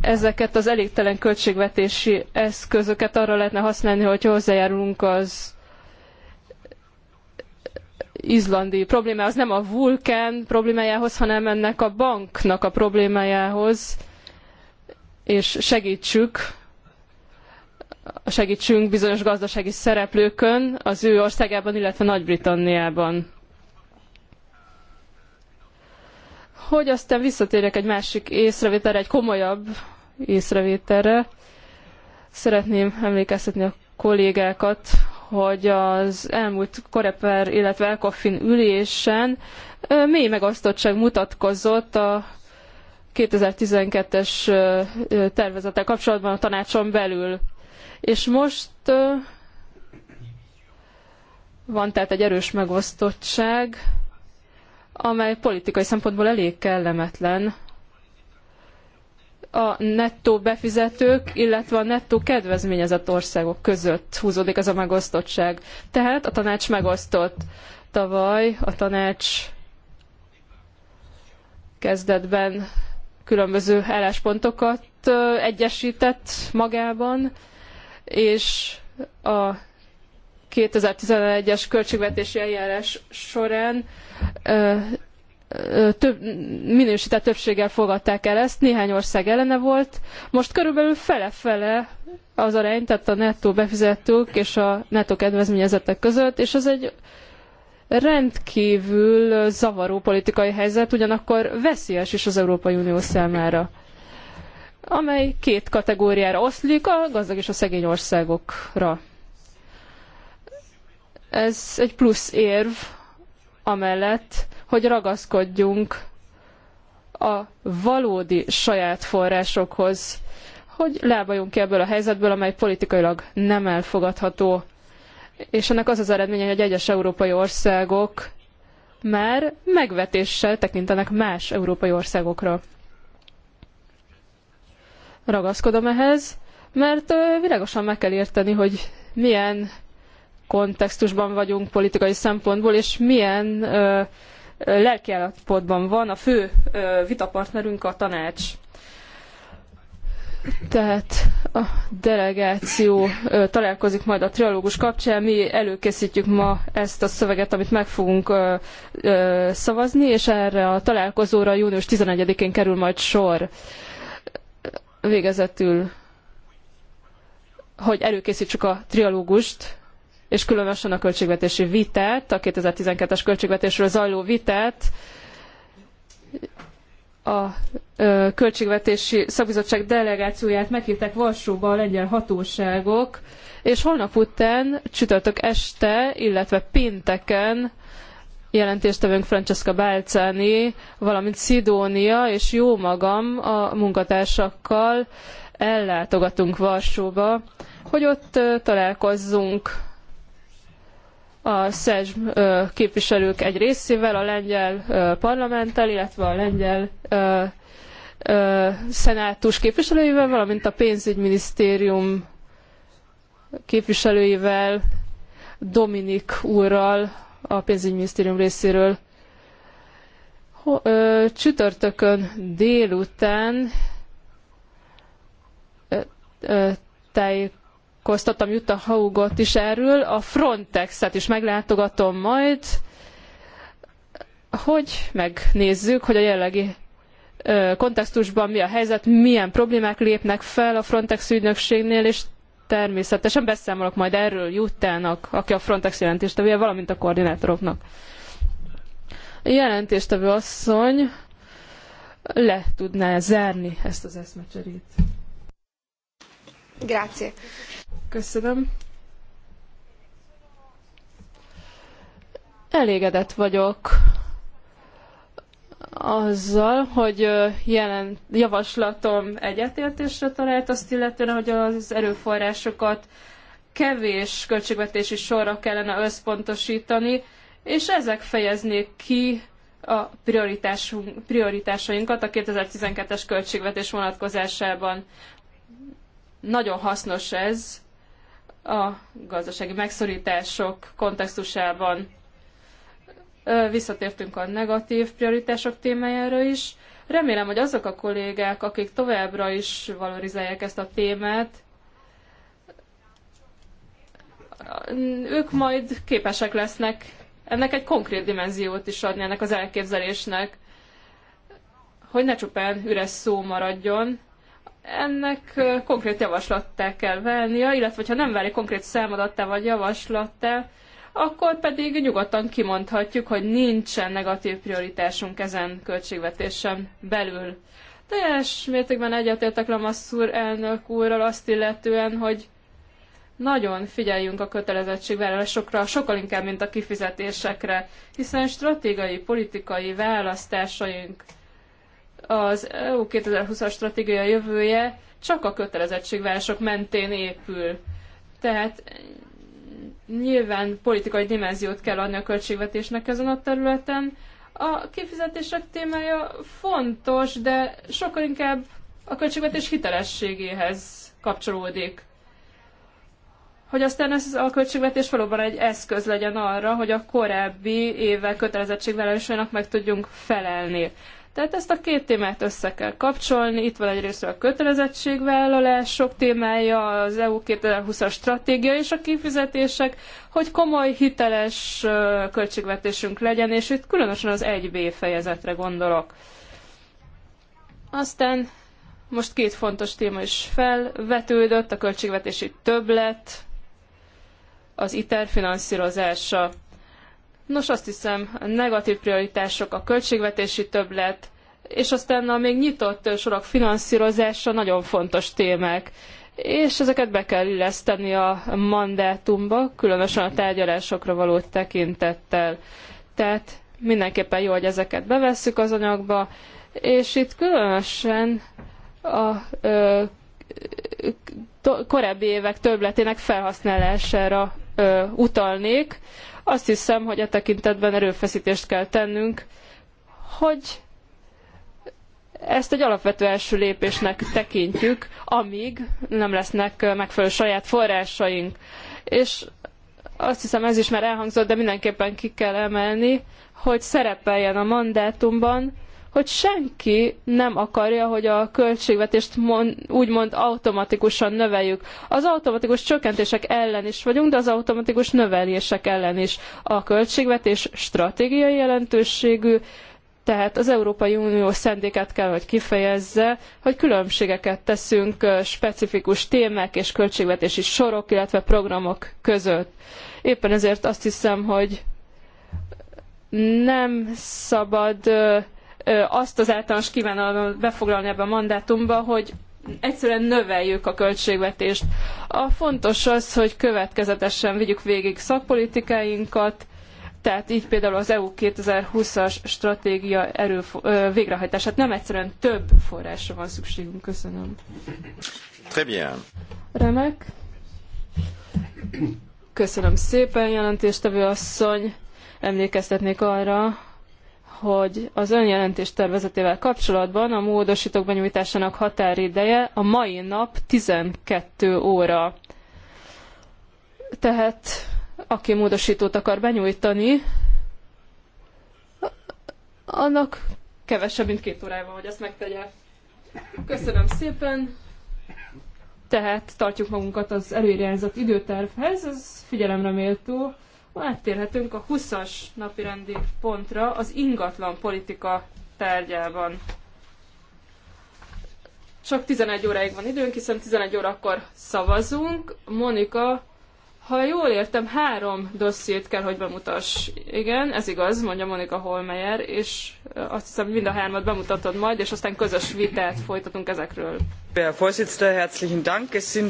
ezeket az elégtelen költségvetési eszközöket arra lehetne használni, hogy hozzájárulunk az izlandi problémához, nem a vulkán problémájához, hanem ennek a banknak a problémájához, és segítsük, segítsünk bizonyos gazdasági szereplőkön az ő országában, illetve Nagy-Britanniában. hogy aztán visszatérjek egy másik észrevételre, egy komolyabb észrevételre. Szeretném emlékeztetni a kollégákat, hogy az elmúlt Koreper, illetve Elkoffin ülésen mély megosztottság mutatkozott a 2012-es tervezettel kapcsolatban a tanácson belül. És most van tehát egy erős megosztottság, amely politikai szempontból elég kellemetlen a nettó befizetők, illetve a nettó kedvezményezett országok között húzódik ez a megosztottság. Tehát a tanács megosztott. Tavaly a tanács kezdetben különböző álláspontokat egyesített magában, és a 2011-es költségvetési eljárás során több, minősített többséggel fogadták el ezt, néhány ország ellene volt. Most körülbelül fele-fele az arány, tehát a nettó befizetők és a nettó kedvezményezettek között, és ez egy rendkívül zavaró politikai helyzet, ugyanakkor veszélyes is az Európai Unió számára, amely két kategóriára oszlik, a gazdag és a szegény országokra ez egy plusz érv amellett, hogy ragaszkodjunk a valódi saját forrásokhoz, hogy lábajunk ki ebből a helyzetből, amely politikailag nem elfogadható. És ennek az az eredménye, hogy egyes európai országok már megvetéssel tekintenek más európai országokra. Ragaszkodom ehhez, mert világosan meg kell érteni, hogy milyen kontextusban vagyunk politikai szempontból, és milyen ö, lelkiállapotban van a fő ö, vitapartnerünk a tanács. Tehát a delegáció ö, találkozik majd a trialógus kapcsán, mi előkészítjük ma ezt a szöveget, amit meg fogunk ö, ö, szavazni, és erre a találkozóra június 11-én kerül majd sor. Végezetül, hogy előkészítsük a trialógust, és különösen a költségvetési vitát, a 2012-es költségvetésről zajló vitát, a költségvetési szakbizottság delegációját meghívták Varsóba a lengyel hatóságok, és holnap után csütörtök este, illetve pénteken jelentéstevőnk Francesca Bálcáni, valamint Szidónia és jó magam a munkatársakkal ellátogatunk Varsóba, hogy ott találkozzunk a SZEZM képviselők egy részével, a lengyel parlamenttel, illetve a lengyel szenátus képviselőivel, valamint a pénzügyminisztérium képviselőivel, Dominik úrral a pénzügyminisztérium részéről. Csütörtökön délután tájék tájékoztattam Jutta Haugot is erről, a Frontexet is meglátogatom majd, hogy megnézzük, hogy a jellegi kontextusban mi a helyzet, milyen problémák lépnek fel a Frontex ügynökségnél, és természetesen beszámolok majd erről Juttának, aki a Frontex jelentéstevője, valamint a koordinátoroknak. Jelentéstevő asszony le tudná zárni ezt az eszmecserét. Grazie. Köszönöm. Elégedett vagyok azzal, hogy jelen javaslatom egyetértésre talált azt illetően, hogy az erőforrásokat kevés költségvetési sorra kellene összpontosítani, és ezek fejeznék ki a prioritásainkat a 2012-es költségvetés vonatkozásában. Nagyon hasznos ez, a gazdasági megszorítások kontextusában visszatértünk a negatív prioritások témájára is. Remélem, hogy azok a kollégák, akik továbbra is valorizálják ezt a témát, ők majd képesek lesznek ennek egy konkrét dimenziót is adni ennek az elképzelésnek, hogy ne csupán üres szó maradjon, ennek konkrét javaslattá kell vennie, illetve ha nem válik konkrét számadattá vagy javaslattá, akkor pedig nyugodtan kimondhatjuk, hogy nincsen negatív prioritásunk ezen költségvetésen belül. Teljes mértékben egyetértek Lamasszúr elnök úrral azt illetően, hogy nagyon figyeljünk a kötelezettségvállalásokra, sokkal inkább, mint a kifizetésekre, hiszen stratégiai, politikai választásaink az EU 2020-as stratégia jövője csak a kötelezettségvárosok mentén épül. Tehát nyilván politikai dimenziót kell adni a költségvetésnek ezen a területen. A kifizetések témája fontos, de sokkal inkább a költségvetés hitelességéhez kapcsolódik. Hogy aztán ez a költségvetés valóban egy eszköz legyen arra, hogy a korábbi évek kötelezettségvállalásainak meg tudjunk felelni. Tehát ezt a két témát össze kell kapcsolni. Itt van egyrészt a kötelezettségvállalások témája, az EU 2020-as stratégia és a kifizetések, hogy komoly, hiteles költségvetésünk legyen, és itt különösen az 1B fejezetre gondolok. Aztán most két fontos téma is felvetődött, a költségvetési többlet, az ITER finanszírozása. Nos, azt hiszem, a negatív prioritások, a költségvetési többlet, és aztán a még nyitott sorok finanszírozása nagyon fontos témák. És ezeket be kell illeszteni a mandátumba, különösen a tárgyalásokra való tekintettel. Tehát mindenképpen jó, hogy ezeket bevesszük az anyagba, és itt különösen a ö, korábbi évek többletének felhasználására ö, utalnék, azt hiszem, hogy e tekintetben erőfeszítést kell tennünk, hogy ezt egy alapvető első lépésnek tekintjük, amíg nem lesznek megfelelő saját forrásaink. És azt hiszem ez is már elhangzott, de mindenképpen ki kell emelni, hogy szerepeljen a mandátumban, hogy senki nem akarja, hogy a költségvetést mond, úgymond automatikusan növeljük. Az automatikus csökkentések ellen is vagyunk, de az automatikus növelések ellen is. A költségvetés stratégiai jelentőségű, tehát az Európai Unió szendékát kell, hogy kifejezze, hogy különbségeket teszünk specifikus témák és költségvetési sorok, illetve programok között. Éppen ezért azt hiszem, hogy nem szabad azt az általános kívánalmat befoglalni ebbe a mandátumba, hogy egyszerűen növeljük a költségvetést. A fontos az, hogy következetesen vigyük végig szakpolitikáinkat, tehát így például az EU 2020-as stratégia erőfo- végrehajtását nem egyszerűen több forrásra van szükségünk. Köszönöm. Très bien. Remek. Köszönöm szépen, jelentéstevő asszony. Emlékeztetnék arra, hogy az önjelentés tervezetével kapcsolatban a módosítók benyújtásának határideje a mai nap 12 óra. Tehát aki módosítót akar benyújtani, annak kevesebb, mint két órával, hogy ezt megtegye. Köszönöm szépen! Tehát tartjuk magunkat az előirányzott időtervhez, ez figyelemre méltó áttérhetünk a 20-as napirendi pontra az ingatlan politika tárgyában. Csak 11 óráig van időnk, hiszen 11 órakor szavazunk. Monika ha jól értem, három dossziét kell, hogy bemutass. Igen, ez igaz, mondja Monika Holmeyer, és azt hiszem, mind a hármat bemutatod majd, és aztán közös vitát folytatunk ezekről.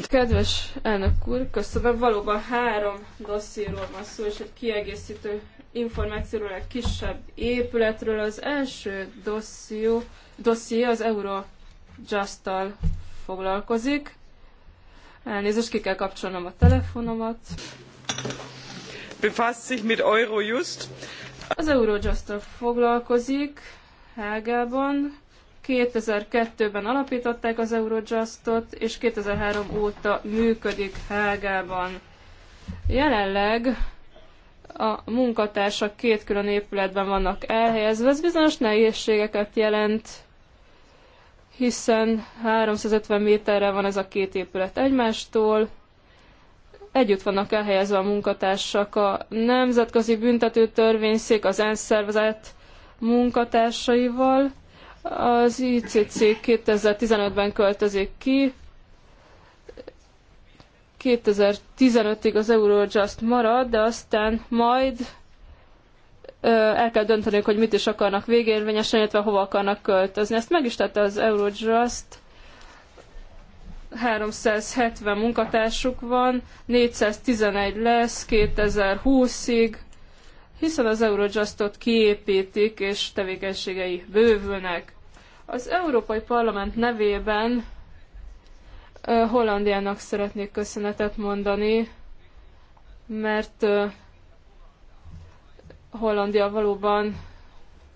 Kedves elnök úr, köszönöm. Valóban három dossziéról van szó, és egy kiegészítő információról, egy kisebb épületről. Az első dosszió, dosszié az Eurojust-tal foglalkozik Elnézést, ki kell kapcsolnom a telefonomat. Befasz sich mit Eurojust. Az eurojust foglalkozik Hágában. 2002-ben alapították az Eurojustot, és 2003 óta működik Hágában. Jelenleg a munkatársak két külön épületben vannak elhelyezve, ez bizonyos nehézségeket jelent hiszen 350 méterre van ez a két épület egymástól, együtt vannak elhelyezve a munkatársak, a Nemzetközi Büntető Törvényszék, az ENSZ szervezet munkatársaival. Az ICC 2015-ben költözik ki, 2015-ig az Eurojust marad, de aztán majd el kell dönteniük, hogy mit is akarnak végérvényesen, illetve hova akarnak költözni. Ezt meg is tette az Eurojust, 370 munkatársuk van, 411 lesz 2020-ig, hiszen az Eurojustot kiépítik és tevékenységei bővülnek. Az Európai Parlament nevében Hollandiának szeretnék köszönetet mondani, mert Hollandia valóban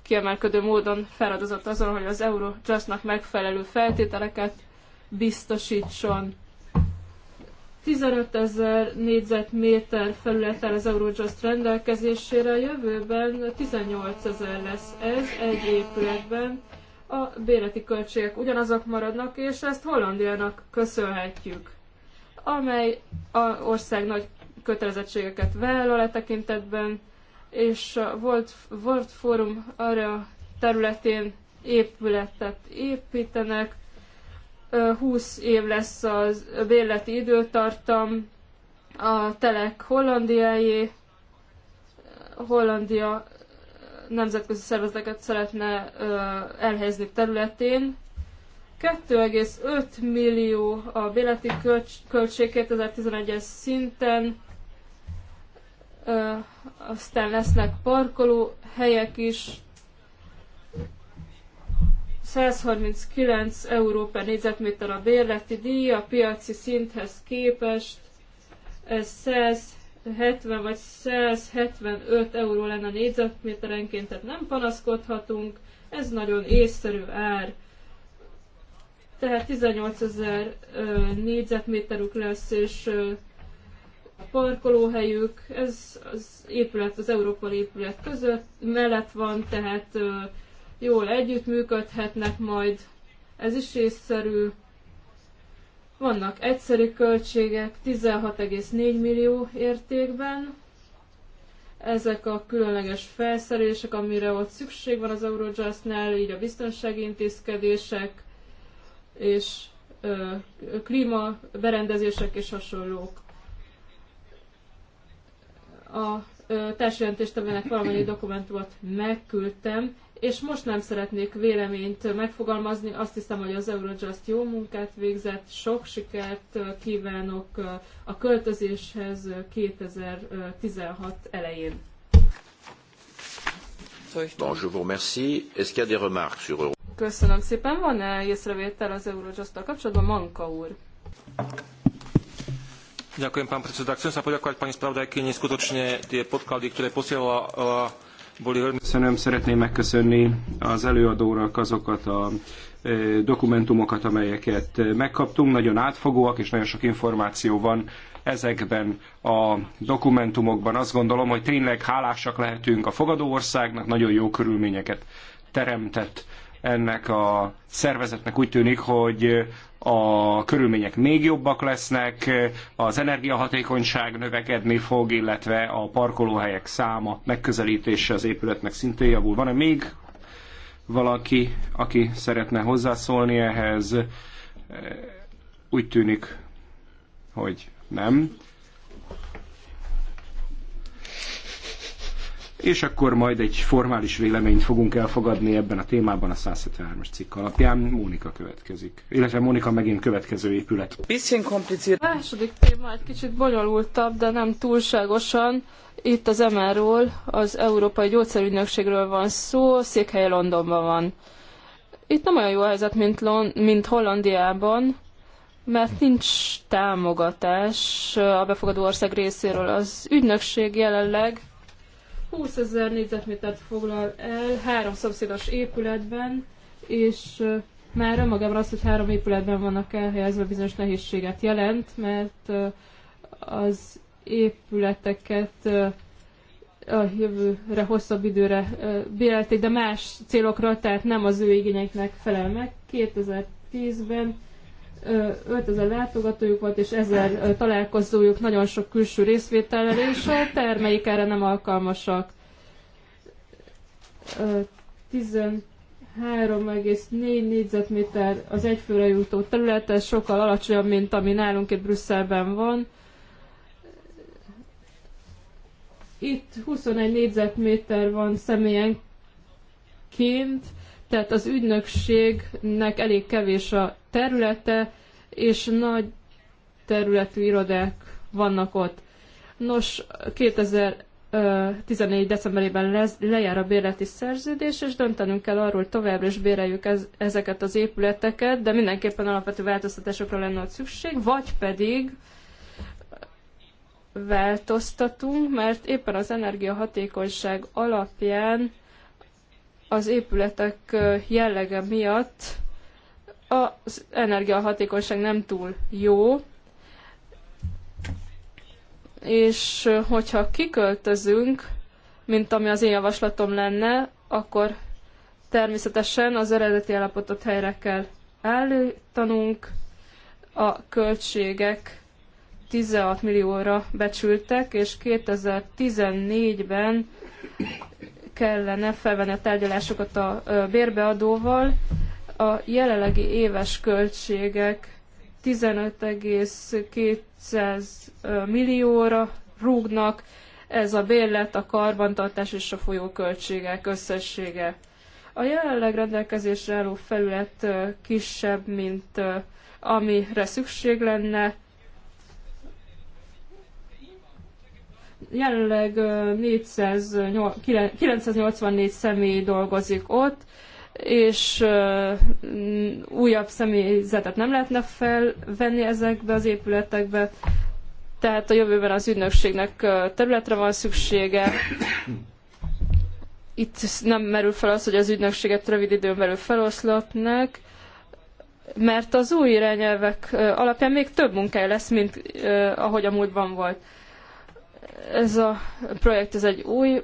kiemelkedő módon feladozott azon, hogy az Eurojustnak megfelelő feltételeket biztosítson. 15 ezer négyzetméter felületen az Eurojust rendelkezésére a jövőben 18 ezer lesz ez egy épületben. A béleti költségek ugyanazok maradnak, és ezt Hollandiának köszönhetjük, amely a ország nagy kötelezettségeket vállal a e tekintetben, és a volt World Forum arra területén épületet építenek. 20 év lesz a bérleti időtartam, a telek hollandiájé, Hollandia nemzetközi szervezeteket szeretne elhelyezni területén. 2,5 millió a béleti költség 2011-es szinten, aztán lesznek parkolóhelyek is. 139 euró per négyzetméter a bérleti díj, a piaci szinthez képest ez 170 vagy 175 euró lenne négyzetméterenként, tehát nem panaszkodhatunk, ez nagyon észszerű ár. Tehát 18 ezer négyzetméterük lesz, és parkolóhelyük, ez az épület az Európa épület között, mellett van, tehát jól együttműködhetnek majd, ez is észszerű. Vannak egyszerű költségek 16,4 millió értékben, ezek a különleges felszerelések, amire ott szükség van az Eurojustnál, így a biztonsági intézkedések és ö, klíma berendezések és hasonlók a társjelentéstevőnek valamennyi <coughs> dokumentumot megküldtem, és most nem szeretnék véleményt megfogalmazni. Azt hiszem, hogy az Eurojust jó munkát végzett, sok sikert kívánok a költözéshez 2016 elején. Bon, je vous remercie. Est-ce qu'il y a des remarques sur Euro Köszönöm szépen. Van-e észrevétel az Eurojust-tal kapcsolatban? Manka úr. Ďakujem, pán predseda. Chcem sa poďakovať pani spravodajkyni, skutočne tie podklady, ktoré posielala, e, boli veľmi... Köszönöm, szeretném megköszönni az előadónak azokat a e, dokumentumokat, amelyeket megkaptunk. Nagyon átfogóak, és nagyon sok információ van ezekben a dokumentumokban. Azt gondolom, hogy tényleg hálásak lehetünk a fogadó országnak, nagyon jó körülményeket teremtett ennek a szervezetnek úgy tűnik, hogy a körülmények még jobbak lesznek, az energiahatékonyság növekedni fog, illetve a parkolóhelyek száma megközelítése az épületnek szintén javul. Van-e még valaki, aki szeretne hozzászólni ehhez? Úgy tűnik, hogy nem. és akkor majd egy formális véleményt fogunk elfogadni ebben a témában a 173-as cikk alapján. Mónika következik, illetve Mónika megint következő épület. A második téma egy kicsit bonyolultabb, de nem túlságosan. Itt az MR-ról, az Európai Gyógyszerügynökségről van szó, székhelye Londonban van. Itt nem olyan jó helyzet, mint, Lon- mint Hollandiában, mert nincs támogatás a befogadó ország részéről. Az ügynökség jelenleg 20 ezer négyzetmétert foglal el három szomszédos épületben, és már önmagában az, hogy három épületben vannak elhelyezve, bizonyos nehézséget jelent, mert az épületeket a jövőre hosszabb időre bérelték, de más célokra, tehát nem az ő igényeknek felel meg. 2010-ben 5000 látogatójuk volt, és 1000 találkozójuk nagyon sok külső részvétellel, és a termeik erre nem alkalmasak. 13,4 négyzetméter az egyfőre jutó terület, ez sokkal alacsonyabb, mint ami nálunk itt Brüsszelben van. Itt 21 négyzetméter van személyenként, tehát az ügynökségnek elég kevés a területe, és nagy területű irodák vannak ott. Nos, 2014. decemberében lejár a bérleti szerződés, és döntenünk kell arról, hogy továbbra is béreljük ez, ezeket az épületeket, de mindenképpen alapvető változtatásokra lenne ott szükség, vagy pedig változtatunk, mert éppen az energiahatékonyság alapján az épületek jellege miatt az energiahatékonyság nem túl jó, és hogyha kiköltözünk, mint ami az én javaslatom lenne, akkor természetesen az eredeti állapotot helyre kell állítanunk. A költségek 16 millióra becsültek, és 2014-ben kellene felvenni a tárgyalásokat a bérbeadóval. A jelenlegi éves költségek 15,2 millióra rúgnak, ez a bérlet, a karbantartás és a folyóköltségek összessége. A jelenleg rendelkezésre álló felület kisebb, mint amire szükség lenne, Jelenleg 400, 984 személy dolgozik ott, és újabb személyzetet nem lehetne felvenni ezekbe az épületekbe, tehát a jövőben az ügynökségnek területre van szüksége. Itt nem merül fel az, hogy az ügynökséget rövid időn belül feloszlatnak, mert az új irányelvek alapján még több munkája lesz, mint ahogy a múltban volt. Ez a projekt, ez egy új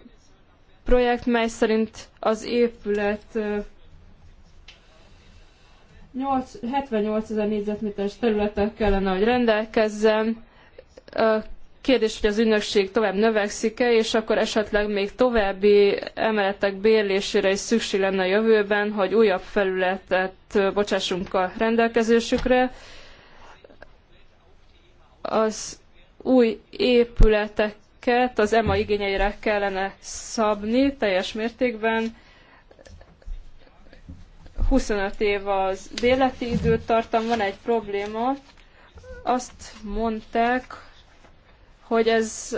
projekt, mely szerint az épület 8, 78 ezer négyzetméteres területek kellene, hogy rendelkezzen. Kérdés, hogy az ügynökség tovább növekszik-e, és akkor esetleg még további emeletek bérlésére is szükség lenne a jövőben, hogy újabb felületet bocsássunk a rendelkezésükre. Az új épületeket az EMA igényeire kellene szabni teljes mértékben. 25 év az déleti időtartam, van egy probléma. Azt mondták, hogy ez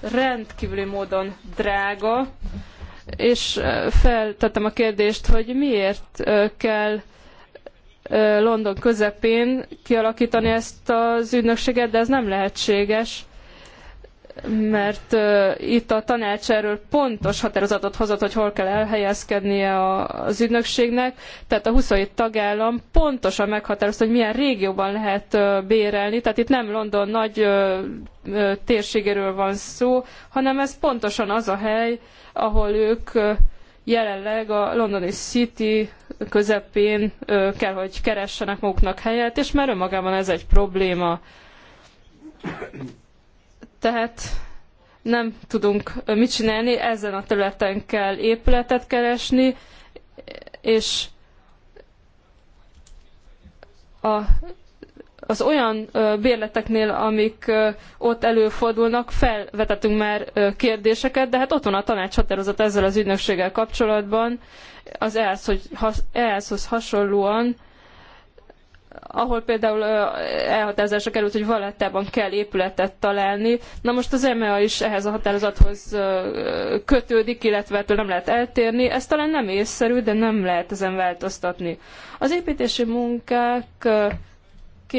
rendkívüli módon drága, és feltettem a kérdést, hogy miért kell London közepén kialakítani ezt az ügynökséget, de ez nem lehetséges mert itt a tanács erről pontos határozatot hozott, hogy hol kell elhelyezkednie a, az ügynökségnek, tehát a 27 tagállam pontosan meghatározta, hogy milyen régióban lehet bérelni, tehát itt nem London nagy térségéről van szó, hanem ez pontosan az a hely, ahol ők jelenleg a londoni City közepén kell, hogy keressenek maguknak helyet, és már önmagában ez egy probléma. Tehát nem tudunk mit csinálni, ezen a területen kell épületet keresni, és a az olyan bérleteknél, amik ott előfordulnak, felvetettünk már kérdéseket, de hát ott van a tanács határozat ezzel az ügynökséggel kapcsolatban, az ELSZ, hogy e hoz hasonlóan, ahol például elhatározásra került, hogy Valettában kell épületet találni. Na most az EMEA is ehhez a határozathoz kötődik, illetve ettől nem lehet eltérni. Ez talán nem észszerű, de nem lehet ezen változtatni. Az építési munkák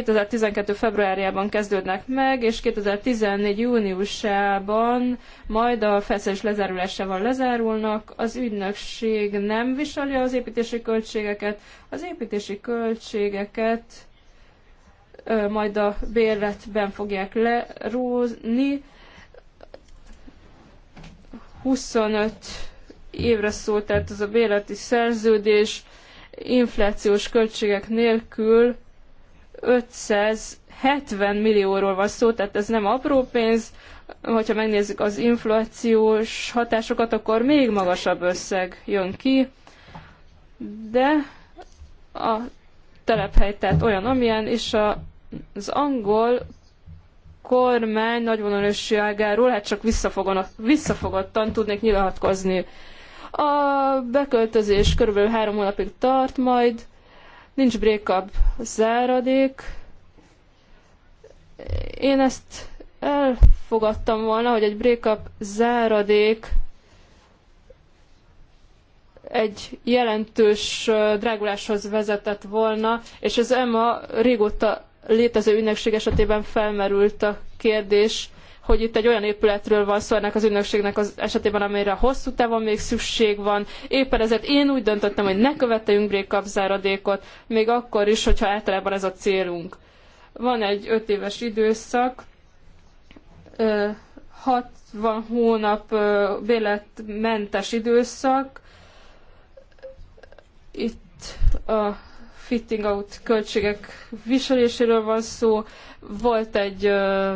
2012. februárjában kezdődnek meg, és 2014. júniusában majd a felszerelés lezárulásával lezárulnak. Az ügynökség nem viseli az építési költségeket. Az építési költségeket ö, majd a bérletben fogják lerózni. 25 évre szólt, tehát ez a bérleti szerződés inflációs költségek nélkül 570 millióról van szó, tehát ez nem apró pénz, hogyha megnézzük az inflációs hatásokat, akkor még magasabb összeg jön ki, de a telephely tehát olyan, amilyen, és a, az angol kormány nagyvonalosságáról, hát csak visszafogottan tudnék nyilatkozni. A beköltözés körülbelül három hónapig tart majd, nincs break-up záradék. Én ezt elfogadtam volna, hogy egy break-up záradék egy jelentős dráguláshoz vezetett volna, és ez EMA régóta létező ünnepség esetében felmerült a kérdés, hogy itt egy olyan épületről van szó ennek az ügynökségnek az esetében, amire hosszú távon még szükség van. Éppen ezért én úgy döntöttem, hogy ne követeljünk brékapzáradékot, még akkor is, hogyha általában ez a célunk. Van egy öt éves időszak, 60 hónap bérletmentes időszak. Itt a fitting out költségek viseléséről van szó. Volt egy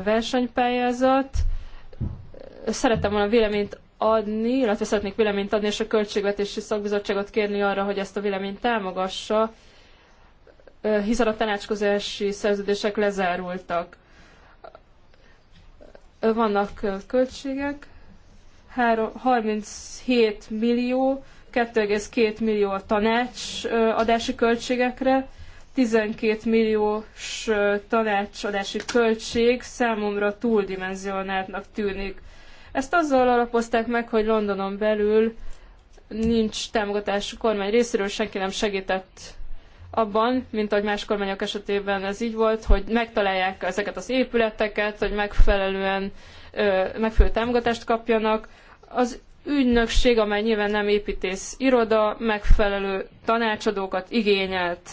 versenypályázat. Szerettem volna véleményt adni, illetve szeretnék véleményt adni, és a költségvetési szakbizottságot kérni arra, hogy ezt a véleményt támogassa, hiszen a tanácskozási szerződések lezárultak. Vannak költségek, 37 millió, 2,2 millió a tanács adási költségekre, 12 milliós tanácsadási költség számomra túldimenzionáltnak tűnik. Ezt azzal alapozták meg, hogy Londonon belül nincs támogatás a kormány részéről, senki nem segített abban, mint ahogy más kormányok esetében ez így volt, hogy megtalálják ezeket az épületeket, hogy megfelelően megfelelő támogatást kapjanak. Az ügynökség, amely nyilván nem építész iroda, megfelelő tanácsadókat igényelt.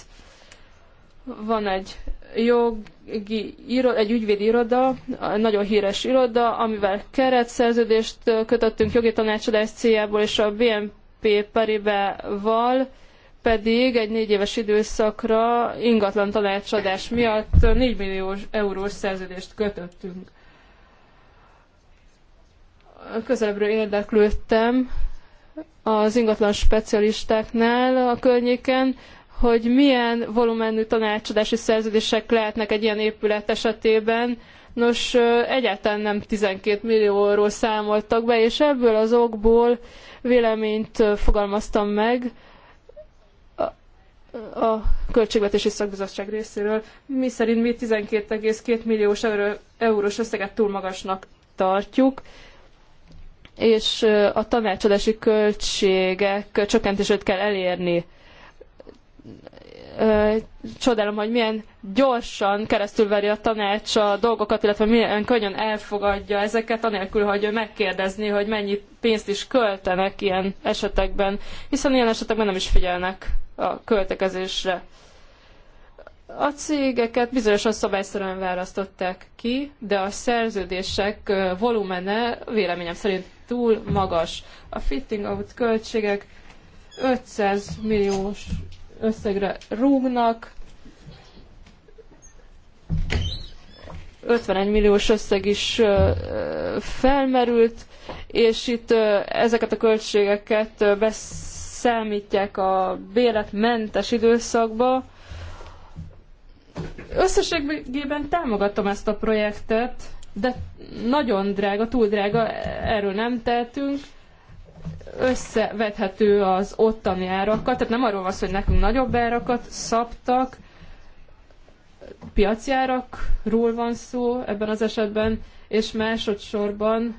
Van egy jogi iroda, egy ügyvédi iroda, nagyon híres iroda, amivel keretszerződést kötöttünk jogi tanácsadás céljából, és a BNP Paribas-val pedig egy négy éves időszakra ingatlan tanácsadás miatt 4 millió eurós szerződést kötöttünk közelebbről érdeklődtem az ingatlan specialistáknál a környéken, hogy milyen volumenű tanácsadási szerződések lehetnek egy ilyen épület esetében. Nos, egyáltalán nem 12 millióról számoltak be, és ebből az okból véleményt fogalmaztam meg a, Költségvetési Szakbizottság részéről, mi szerint mi 12,2 milliós eurós összeget túl magasnak tartjuk, és a tanácsadási költségek csökkentését kell elérni. Csodálom, hogy milyen gyorsan keresztülveri a tanács a dolgokat, illetve milyen könnyen elfogadja ezeket, anélkül, hogy megkérdezni, hogy mennyi pénzt is költenek ilyen esetekben, hiszen ilyen esetekben nem is figyelnek a költekezésre a cégeket bizonyosan szabályszerűen választották ki, de a szerződések volumene véleményem szerint túl magas. A fitting out költségek 500 milliós összegre rúgnak, 51 milliós összeg is felmerült, és itt ezeket a költségeket beszámítják a béletmentes időszakba, Összességében támogatom ezt a projektet, de nagyon drága, túl drága, erről nem tehetünk. Összevethető az ottani árakat, tehát nem arról van szó, hogy nekünk nagyobb árakat szabtak, piaci árakról van szó ebben az esetben, és másodszorban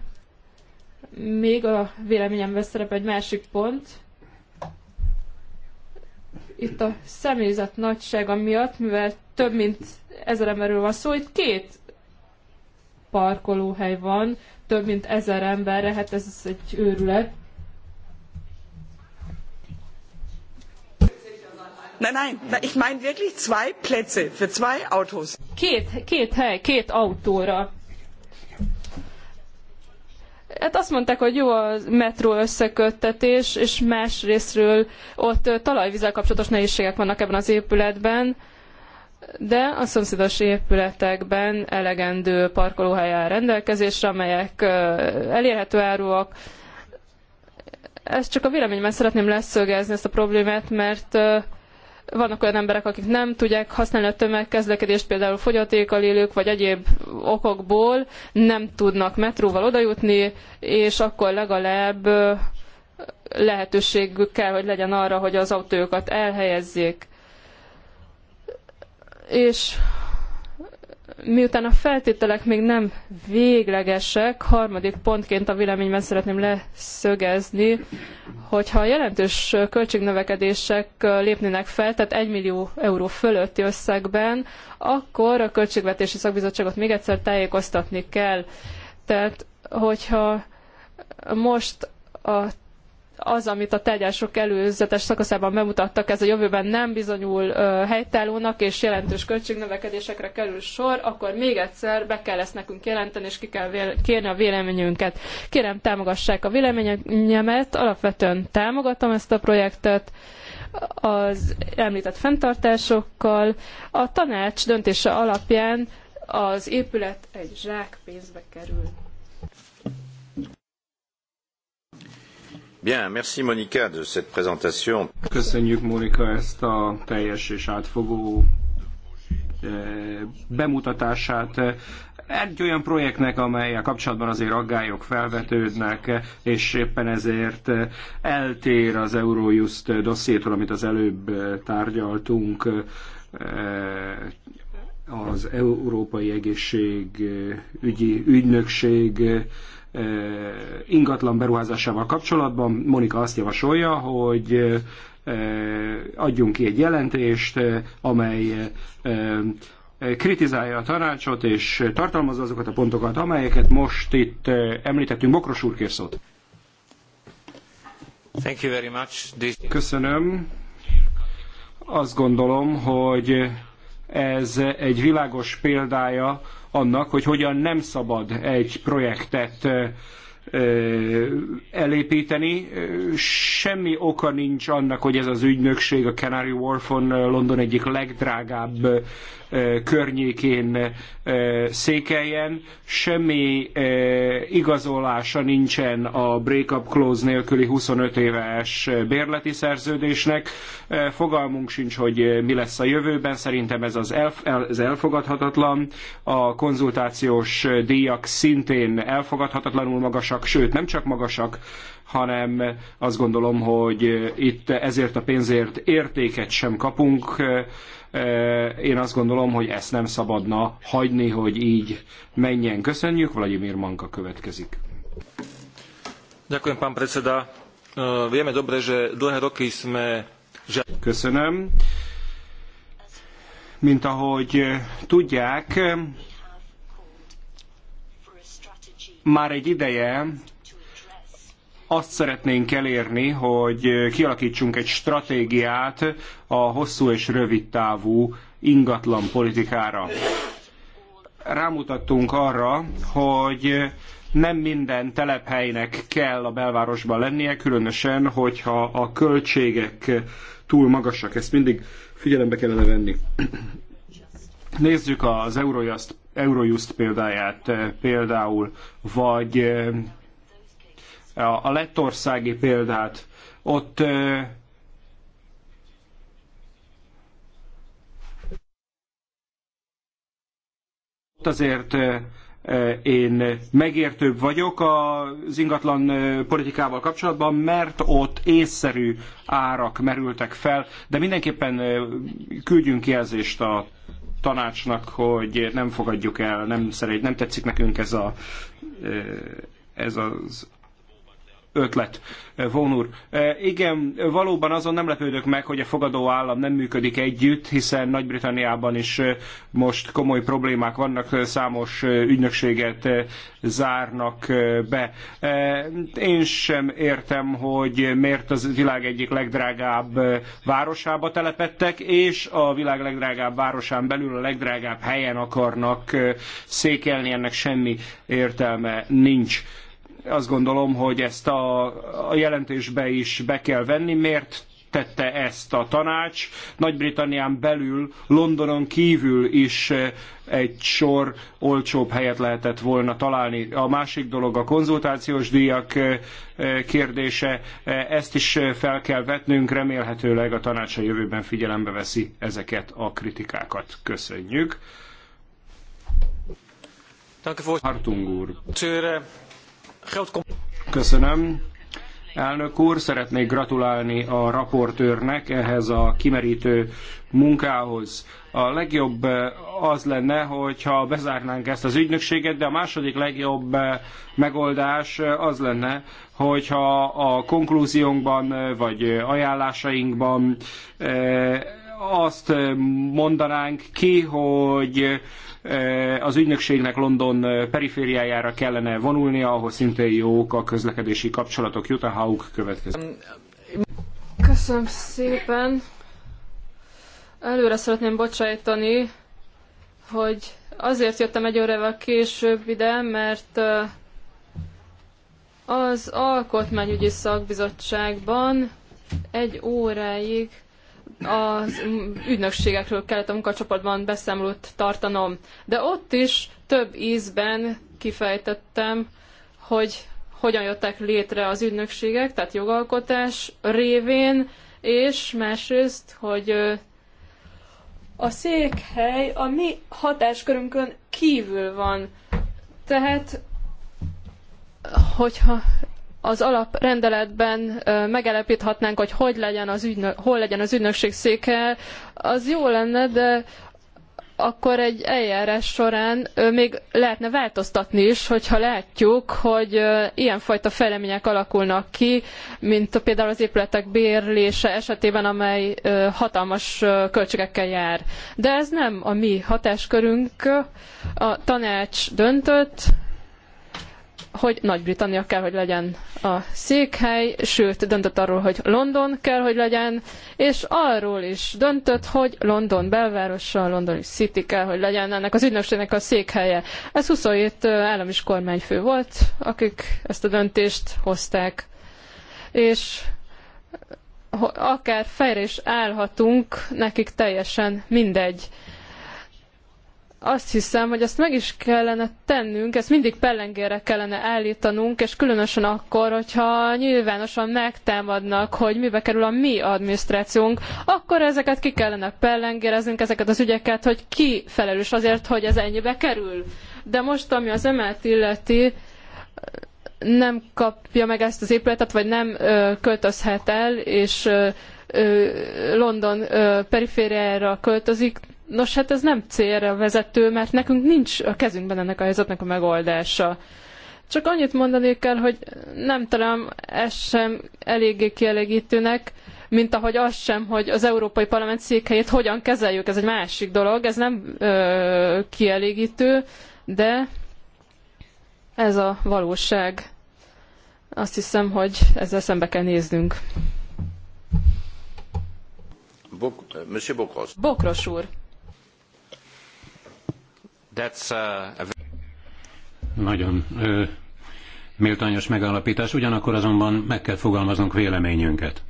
még a véleményemben szerep egy másik pont, itt a személyzet nagysága miatt, mivel több mint ezer emberről van szó, itt két parkolóhely van, több mint ezer emberre, hát ez egy őrület. Nein, nein, ich meine wirklich zwei Plätze für zwei Autos. Két, két hely, két autóra hát azt mondták, hogy jó a metró összeköttetés, és más részről ott talajvízzel kapcsolatos nehézségek vannak ebben az épületben, de a szomszédos épületekben elegendő parkolóhely áll rendelkezésre, amelyek elérhető áruak. Ezt csak a véleményben szeretném leszögezni ezt a problémát, mert vannak olyan emberek, akik nem tudják használni a tömegközlekedést, például fogyatékkal élők, vagy egyéb okokból nem tudnak metróval odajutni, és akkor legalább lehetőségük kell, hogy legyen arra, hogy az autójukat elhelyezzék. És miután a feltételek még nem véglegesek, harmadik pontként a véleményben szeretném leszögezni, hogyha a jelentős költségnövekedések lépnének fel, tehát 1 millió euró fölötti összegben, akkor a Költségvetési Szakbizottságot még egyszer tájékoztatni kell. Tehát, hogyha most a az, amit a tárgyások előzetes szakaszában bemutattak, ez a jövőben nem bizonyul helytállónak, és jelentős költségnövekedésekre kerül sor, akkor még egyszer be kell ezt nekünk jelenteni, és ki kell kérni a véleményünket. Kérem, támogassák a véleményemet, alapvetően támogatom ezt a projektet, az említett fenntartásokkal. A tanács döntése alapján az épület egy zsák pénzbe kerül. Bien, merci Monica de cette présentation. Köszönjük Monika ezt a teljes és átfogó eh, bemutatását egy olyan projektnek, amelyel kapcsolatban azért aggályok felvetődnek, és éppen ezért eltér az Eurojust dossziétól, amit az előbb eh, tárgyaltunk, eh, az Európai Egészségügyi Ügynökség ingatlan beruházásával kapcsolatban. Monika azt javasolja, hogy adjunk ki egy jelentést, amely kritizálja a tanácsot, és tartalmazza azokat a pontokat, amelyeket most itt említettünk. Bokros úr, kér szót. Thank you very much. This... Köszönöm. Azt gondolom, hogy ez egy világos példája annak, hogy hogyan nem szabad egy projektet elépíteni. Semmi oka nincs annak, hogy ez az ügynökség a Canary Wharfon London egyik legdrágább környékén székeljen. Semmi igazolása nincsen a break-up clause nélküli 25 éves bérleti szerződésnek. Fogalmunk sincs, hogy mi lesz a jövőben. Szerintem ez az ez elfogadhatatlan. A konzultációs díjak szintén elfogadhatatlanul magasak, sőt nem csak magasak, hanem azt gondolom, hogy itt ezért a pénzért értéket sem kapunk én azt gondolom, hogy ezt nem szabadna hagyni, hogy így menjen. Köszönjük, Vladimir Manka következik. Ďakujem, pán predseda. Vieme dobre, že dlhé roky sme... Köszönöm. Mint ahogy tudják, már egy ideje azt szeretnénk elérni, hogy kialakítsunk egy stratégiát a hosszú és rövid távú ingatlan politikára. Rámutattunk arra, hogy nem minden telephelynek kell a belvárosban lennie, különösen, hogyha a költségek túl magasak. Ezt mindig figyelembe kellene venni. Nézzük az Eurojust, Eurojust példáját például, vagy a lettországi példát. Ott azért én megértőbb vagyok az ingatlan politikával kapcsolatban, mert ott észszerű árak merültek fel, de mindenképpen küldjünk jelzést a tanácsnak, hogy nem fogadjuk el, nem szeret, nem tetszik nekünk ez a ez az ötlet, Von úr. E, igen, valóban azon nem lepődök meg, hogy a fogadó állam nem működik együtt, hiszen Nagy-Britanniában is e, most komoly problémák vannak, e, számos ügynökséget zárnak be. Én sem értem, hogy miért az világ egyik legdrágább városába telepettek, és a világ legdrágább városán belül a legdrágább helyen akarnak székelni, ennek semmi értelme nincs azt gondolom, hogy ezt a, a jelentésbe is be kell venni. Miért tette ezt a tanács. Nagy-Britannián belül, Londonon kívül is eh, egy sor olcsóbb helyet lehetett volna találni. A másik dolog a konzultációs díjak eh, eh, kérdése. Ezt is fel kell vetnünk, remélhetőleg a tanács a jövőben figyelembe veszi ezeket a kritikákat. Köszönjük. Hartung úr. Köszönöm. Elnök úr, szeretnék gratulálni a raportőrnek ehhez a kimerítő munkához. A legjobb eh, az lenne, hogyha bezárnánk ezt az ügynökséget, de a második legjobb eh, megoldás eh, az lenne, hogyha a konklúziónkban vagy ajánlásainkban azt mondanánk ki, hogy Eh, az ügynökségnek London eh, perifériájára kellene vonulnia, ahol szintén jók a közlekedési kapcsolatok. Jutta Hauk következik. Köszönöm szépen. Előre szeretném bocsájtani, hogy azért jöttem egy órával később ide, mert eh, az Alkotmányügyi Szakbizottságban egy óráig az ügynökségekről kellett a munkacsoportban beszámolót tartanom, de ott is több ízben kifejtettem, hogy hogyan jöttek létre az ügynökségek, tehát jogalkotás révén, és másrészt, hogy a székhely a mi hatáskörünkön kívül van. Tehát, hogyha az alaprendeletben megállapíthatnánk, hogy, hogy legyen az ügynök, hol legyen az ügynökség széke, az jó lenne, de akkor egy eljárás során még lehetne változtatni is, hogyha látjuk, hogy ilyenfajta fejlemények alakulnak ki, mint például az épületek bérlése esetében, amely hatalmas költségekkel jár. De ez nem a mi hatáskörünk, a tanács döntött, hogy Nagy-Britannia kell, hogy legyen a székhely, sőt, döntött arról, hogy London kell, hogy legyen, és arról is döntött, hogy London belvárosa, a Londoni City kell, hogy legyen ennek az ügynökségnek a székhelye. Ez 27 állam és kormányfő volt, akik ezt a döntést hozták. És akár fejre is állhatunk, nekik teljesen mindegy azt hiszem, hogy ezt meg is kellene tennünk, ezt mindig pellengére kellene állítanunk, és különösen akkor, hogyha nyilvánosan megtámadnak, hogy mibe kerül a mi adminisztrációnk, akkor ezeket ki kellene pellengéreznünk, ezeket az ügyeket, hogy ki felelős azért, hogy ez ennyibe kerül. De most, ami az emelt illeti, nem kapja meg ezt az épületet, vagy nem ö, költözhet el, és ö, ö, London ö, perifériára költözik, Nos, hát ez nem célra vezető, mert nekünk nincs a kezünkben ennek a helyzetnek a megoldása. Csak annyit mondanék kell, hogy nem talán ez sem eléggé kielégítőnek, mint ahogy az sem, hogy az Európai Parlament székhelyét hogyan kezeljük, ez egy másik dolog, ez nem ö, kielégítő, de ez a valóság. Azt hiszem, hogy ezzel szembe kell néznünk. Bok, Monsieur Bokros. Bokros úr. Uh, nagyon ö, méltányos megállapítás, ugyanakkor azonban meg kell fogalmaznunk véleményünket.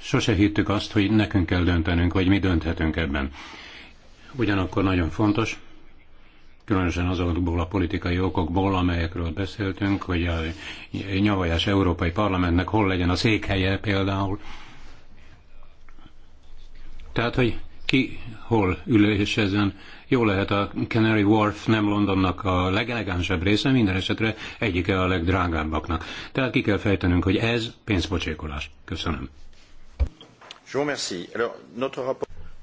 Sose hittük azt, hogy nekünk kell döntenünk, vagy mi dönthetünk ebben. Ugyanakkor nagyon fontos, különösen azokból a politikai okokból, amelyekről beszéltünk, hogy a nyavajás Európai Parlamentnek hol legyen a székhelye például. Tehát, hogy ki hol ülésezzen, jó lehet a Canary Wharf nem Londonnak a legelegánsabb része, minden esetre egyike a legdrágábbaknak. Tehát ki kell fejtenünk, hogy ez pénzbocsékolás. Köszönöm.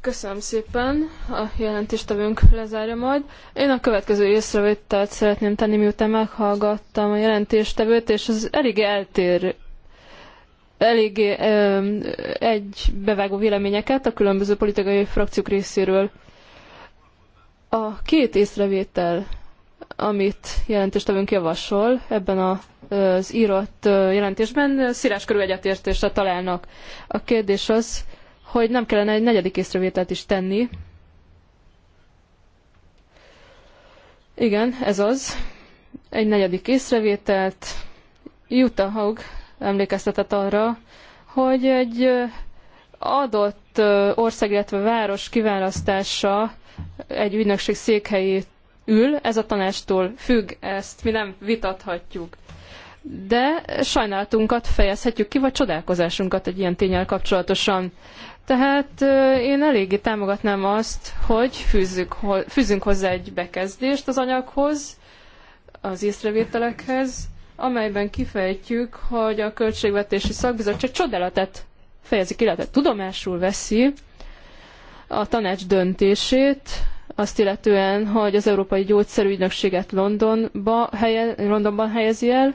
Köszönöm szépen, a jelentéstevünk lezárja majd. Én a következő észrevételt szeretném tenni, miután meghallgattam a jelentéstevőt, és az elég eltér elég egy bevágó véleményeket a különböző politikai frakciók részéről. A két észrevétel, amit jelentéstevőnk javasol ebben az írott jelentésben szírás körül egyetértésre találnak. A kérdés az, hogy nem kellene egy negyedik észrevételt is tenni. Igen, ez az. Egy negyedik észrevételt. Jutta Haug emlékeztetett arra, hogy egy adott ország, illetve város kiválasztása egy ügynökség székhelyét ül, ez a tanástól függ, ezt mi nem vitathatjuk. De sajnálatunkat fejezhetjük ki, vagy csodálkozásunkat egy ilyen tényel kapcsolatosan. Tehát én eléggé támogatnám azt, hogy fűzzük, fűzzünk hozzá egy bekezdést az anyaghoz, az észrevételekhez, amelyben kifejtjük, hogy a Költségvetési Szakbizottság csodálatát fejezi ki, illetve tudomásul veszi, a tanács döntését, azt illetően, hogy az Európai Gyógyszerügynökséget Londonba helye, Londonban helyezi el,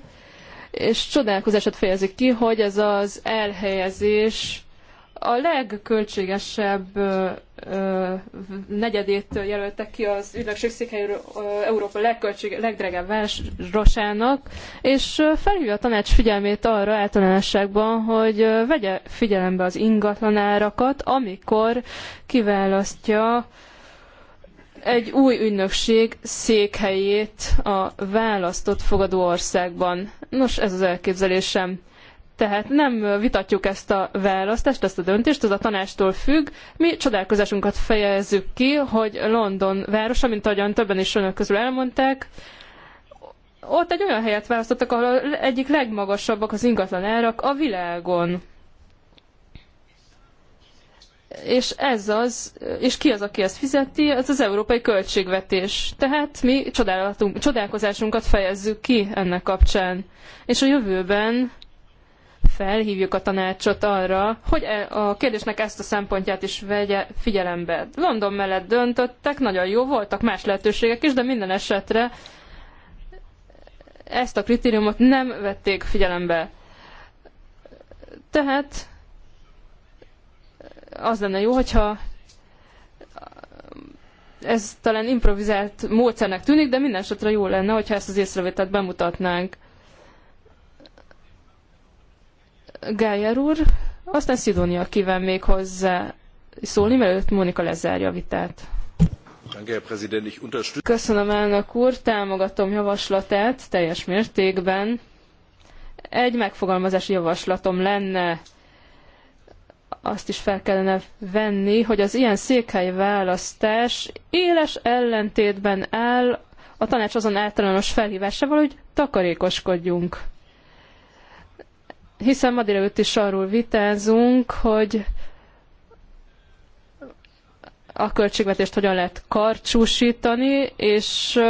és csodálkozását fejezik ki, hogy ez az elhelyezés a legköltségesebb negyedét jelöltek ki az ügynökség székhelyéről Európa legköltség, legdrágább városának, és felhívja a tanács figyelmét arra általánosságban, hogy vegye figyelembe az ingatlanárakat, amikor kiválasztja egy új ügynökség székhelyét a választott fogadó országban. Nos, ez az elképzelésem. Tehát nem vitatjuk ezt a választást, ezt a döntést, ez a tanástól függ. Mi csodálkozásunkat fejezzük ki, hogy London városa, mint ahogyan többen is önök közül elmondták, ott egy olyan helyet választottak, ahol egyik legmagasabbak az ingatlan árak a világon. És ez az, és ki az, aki ezt fizeti, az az európai költségvetés. Tehát mi csodálkozásunkat fejezzük ki ennek kapcsán. És a jövőben felhívjuk a tanácsot arra, hogy e- a kérdésnek ezt a szempontját is vegye figyelembe. London mellett döntöttek, nagyon jó voltak más lehetőségek is, de minden esetre ezt a kritériumot nem vették figyelembe. Tehát az lenne jó, hogyha ez talán improvizált módszernek tűnik, de minden esetre jó lenne, hogyha ezt az észrevételt bemutatnánk. Geyer úr, aztán Szidónia kíván még hozzá szólni, mielőtt Mónika lezárja a vitát. Köszönöm elnök úr, támogatom javaslatát teljes mértékben. Egy megfogalmazási javaslatom lenne, azt is fel kellene venni, hogy az ilyen székhelyválasztás éles ellentétben áll a tanács azon általános felhívásával, hogy takarékoskodjunk hiszen ma délelőtt is arról vitázunk, hogy a költségvetést hogyan lehet karcsúsítani, és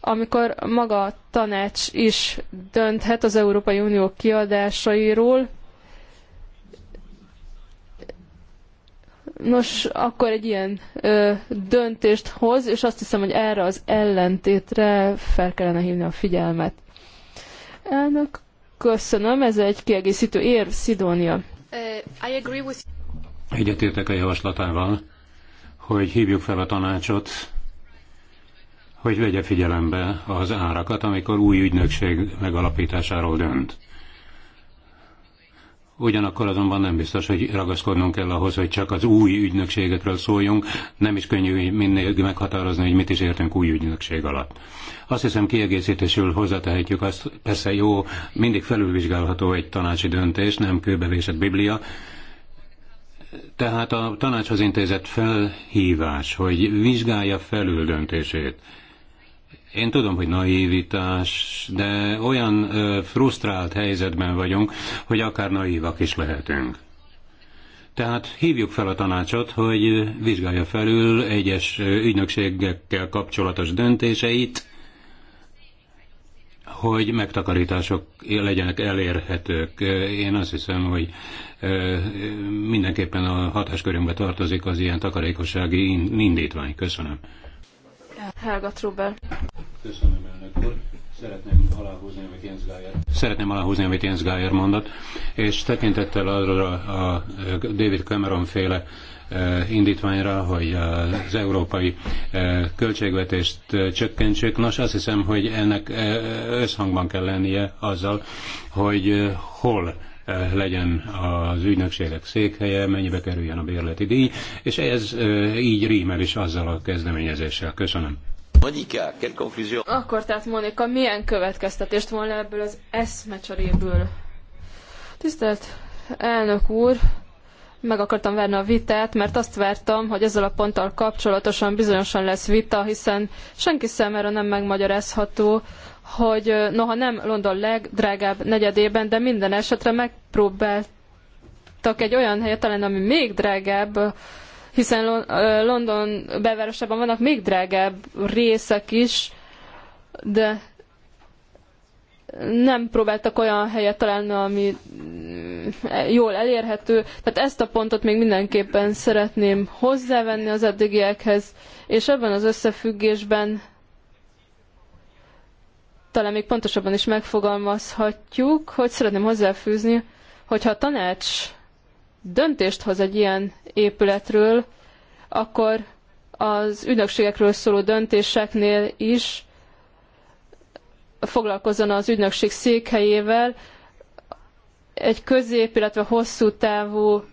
amikor maga a tanács is dönthet az Európai Unió kiadásairól, nos, akkor egy ilyen ö, döntést hoz, és azt hiszem, hogy erre az ellentétre fel kellene hívni a figyelmet. Elnök, Köszönöm, ez egy kiegészítő ér, Szidónia. Uh, Egyetértek a javaslatával, hogy hívjuk fel a tanácsot, hogy vegye figyelembe az árakat, amikor új ügynökség megalapításáról dönt. Ugyanakkor azonban nem biztos, hogy ragaszkodnunk kell ahhoz, hogy csak az új ügynökségekről szóljunk. Nem is könnyű minél meghatározni, hogy mit is értünk új ügynökség alatt. Azt hiszem kiegészítésül hozzátehetjük azt, persze jó, mindig felülvizsgálható egy tanácsi döntés, nem kőbevésett biblia, tehát a tanácshoz intézett felhívás, hogy vizsgálja felül döntését, én tudom, hogy naivitás, de olyan ö, frusztrált helyzetben vagyunk, hogy akár naívak is lehetünk. Tehát hívjuk fel a tanácsot, hogy vizsgálja felül egyes ügynökségekkel kapcsolatos döntéseit, hogy megtakarítások legyenek elérhetők. Én azt hiszem, hogy mindenképpen a hatáskörünkbe tartozik az ilyen takarékossági indítvány. Köszönöm. Helga Trubel. Köszönöm, elnök úr. Szeretném aláhúzni, amit Jens Geyer, Szeretném aláhúzni, amit Jens Geyer mondott, és tekintettel arra a David Cameron féle e, indítványra, hogy az európai e, költségvetést e, csökkentsük. Nos, azt hiszem, hogy ennek összhangban kell lennie azzal, hogy hol Eh, legyen az ügynökségek székhelye, mennyibe kerüljen a bérleti díj, és ez eh, így rímel is azzal a kezdeményezéssel. Köszönöm. Monika, quelle conclusion? Akkor tehát Monika, milyen következtetést volna ebből az eszmecseréből? Tisztelt elnök úr, meg akartam verni a vitát, mert azt vártam, hogy ezzel a ponttal kapcsolatosan bizonyosan lesz vita, hiszen senki számára nem megmagyarázható, hogy noha nem London legdrágább negyedében, de minden esetre megpróbáltak egy olyan helyet találni, ami még drágább, hiszen London belvárosában vannak még drágább részek is, de nem próbáltak olyan helyet találni, ami mm, jól elérhető. Tehát ezt a pontot még mindenképpen szeretném hozzávenni az eddigiekhez, és ebben az összefüggésben talán még pontosabban is megfogalmazhatjuk, hogy szeretném hozzáfűzni, hogyha a tanács döntést hoz egy ilyen épületről, akkor az ügynökségekről szóló döntéseknél is foglalkozzon az ügynökség székhelyével, egy közép, illetve hosszú távú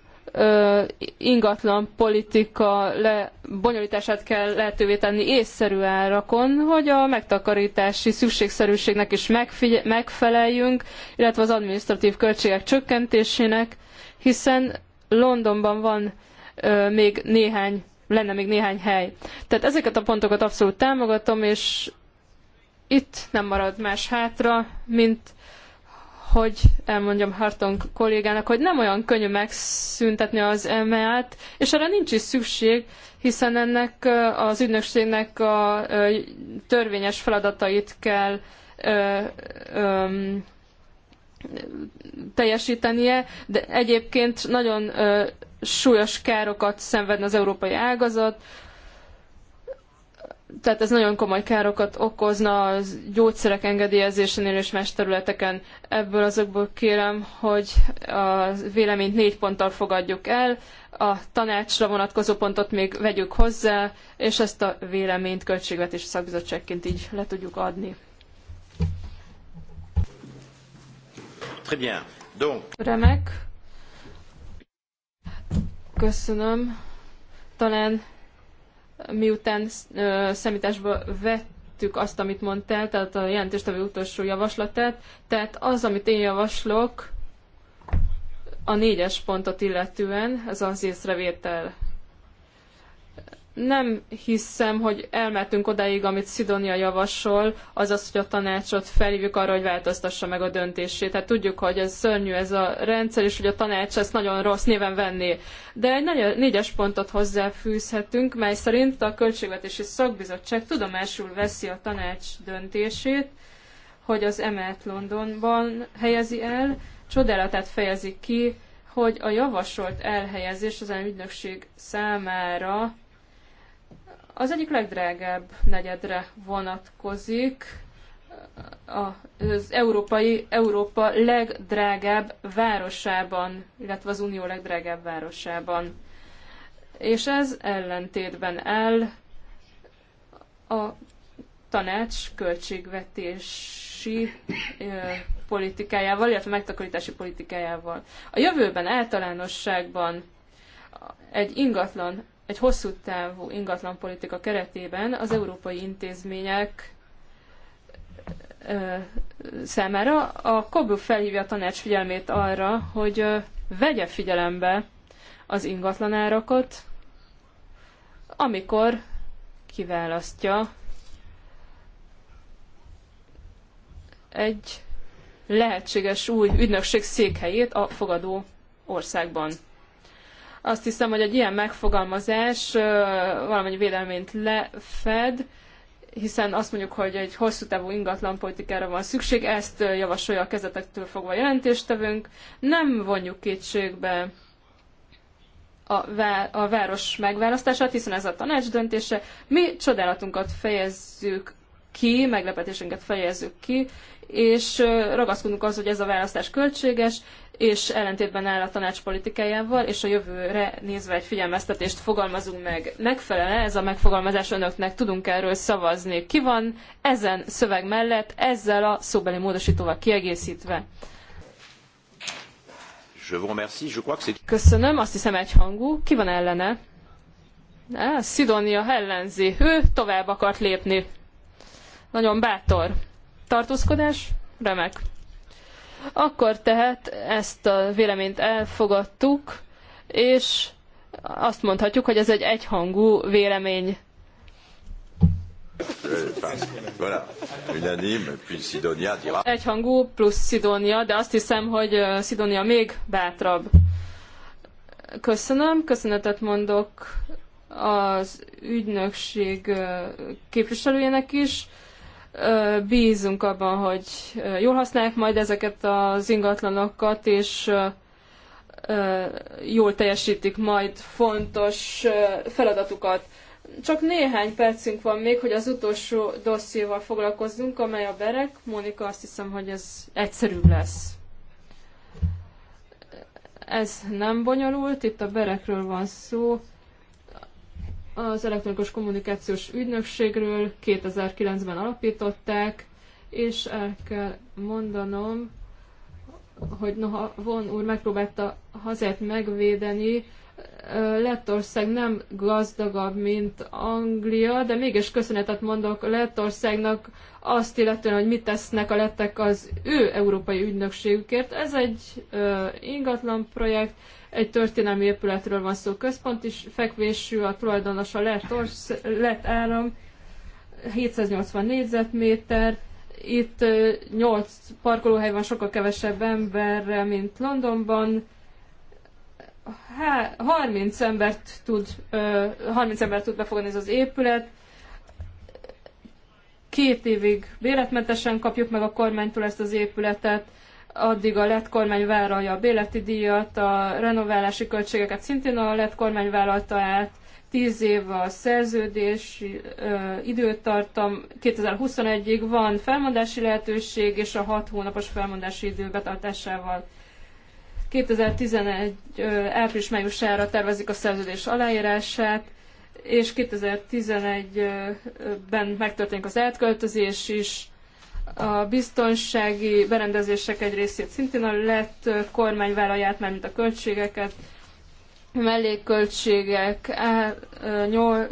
ingatlan politika lebonyolítását kell lehetővé tenni észszerű árakon, hogy a megtakarítási szükségszerűségnek is megfeleljünk, illetve az administratív költségek csökkentésének, hiszen Londonban van ö, még néhány, lenne még néhány hely. Tehát ezeket a pontokat abszolút támogatom, és itt nem marad más hátra, mint hogy elmondjam Harton kollégának, hogy nem olyan könnyű megszüntetni az EMEA-t, és erre nincs is szükség, hiszen ennek az ügynökségnek a törvényes feladatait kell teljesítenie, de egyébként nagyon súlyos károkat szenvedne az európai ágazat, tehát ez nagyon komoly károkat okozna a gyógyszerek engedélyezésénél és más területeken. Ebből azokból kérem, hogy a véleményt négy ponttal fogadjuk el, a tanácsra vonatkozó pontot még vegyük hozzá, és ezt a véleményt költségvetési szakbizottságként így le tudjuk adni. Très bien. Donc... Remek. Köszönöm. Talán miután szemításba vettük azt, amit mondtál, tehát a jelentéstevő utolsó javaslatát, tehát az, amit én javaslok, a négyes pontot illetően, ez az észrevétel nem hiszem, hogy elmentünk odáig, amit Szidonia javasol, azaz, hogy a tanácsot felhívjuk arra, hogy változtassa meg a döntését. Tehát tudjuk, hogy ez szörnyű ez a rendszer, és hogy a tanács ezt nagyon rossz néven venné. De egy négyes pontot hozzáfűzhetünk, mely szerint a Költségvetési Szakbizottság tudomásul veszi a tanács döntését, hogy az emelt Londonban helyezi el, csodálatát fejezi ki, hogy a javasolt elhelyezés az ügynökség számára az egyik legdrágább negyedre vonatkozik, az európai, Európa legdrágább városában, illetve az Unió legdrágább városában. És ez ellentétben áll a tanács költségvetési politikájával, illetve megtakarítási politikájával. A jövőben általánosságban egy ingatlan egy hosszú távú ingatlanpolitika keretében az európai intézmények számára. A COBU felhívja a tanács figyelmét arra, hogy vegye figyelembe az ingatlanárakat, amikor kiválasztja egy lehetséges új ügynökség székhelyét a fogadó országban. Azt hiszem, hogy egy ilyen megfogalmazás valamennyi véleményt lefed, hiszen azt mondjuk, hogy egy hosszú távú ingatlan politikára van szükség, ezt javasolja a kezetektől fogva a jelentéstevőnk. Nem vonjuk kétségbe a, vá- a város megválasztását, hiszen ez a tanács döntése. Mi csodálatunkat fejezzük ki, meglepetésünket fejezzük ki, és ragaszkodunk az, hogy ez a választás költséges, és ellentétben áll a tanács politikájával, és a jövőre nézve egy figyelmeztetést fogalmazunk meg. Megfelele ez a megfogalmazás önöknek? Tudunk erről szavazni? Ki van ezen szöveg mellett, ezzel a szóbeli módosítóval kiegészítve? Köszönöm, azt hiszem egyhangú. Ki van ellene? Á, Szidonia ellenzi. Ő tovább akart lépni. Nagyon bátor. Tartózkodás? Remek. Akkor tehát ezt a véleményt elfogadtuk, és azt mondhatjuk, hogy ez egy egyhangú vélemény. Egyhangú plusz Sidonia, de azt hiszem, hogy Sidonia még bátrabb. Köszönöm, köszönetet mondok az ügynökség képviselőjének is. Bízunk abban, hogy jól használják majd ezeket az ingatlanokat, és jól teljesítik majd fontos feladatukat. Csak néhány percünk van még, hogy az utolsó dossziéval foglalkozzunk, amely a berek. Mónika, azt hiszem, hogy ez egyszerűbb lesz. Ez nem bonyolult, itt a berekről van szó. Az elektronikus kommunikációs ügynökségről 2009-ben alapították, és el kell mondanom, hogy noha von úr megpróbálta hazát megvédeni, Lettország nem gazdagabb, mint Anglia, de mégis köszönetet mondok Lettországnak azt illetően, hogy mit tesznek a lettek az ő európai ügynökségükért. Ez egy ö, ingatlan projekt, egy történelmi épületről van szó, központ is fekvésű, a tulajdonos a lett, orsz, lett áram, 780 négyzetméter, itt 8 parkolóhely van, sokkal kevesebb emberre, mint Londonban, 30 embert tud, 30 embert tud befogadni ez az épület, két évig béletmentesen kapjuk meg a kormánytól ezt az épületet, addig a lett kormány vállalja a béleti díjat, a renoválási költségeket szintén a lett kormány vállalta át, 10 év a szerződés ö, időtartam, 2021-ig van felmondási lehetőség, és a 6 hónapos felmondási idő betartásával 2011 április-májusára tervezik a szerződés aláírását, és 2011-ben megtörténik az átköltözés is. A biztonsági berendezések egy részét szintén a lett kormány mert már, mint a költségeket, mellékköltségek, á, nyol,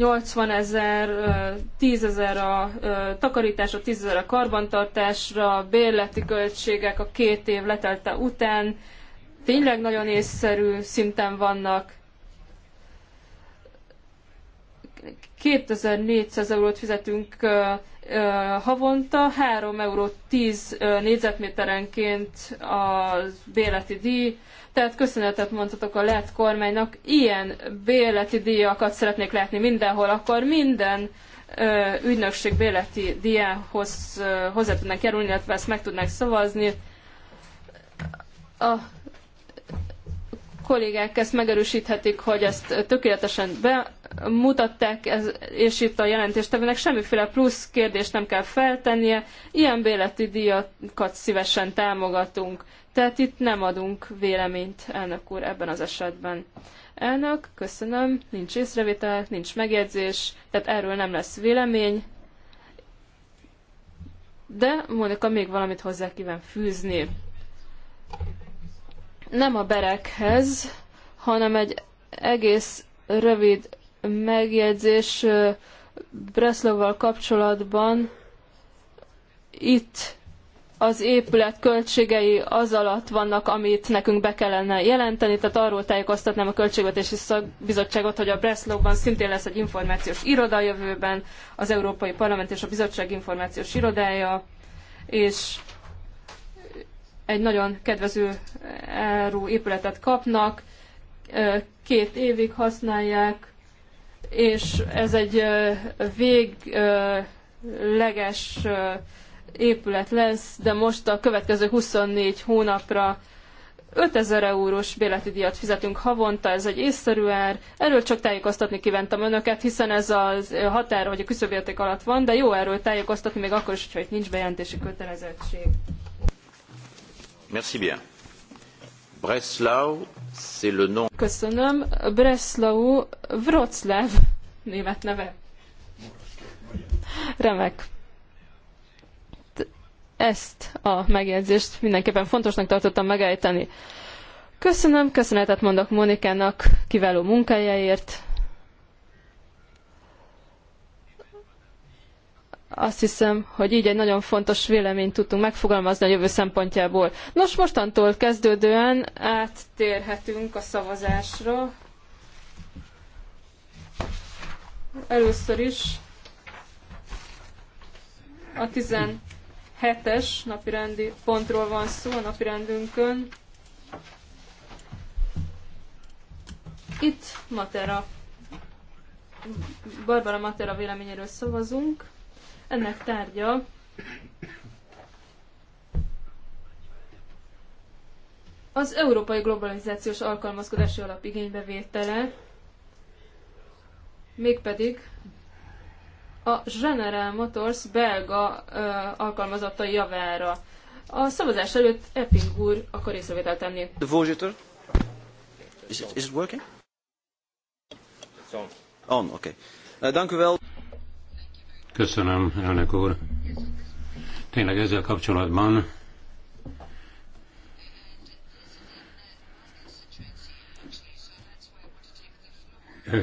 80 ezer, 10 ezer a takarításra, 10 ezer a karbantartásra, bérleti költségek a két év letelte után, tényleg nagyon észszerű szinten vannak. 2400 eurót fizetünk havonta, 3 eurót 10 négyzetméterenként a bérleti díj, tehát köszönetet mondhatok a lett kormánynak, ilyen béleti díjakat szeretnék látni mindenhol, akkor minden ö, ügynökség béleti díjához hozzá tudnánk kerülni, illetve ezt meg tudnánk szavazni. A kollégák ezt megerősíthetik, hogy ezt tökéletesen bemutatták, ez, és itt a jelentéstevőnek semmiféle plusz kérdést nem kell feltennie, ilyen béleti díjakat szívesen támogatunk. Tehát itt nem adunk véleményt, elnök úr, ebben az esetben. Elnök, köszönöm, nincs észrevétel, nincs megjegyzés, tehát erről nem lesz vélemény. De Monika még valamit hozzá kíván fűzni. Nem a berekhez, hanem egy egész rövid megjegyzés Breslovval kapcsolatban. Itt az épület költségei az alatt vannak, amit nekünk be kellene jelenteni, tehát arról tájékoztatnám a Költségvetési bizottságot, hogy a Breslóban szintén lesz egy információs iroda jövőben, az Európai Parlament és a Bizottság információs irodája, és egy nagyon kedvező áru épületet kapnak, két évig használják, és ez egy végleges épület lesz, de most a következő 24 hónapra 5000 eurós béleti díjat fizetünk havonta, ez egy észszerű ár. Erről csak tájékoztatni kívántam önöket, hiszen ez a határ vagy a küszöbérték alatt van, de jó erről tájékoztatni még akkor is, hogy nincs bejelentési kötelezettség. Merci bien. Breslau, c'est le nom. Köszönöm. Breslau, Wroclaw, német neve. Remek. Ezt a megjegyzést mindenképpen fontosnak tartottam megállítani. Köszönöm, köszönetet mondok Monikának kiváló munkájáért. Azt hiszem, hogy így egy nagyon fontos véleményt tudtunk megfogalmazni a jövő szempontjából. Nos, mostantól kezdődően áttérhetünk a szavazásra. Először is a 10 hetes napirendi pontról van szó a napirendünkön. Itt Matera, Barbara Matera véleményéről szavazunk. Ennek tárgya az európai globalizációs alkalmazkodási alap igénybevétele, mégpedig a General Motors belga ö, alkalmazotta javára. A szavazás előtt Epping úr akar észrevételt tenni. The Is it, is it working? It's on. On, okay. Uh, thank you well. Köszönöm, elnök úr. Tényleg ezzel kapcsolatban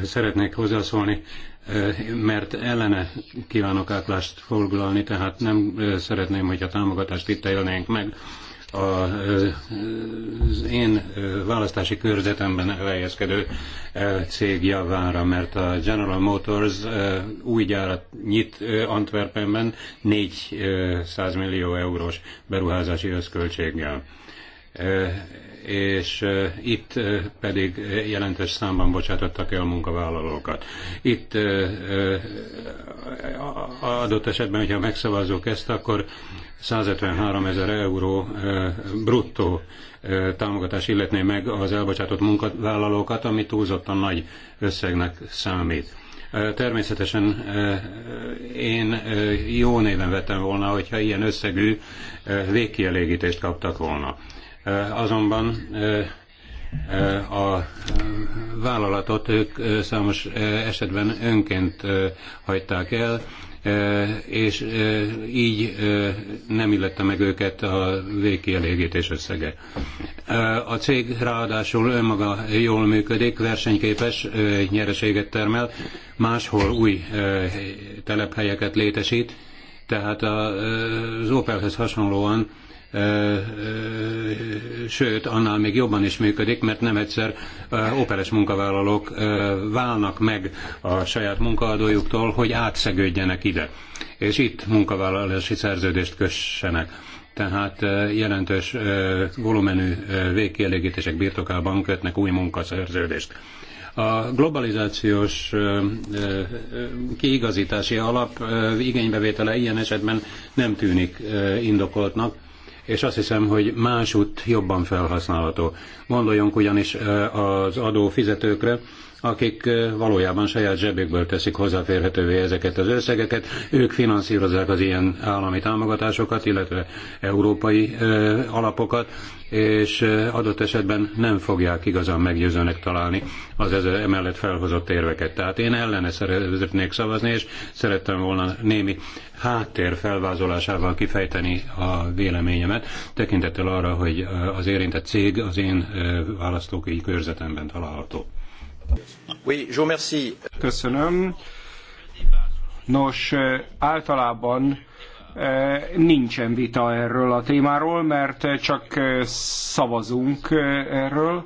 szeretnék hozzászólni mert ellene kívánok átlást foglalni, tehát nem szeretném, hogy a támogatást itt élnénk meg. Az én választási körzetemben elhelyezkedő cég javára, mert a General Motors új gyárat nyit Antwerpenben 400 millió eurós beruházási összköltséggel és itt pedig jelentős számban bocsátottak el a munkavállalókat. Itt adott esetben, hogyha megszavazzuk ezt, akkor 153 ezer euró bruttó támogatás illetné meg az elbocsátott munkavállalókat, ami túlzottan nagy összegnek számít. Természetesen én jó néven vettem volna, hogyha ilyen összegű végkielégítést kaptak volna. Azonban a vállalatot ők számos esetben önként hagyták el, és így nem illette meg őket a végkielégítés összege. A cég ráadásul önmaga jól működik, versenyképes, nyereséget termel, máshol új telephelyeket létesít, tehát az Opelhez hasonlóan sőt, annál még jobban is működik, mert nem egyszer operes munkavállalók válnak meg a saját munkaadójuktól, hogy átszegődjenek ide, és itt munkavállalási szerződést kössenek tehát jelentős volumenű végkielégítések birtokában kötnek új munkaszerződést. A globalizációs kiigazítási alap igénybevétele ilyen esetben nem tűnik indokoltnak, és azt hiszem, hogy másút jobban felhasználható. Gondoljunk ugyanis az adófizetőkre, akik valójában saját zsebükből teszik hozzáférhetővé ezeket az összegeket. Ők finanszírozzák az ilyen állami támogatásokat, illetve európai alapokat, és adott esetben nem fogják igazán meggyőzőnek találni az ez emellett felhozott érveket. Tehát én ellene szeretnék szavazni, és szerettem volna némi háttér felvázolásával kifejteni a véleményemet, tekintettel arra, hogy az érintett cég az én választókai körzetemben található. Köszönöm. Nos, eh, általában eh, nincsen vita erről a témáról, mert eh, csak szavazunk erről,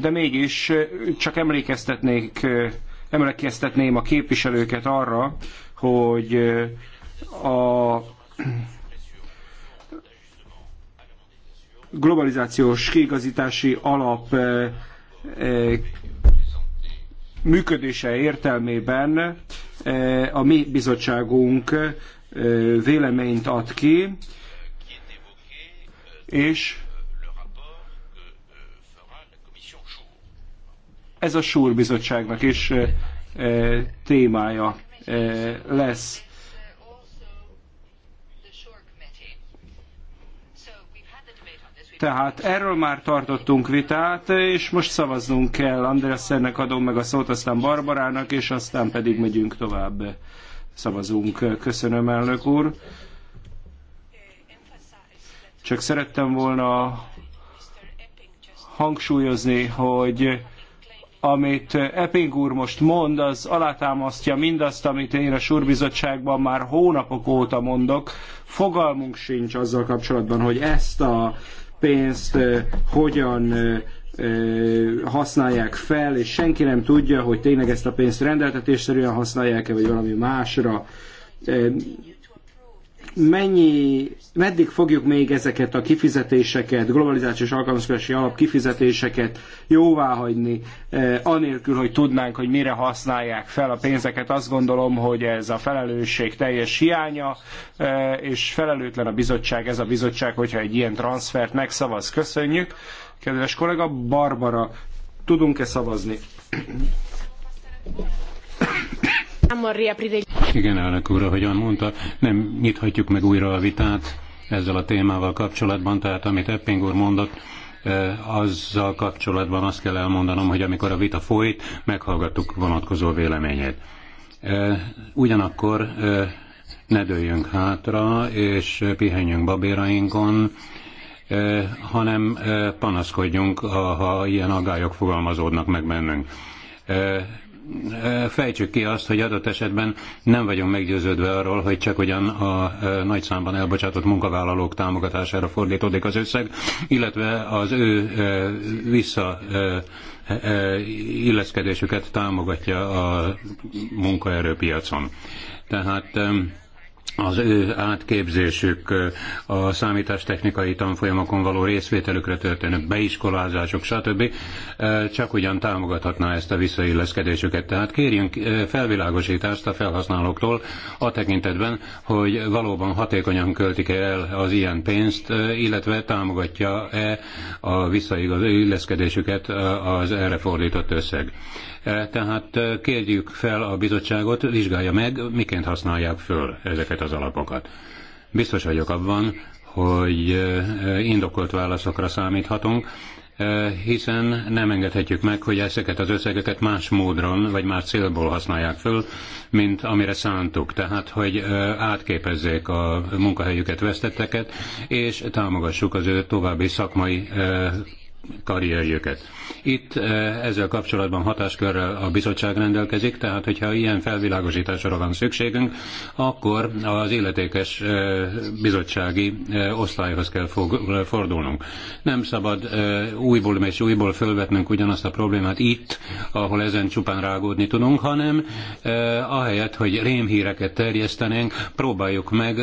de mégis csak emlékeztetnék, emlékeztetném a képviselőket arra, hogy a globalizációs kiigazítási alap működése értelmében a mi bizottságunk véleményt ad ki, és ez a Súr Bizottságnak is témája lesz. Tehát erről már tartottunk vitát, és most szavaznunk kell. Andressennek adom meg a szót, aztán Barbarának, és aztán pedig megyünk tovább. Szavazunk. Köszönöm, elnök úr. Csak szerettem volna hangsúlyozni, hogy amit Epping úr most mond, az alátámasztja mindazt, amit én a Súrbizottságban már hónapok óta mondok. Fogalmunk sincs azzal kapcsolatban, hogy ezt a pénzt hogyan használják fel, és senki nem tudja, hogy tényleg ezt a pénzt rendeltetésszerűen használják-e, vagy valami másra mennyi, meddig fogjuk még ezeket a kifizetéseket, globalizációs alkalmazkodási alap kifizetéseket jóváhagyni, eh, anélkül, hogy tudnánk, hogy mire használják fel a pénzeket. Azt gondolom, hogy ez a felelősség teljes hiánya, eh, és felelőtlen a bizottság, ez a bizottság, hogyha egy ilyen transfert megszavaz. Köszönjük. Kedves kollega, Barbara, tudunk-e szavazni? Igen, elnök úr, ahogyan mondta, nem nyithatjuk meg újra a vitát ezzel a témával kapcsolatban, tehát amit Epping úr mondott, eh, azzal kapcsolatban azt kell elmondanom, hogy amikor a vita folyt, meghallgattuk vonatkozó véleményét. Eh, ugyanakkor eh, ne dőljünk hátra, és pihenjünk babérainkon, hanem panaszkodjunk, ha ilyen aggályok fogalmazódnak meg bennünk fejtsük ki azt, hogy adott esetben nem vagyunk meggyőződve arról, hogy csak ugyan a nagy számban elbocsátott munkavállalók támogatására fordítódik az összeg, illetve az ő vissza illeszkedésüket támogatja a munkaerőpiacon. Tehát az ő átképzésük, a számítástechnikai tanfolyamokon való részvételükre történő beiskolázások, stb. csak ugyan támogathatná ezt a visszailleszkedésüket. Tehát kérjünk eh, felvilágosítást a felhasználóktól a tekintetben, hogy valóban hatékonyan költik -e el az ilyen pénzt, eh, illetve támogatja-e a visszailleszkedésüket eh, az erre fordított összeg. E, tehát e, kérjük fel a bizottságot, vizsgálja meg, miként használják föl ezeket az alapokat. Biztos vagyok abban, hogy e, indokolt válaszokra számíthatunk, hiszen nem engedhetjük meg, hogy ezeket az összegeket más módon vagy más célból használják föl, mint amire szántuk. Tehát, hogy átképezzék a munkahelyüket, vesztetteket, és támogassuk az ő további szakmai karrierjüket. Itt e, ezzel kapcsolatban hatáskörrel a bizottság rendelkezik, tehát hogyha ilyen felvilágosításra van szükségünk, akkor az illetékes e, bizottsági e, osztályhoz kell fordulnunk. Nem szabad újból és újból fölvetnünk ugyanazt a problémát itt, ahol ezen csupán rágódni tudunk, hanem ahelyett, hogy rémhíreket terjesztenénk, próbáljuk meg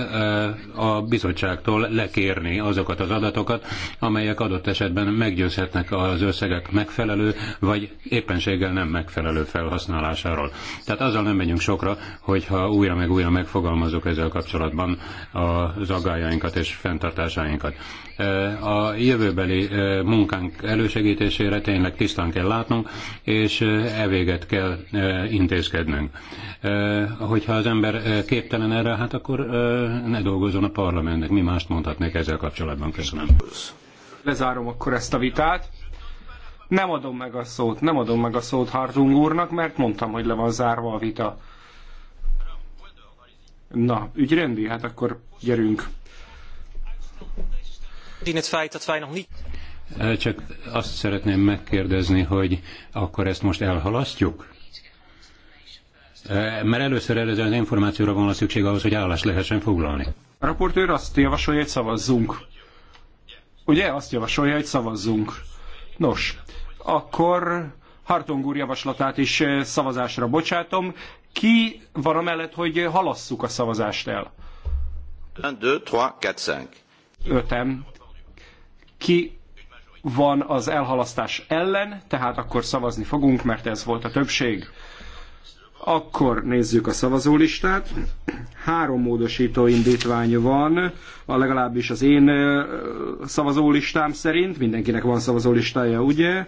a bizottságtól lekérni azokat az adatokat, amelyek adott esetben meggyőzhetőek természetnek az összegek megfelelő, vagy éppenséggel nem megfelelő felhasználásáról. Tehát azzal nem megyünk sokra, hogyha újra meg újra megfogalmazok ezzel kapcsolatban az aggájainkat és fenntartásainkat. E, a jövőbeli e, munkánk elősegítésére tényleg tisztán kell látnunk, és evéget kell e, intézkednünk. Hogyha az ember képtelen erre, hát akkor ne dolgozzon a parlamentnek. Mi mást mondhatnék ezzel kapcsolatban? Köszönöm lezárom akkor ezt a vitát. Nem adom meg a szót, nem adom meg a szót Hartung úrnak, mert mondtam, hogy le van zárva a vita. Na, ügyrendi? Hát akkor gyerünk. Csak azt szeretném megkérdezni, hogy akkor ezt most elhalasztjuk? Mert először előző az információra van a szükség ahhoz, hogy állást lehessen foglalni. A raportőr azt javasolja, hogy szavazzunk. Ugye azt javasolja, hogy szavazzunk. Nos, akkor Hartong úr javaslatát is eh, szavazásra bocsátom. Ki van amellett, hogy halasszuk a szavazást el? 1, 2, 3, 4, 5. Ötem. Ki van az elhalasztás ellen, tehát akkor szavazni fogunk, mert ez volt a többség. Akkor nézzük a szavazólistát. Három módosító indítvány van, a legalábbis az én szavazólistám szerint. Mindenkinek van szavazólistája, ugye?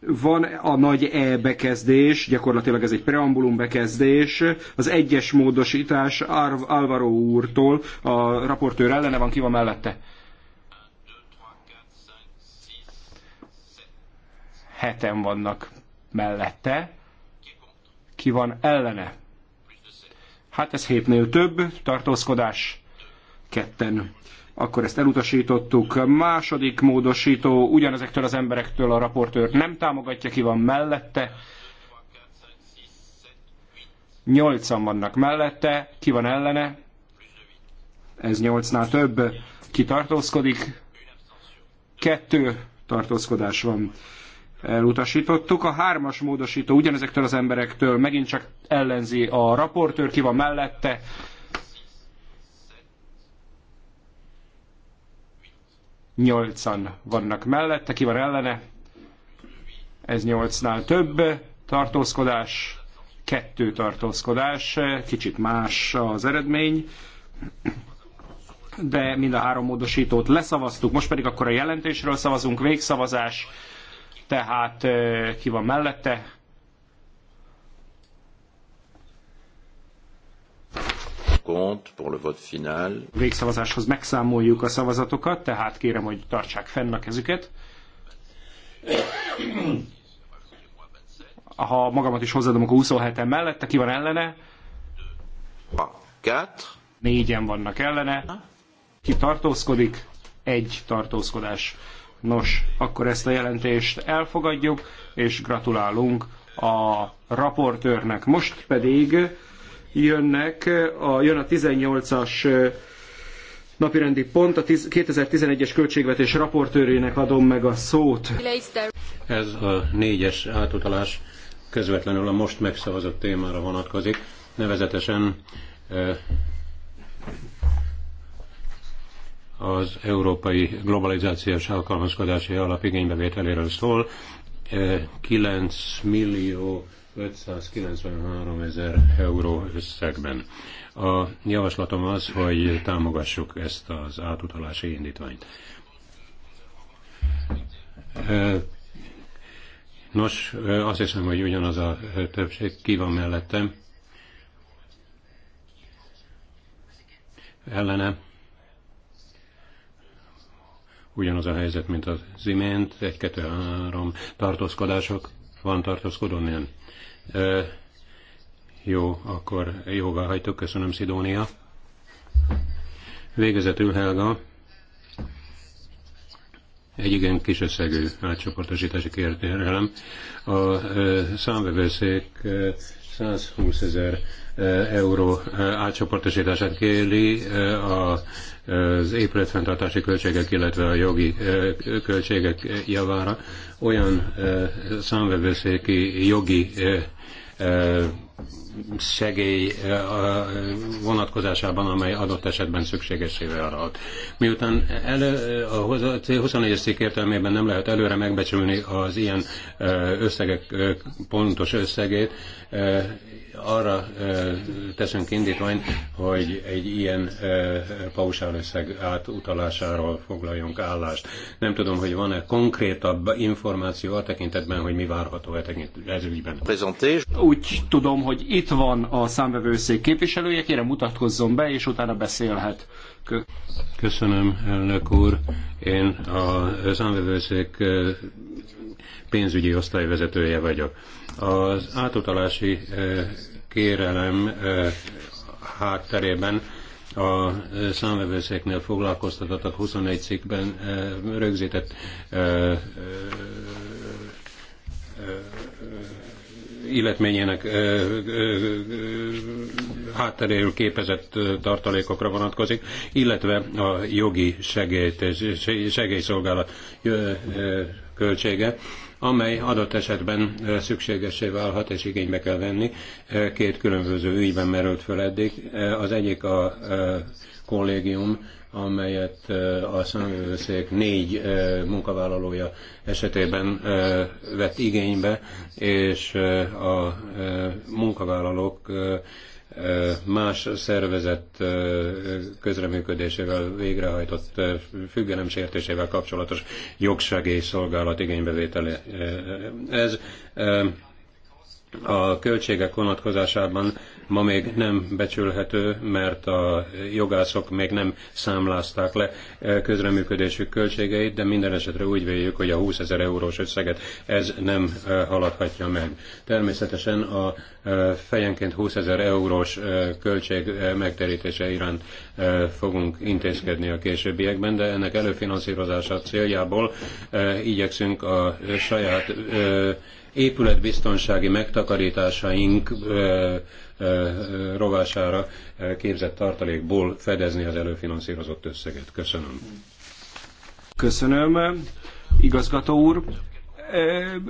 Van a nagy E bekezdés, gyakorlatilag ez egy preambulum bekezdés, az egyes módosítás Álvaro úrtól, a raportőr ellene van, ki van mellette? Heten vannak mellette ki van ellene. Hát ez hétnél több, tartózkodás ketten. Akkor ezt elutasítottuk. Második módosító, ugyanezektől az emberektől a raportőrt nem támogatja, ki van mellette. Nyolcan vannak mellette, ki van ellene. Ez nyolcnál több, ki tartózkodik. Kettő tartózkodás van elutasítottuk. A hármas módosító ugyanezektől az emberektől megint csak ellenzi a raportőr, ki van mellette. Nyolcan vannak mellette, ki van ellene. Ez nyolcnál több tartózkodás, kettő tartózkodás, kicsit más az eredmény de mind a három módosítót leszavaztuk, most pedig akkor a jelentésről szavazunk, végszavazás, tehát ki van mellette, Végszavazáshoz megszámoljuk a szavazatokat, tehát kérem, hogy tartsák fenn a kezüket. Ha magamat is hozzadom, akkor 27-en mellette, ki van ellene? Négyen vannak ellene. Ki tartózkodik? Egy tartózkodás. Nos, akkor ezt a jelentést elfogadjuk, és gratulálunk a raportőrnek. Most pedig jönnek a, jön a 18-as napirendi pont, a 2011-es költségvetés raportőrének adom meg a szót. Ez a négyes átutalás közvetlenül a most megszavazott témára vonatkozik, nevezetesen az európai globalizációs alkalmazkodási alap igénybevételéről szól. 9 e, millió 593 ezer euró összegben. A javaslatom az, hogy támogassuk ezt az átutalási indítványt. E, nos, e, azt hiszem, hogy ugyanaz a többség ki van mellettem. Ellene ugyanaz a helyzet, mint az imént, egy, kettő, három tartózkodások, van tartózkodó, nem. E, jó, akkor jóvá hagytuk, köszönöm Szidónia. Végezetül Helga, egy igen kis összegű átcsoportosítási kérdélem. A e, számvevőszék e, 120 ezer e, euró e, átcsoportosítását kéri e, az épületfenntartási költségek, illetve a jogi költségek javára. Olyan számvevőszéki jogi segély vonatkozásában, amely adott esetben szükségesé válhat. Miután elő, a 24-es cikk értelmében nem lehet előre megbecsülni az ilyen összegek pontos összegét, arra teszünk indítványt, hogy egy ilyen pausálösszeg átutalásáról foglaljunk állást. Nem tudom, hogy van-e konkrétabb információ a tekintetben, hogy mi várható a e tekintetben. Úgy tudom, hogy itt van a számvevőszék képviselője, kérem mutatkozzon be, és utána beszélhet. Köszönöm, elnök úr. Én a számvevőszék pénzügyi osztályvezetője vagyok. Az átutalási kérelem hátterében a számvevőszéknél foglalkoztatottak 21 cikkben rögzített illetményének hátteréül képezett tartalékokra vonatkozik, illetve a jogi segélyt, segélyszolgálat költsége amely adott esetben szükségesé válhat és igénybe kell venni. Két különböző ügyben merült föl eddig. Az egyik a kollégium, amelyet a számvevőszék négy munkavállalója esetében vett igénybe, és a munkavállalók más szervezet közreműködésével végrehajtott sértésével kapcsolatos jogsegély szolgálat igénybevétele. Ez a költségek vonatkozásában ma még nem becsülhető, mert a jogászok még nem számlázták le közreműködésük költségeit, de minden esetre úgy véljük, hogy a 20 ezer eurós összeget ez nem haladhatja meg. Természetesen a fejenként 20 ezer eurós költség megterítése iránt fogunk intézkedni a későbbiekben, de ennek előfinanszírozása céljából igyekszünk a saját épületbiztonsági megtakarításaink rovására képzett tartalékból fedezni az előfinanszírozott összeget. Köszönöm. Köszönöm, igazgató úr.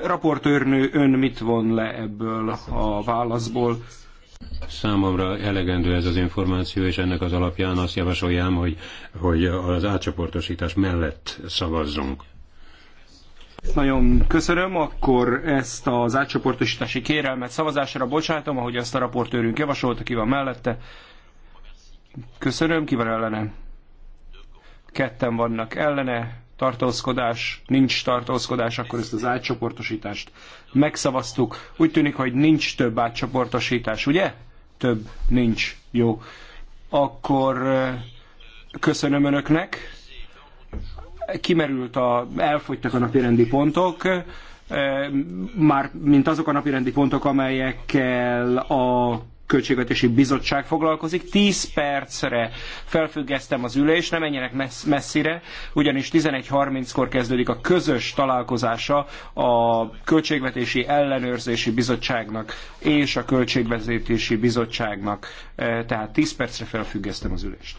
Raportőrnő, ön mit von le ebből a válaszból? Számomra elegendő ez az információ, és ennek az alapján azt javasoljám, hogy, hogy az átcsoportosítás mellett szavazzunk. Nagyon köszönöm, akkor ezt az átcsoportosítási kérelmet szavazásra bocsátom, ahogy ezt a raportőrünk javasolta, ki van mellette. Köszönöm, ki van ellene? Ketten vannak ellene, tartózkodás, nincs tartózkodás, akkor ezt az átcsoportosítást megszavaztuk. Úgy tűnik, hogy nincs több átcsoportosítás, ugye? Több nincs. Jó. Akkor eh, köszönöm önöknek kimerült a, elfogytak a napirendi pontok, e, már mint azok a napirendi pontok, amelyekkel a Költségvetési Bizottság foglalkozik. 10 percre felfüggesztem az ülést, nem menjenek messz messzire, ugyanis 11.30-kor kezdődik a közös találkozása a Költségvetési Ellenőrzési Bizottságnak és a Költségvetési Bizottságnak. E, tehát 10 percre felfüggesztem az ülést.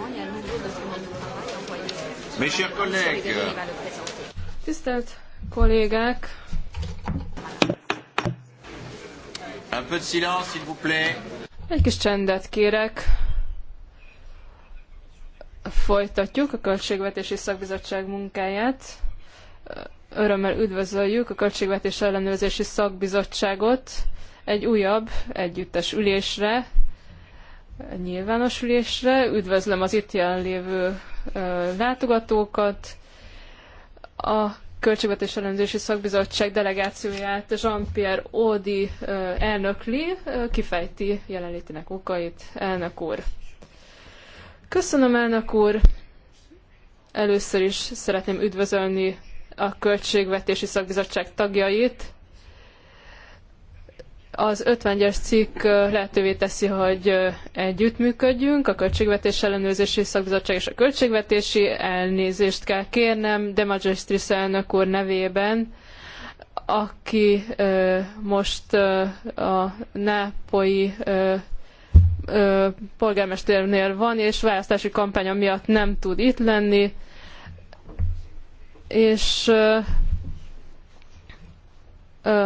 apparemment, il y a un nouveau document de travail envoyé. Mes chers collègues. Tisztelt kollégák. Un peu de silence, s'il vous plaît. Egy kis csendet kérek. Folytatjuk a Költségvetési Szakbizottság munkáját. Örömmel üdvözöljük a Költségvetés Ellenőrzési Szakbizottságot egy újabb együttes ülésre, nyilvános ülésre. Üdvözlöm az itt jelenlévő látogatókat. A Költségvetés Ellenzési Szakbizottság delegációját Jean-Pierre Audi elnökli, kifejti jelenlétének okait. Elnök úr. Köszönöm, elnök úr. Először is szeretném üdvözölni a Költségvetési Szakbizottság tagjait, az 50-es cikk lehetővé teszi, hogy együttműködjünk, a Költségvetés Ellenőrzési Szakbizottság és a Költségvetési elnézést kell kérnem de Magistris elnök úr nevében, aki most a nápolyi polgármesternél van, és választási kampánya miatt nem tud itt lenni. És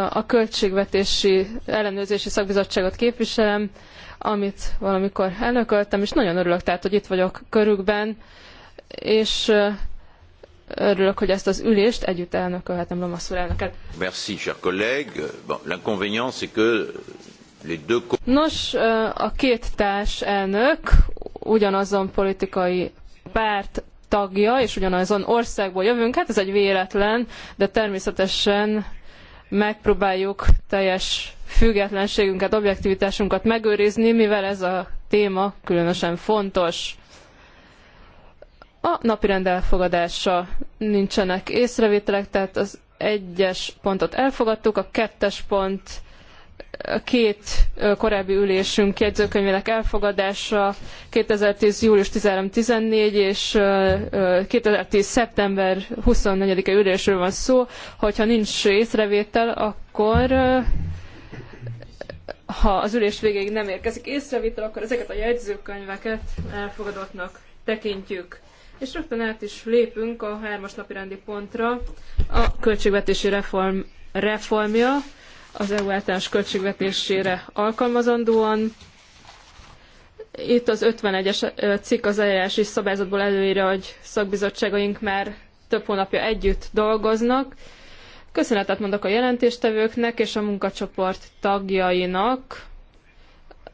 a Költségvetési Ellenőrzési Szakbizottságot képviselem, amit valamikor elnököltem, és nagyon örülök, tehát, hogy itt vagyok körükben, és örülök, hogy ezt az ülést együtt elnökölhetem Lomaszúr elnöket. Merci, cher collègue. Bon, l'inconvénient, c'est que les deux... Nos, a két társ elnök ugyanazon politikai párt tagja, és ugyanazon országból jövünk. Hát ez egy véletlen, de természetesen megpróbáljuk teljes függetlenségünket, objektivitásunkat megőrizni, mivel ez a téma különösen fontos. A napirend elfogadása nincsenek észrevételek, tehát az egyes pontot elfogadtuk, a kettes pont két korábbi ülésünk jegyzőkönyvének elfogadása 2010. július 13-14 és 2010. szeptember 24-e ülésről van szó. Hogyha nincs észrevétel, akkor ha az ülés végéig nem érkezik észrevétel, akkor ezeket a jegyzőkönyveket elfogadottnak tekintjük. És rögtön át is lépünk a hármas napi rendi pontra, a költségvetési reform reformja az EU általános költségvetésére alkalmazandóan. Itt az 51-es cikk az eljárási szabályzatból előírja, hogy szakbizottságaink már több hónapja együtt dolgoznak. Köszönetet mondok a jelentéstevőknek és a munkacsoport tagjainak,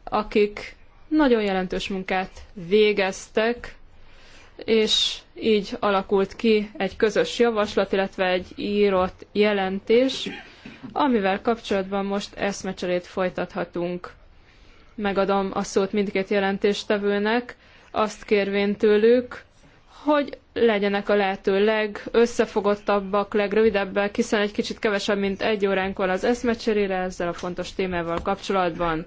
akik nagyon jelentős munkát végeztek, és így alakult ki egy közös javaslat, illetve egy írott jelentés, amivel kapcsolatban most eszmecserét folytathatunk. Megadom a szót mindkét jelentéstevőnek, azt kérvén tőlük, hogy legyenek a lehető legösszefogottabbak, legrövidebbek, hiszen egy kicsit kevesebb, mint egy óránk van az eszmecserére ezzel a fontos témával kapcsolatban.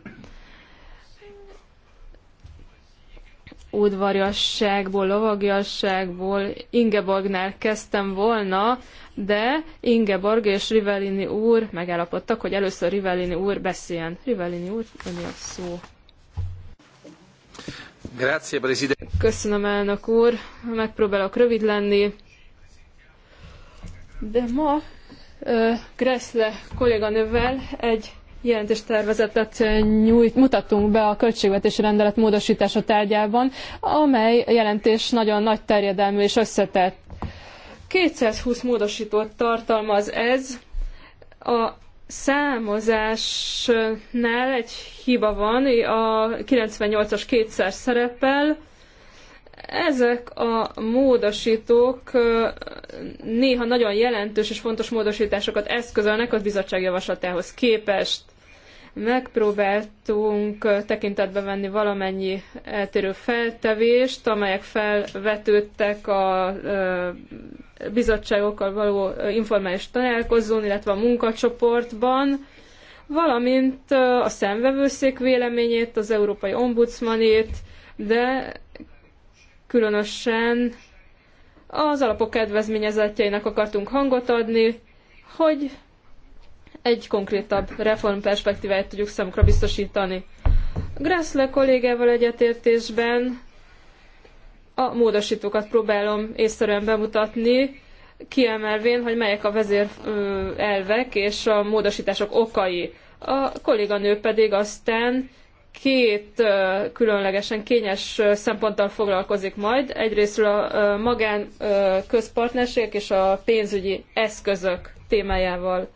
udvariasságból, lovagiasságból Ingeborgnál kezdtem volna, de Ingeborg és Rivellini úr megállapodtak, hogy először Rivellini úr beszéljen. Rivellini úr, mi a szó. Grazie, Presidente. Köszönöm, elnök úr. Megpróbálok rövid lenni. De ma uh, Gressle kolléganővel egy jelentéstervezetet nyújt, mutatunk be a költségvetési rendelet módosítása tárgyában, amely jelentés nagyon nagy terjedelmű és összetett. 220 módosítót tartalmaz ez. A számozásnál egy hiba van, a 98-as kétszer szerepel, ezek a módosítók néha nagyon jelentős és fontos módosításokat eszközölnek a bizottság javaslatához képest. Megpróbáltunk tekintetbe venni valamennyi eltérő feltevést, amelyek felvetődtek a bizottságokkal való informális találkozón, illetve a munkacsoportban, valamint a szemvevőszék véleményét, az Európai Ombudsmanét, de különösen az alapok kedvezményezetjeinek akartunk hangot adni, hogy egy konkrétabb reform perspektíváját tudjuk számukra biztosítani. Grassle kollégával egyetértésben a módosítókat próbálom észszerűen bemutatni, kiemelvén, hogy melyek a vezérelvek és a módosítások okai. A kolléganő pedig aztán két különlegesen kényes szemponttal foglalkozik majd. Egyrésztről a magán közpartnerségek és a pénzügyi eszközök témájával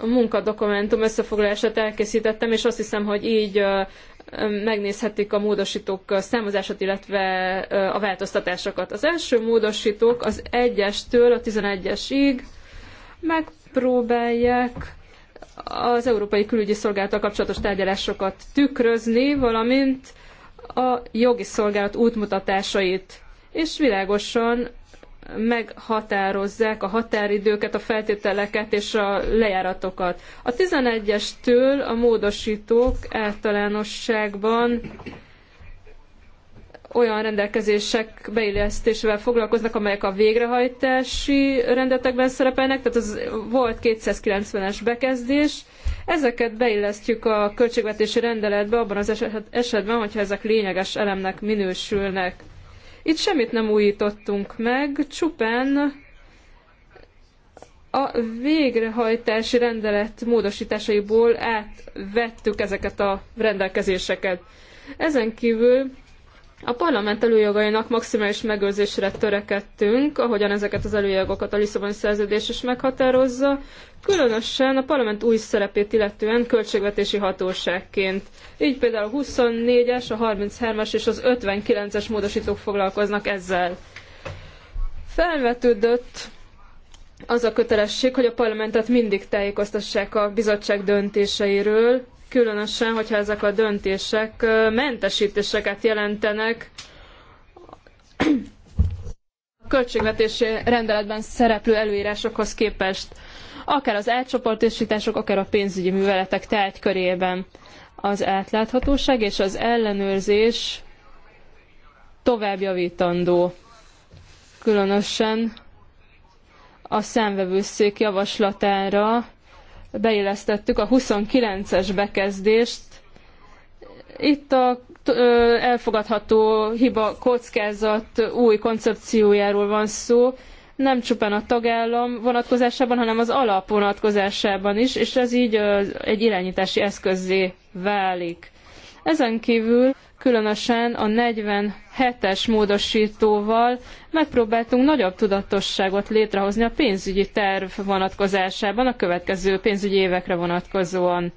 a munkadokumentum összefoglalását elkészítettem, és azt hiszem, hogy így megnézhetik a módosítók számozását, illetve a változtatásokat. Az első módosítók az 1-estől a 11-esig megpróbálják az Európai Külügyi Szolgálattal kapcsolatos tárgyalásokat tükrözni, valamint a jogi szolgálat útmutatásait, és világosan meghatározzák a határidőket, a feltételeket és a lejáratokat. A 11-estől a módosítók általánosságban olyan rendelkezések beillesztésével foglalkoznak, amelyek a végrehajtási rendetekben szerepelnek, tehát az volt 290-es bekezdés. Ezeket beillesztjük a költségvetési rendeletbe abban az esetben, hogyha ezek lényeges elemnek minősülnek. Itt semmit nem újítottunk meg, csupán a végrehajtási rendelet módosításaiból átvettük ezeket a rendelkezéseket. Ezen kívül a parlament előjogainak maximális megőrzésére törekedtünk, ahogyan ezeket az előjogokat a Lisszaboni szerződés is meghatározza, különösen a parlament új szerepét illetően költségvetési hatóságként. Így például a 24-es, a 33-as és az 59-es módosítók foglalkoznak ezzel. Felvetődött az a kötelesség, hogy a parlamentet mindig tájékoztassák a bizottság döntéseiről, különösen, hogyha ezek a döntések mentesítéseket jelentenek, a költségvetési rendeletben szereplő előírásokhoz képest, akár az elcsoportosítások, akár a pénzügyi műveletek tárgykörében. Az átláthatóság és az ellenőrzés továbbjavítandó, Különösen a számvevőszék javaslatára beillesztettük a 29-es bekezdést. Itt a elfogadható hiba kockázat új koncepciójáról van szó, nem csupán a tagállam vonatkozásában, hanem az alap vonatkozásában is, és ez így egy irányítási eszközzé válik. Ezen kívül különösen a 47-es módosítóval megpróbáltunk nagyobb tudatosságot létrehozni a pénzügyi terv vonatkozásában a következő pénzügyi évekre vonatkozóan.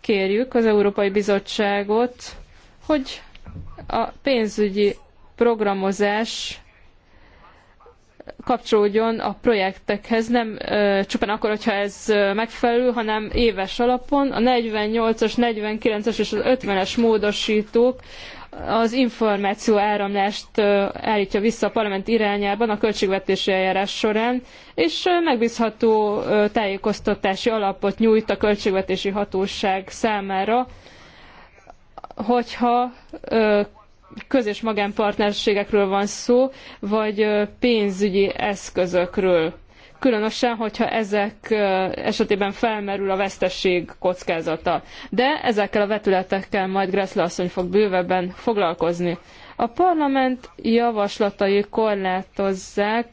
Kérjük az Európai Bizottságot, hogy a pénzügyi programozás kapcsolódjon a projektekhez, nem ö, csupán akkor, hogyha ez megfelelő, hanem éves alapon. A 48-as, 49-es és az 50-es módosítók az információ áramlást állítja vissza a parlament irányában a költségvetési eljárás során, és megbízható tájékoztatási alapot nyújt a költségvetési hatóság számára, hogyha köz- és magánpartnerségekről van szó, vagy pénzügyi eszközökről. Különösen, hogyha ezek esetében felmerül a veszteség kockázata. De ezekkel a vetületekkel majd Gressle asszony fog bővebben foglalkozni. A parlament javaslatai korlátozzák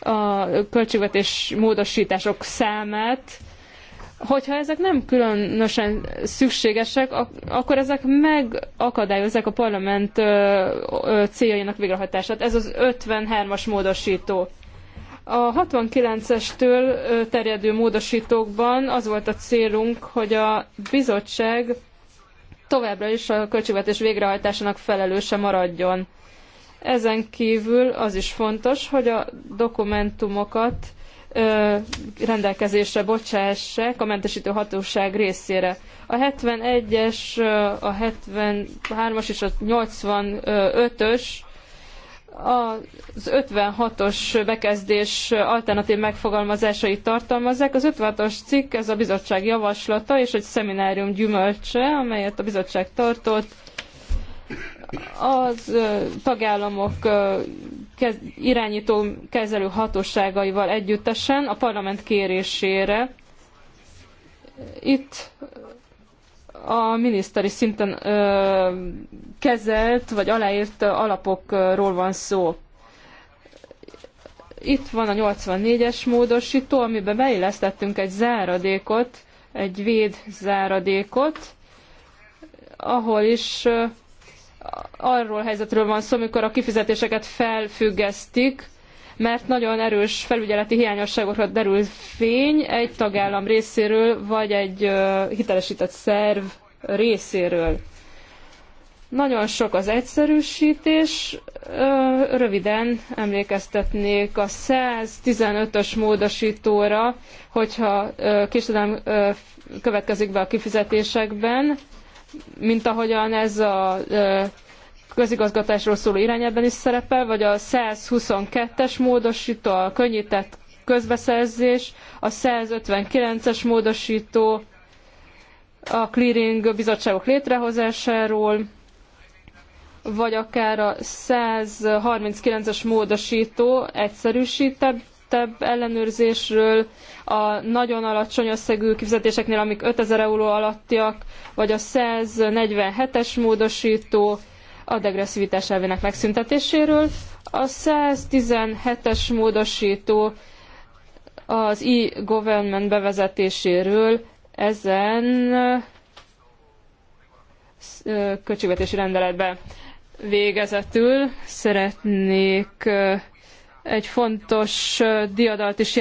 a költségvetés módosítások számát, hogyha ezek nem különösen szükségesek, akkor ezek megakadályozzák a parlament céljainak végrehajtását. Ez az 53-as módosító. A 69-estől terjedő módosítókban az volt a célunk, hogy a bizottság továbbra is a költségvetés végrehajtásának felelőse maradjon. Ezen kívül az is fontos, hogy a dokumentumokat rendelkezésre bocsássák a mentesítő hatóság részére. A 71-es, a 73-as és a 85-ös az 56-os bekezdés alternatív megfogalmazásait tartalmazzák. Az 56-os cikk, ez a bizottság javaslata és egy szeminárium gyümölcse, amelyet a bizottság tartott. Az tagállamok kez, irányító kezelő hatóságaival együttesen a parlament kérésére. Itt a miniszteri szinten ö, kezelt vagy aláírt alapokról van szó. Itt van a 84-es módosító, amiben beillesztettünk egy záradékot, egy véd záradékot, ahol is arról a helyzetről van szó, amikor a kifizetéseket felfüggesztik, mert nagyon erős felügyeleti hiányosságokra derül fény egy tagállam részéről, vagy egy hitelesített szerv részéről. Nagyon sok az egyszerűsítés. Röviden emlékeztetnék a 115-ös módosítóra, hogyha késedelem következik be a kifizetésekben, mint ahogyan ez a közigazgatásról szóló irányelben is szerepel, vagy a 122-es módosító, a könnyített közbeszerzés, a 159-es módosító, a clearing bizottságok létrehozásáról, vagy akár a 139-es módosító egyszerűsített erősítettebb ellenőrzésről, a nagyon alacsony összegű kifizetéseknél, amik 5000 euró alattiak, vagy a 147-es módosító a degresszivitás elvének megszüntetéséről, a 117-es módosító az e-government bevezetéséről, ezen költségvetési rendeletbe végezetül szeretnék egy fontos diadalt is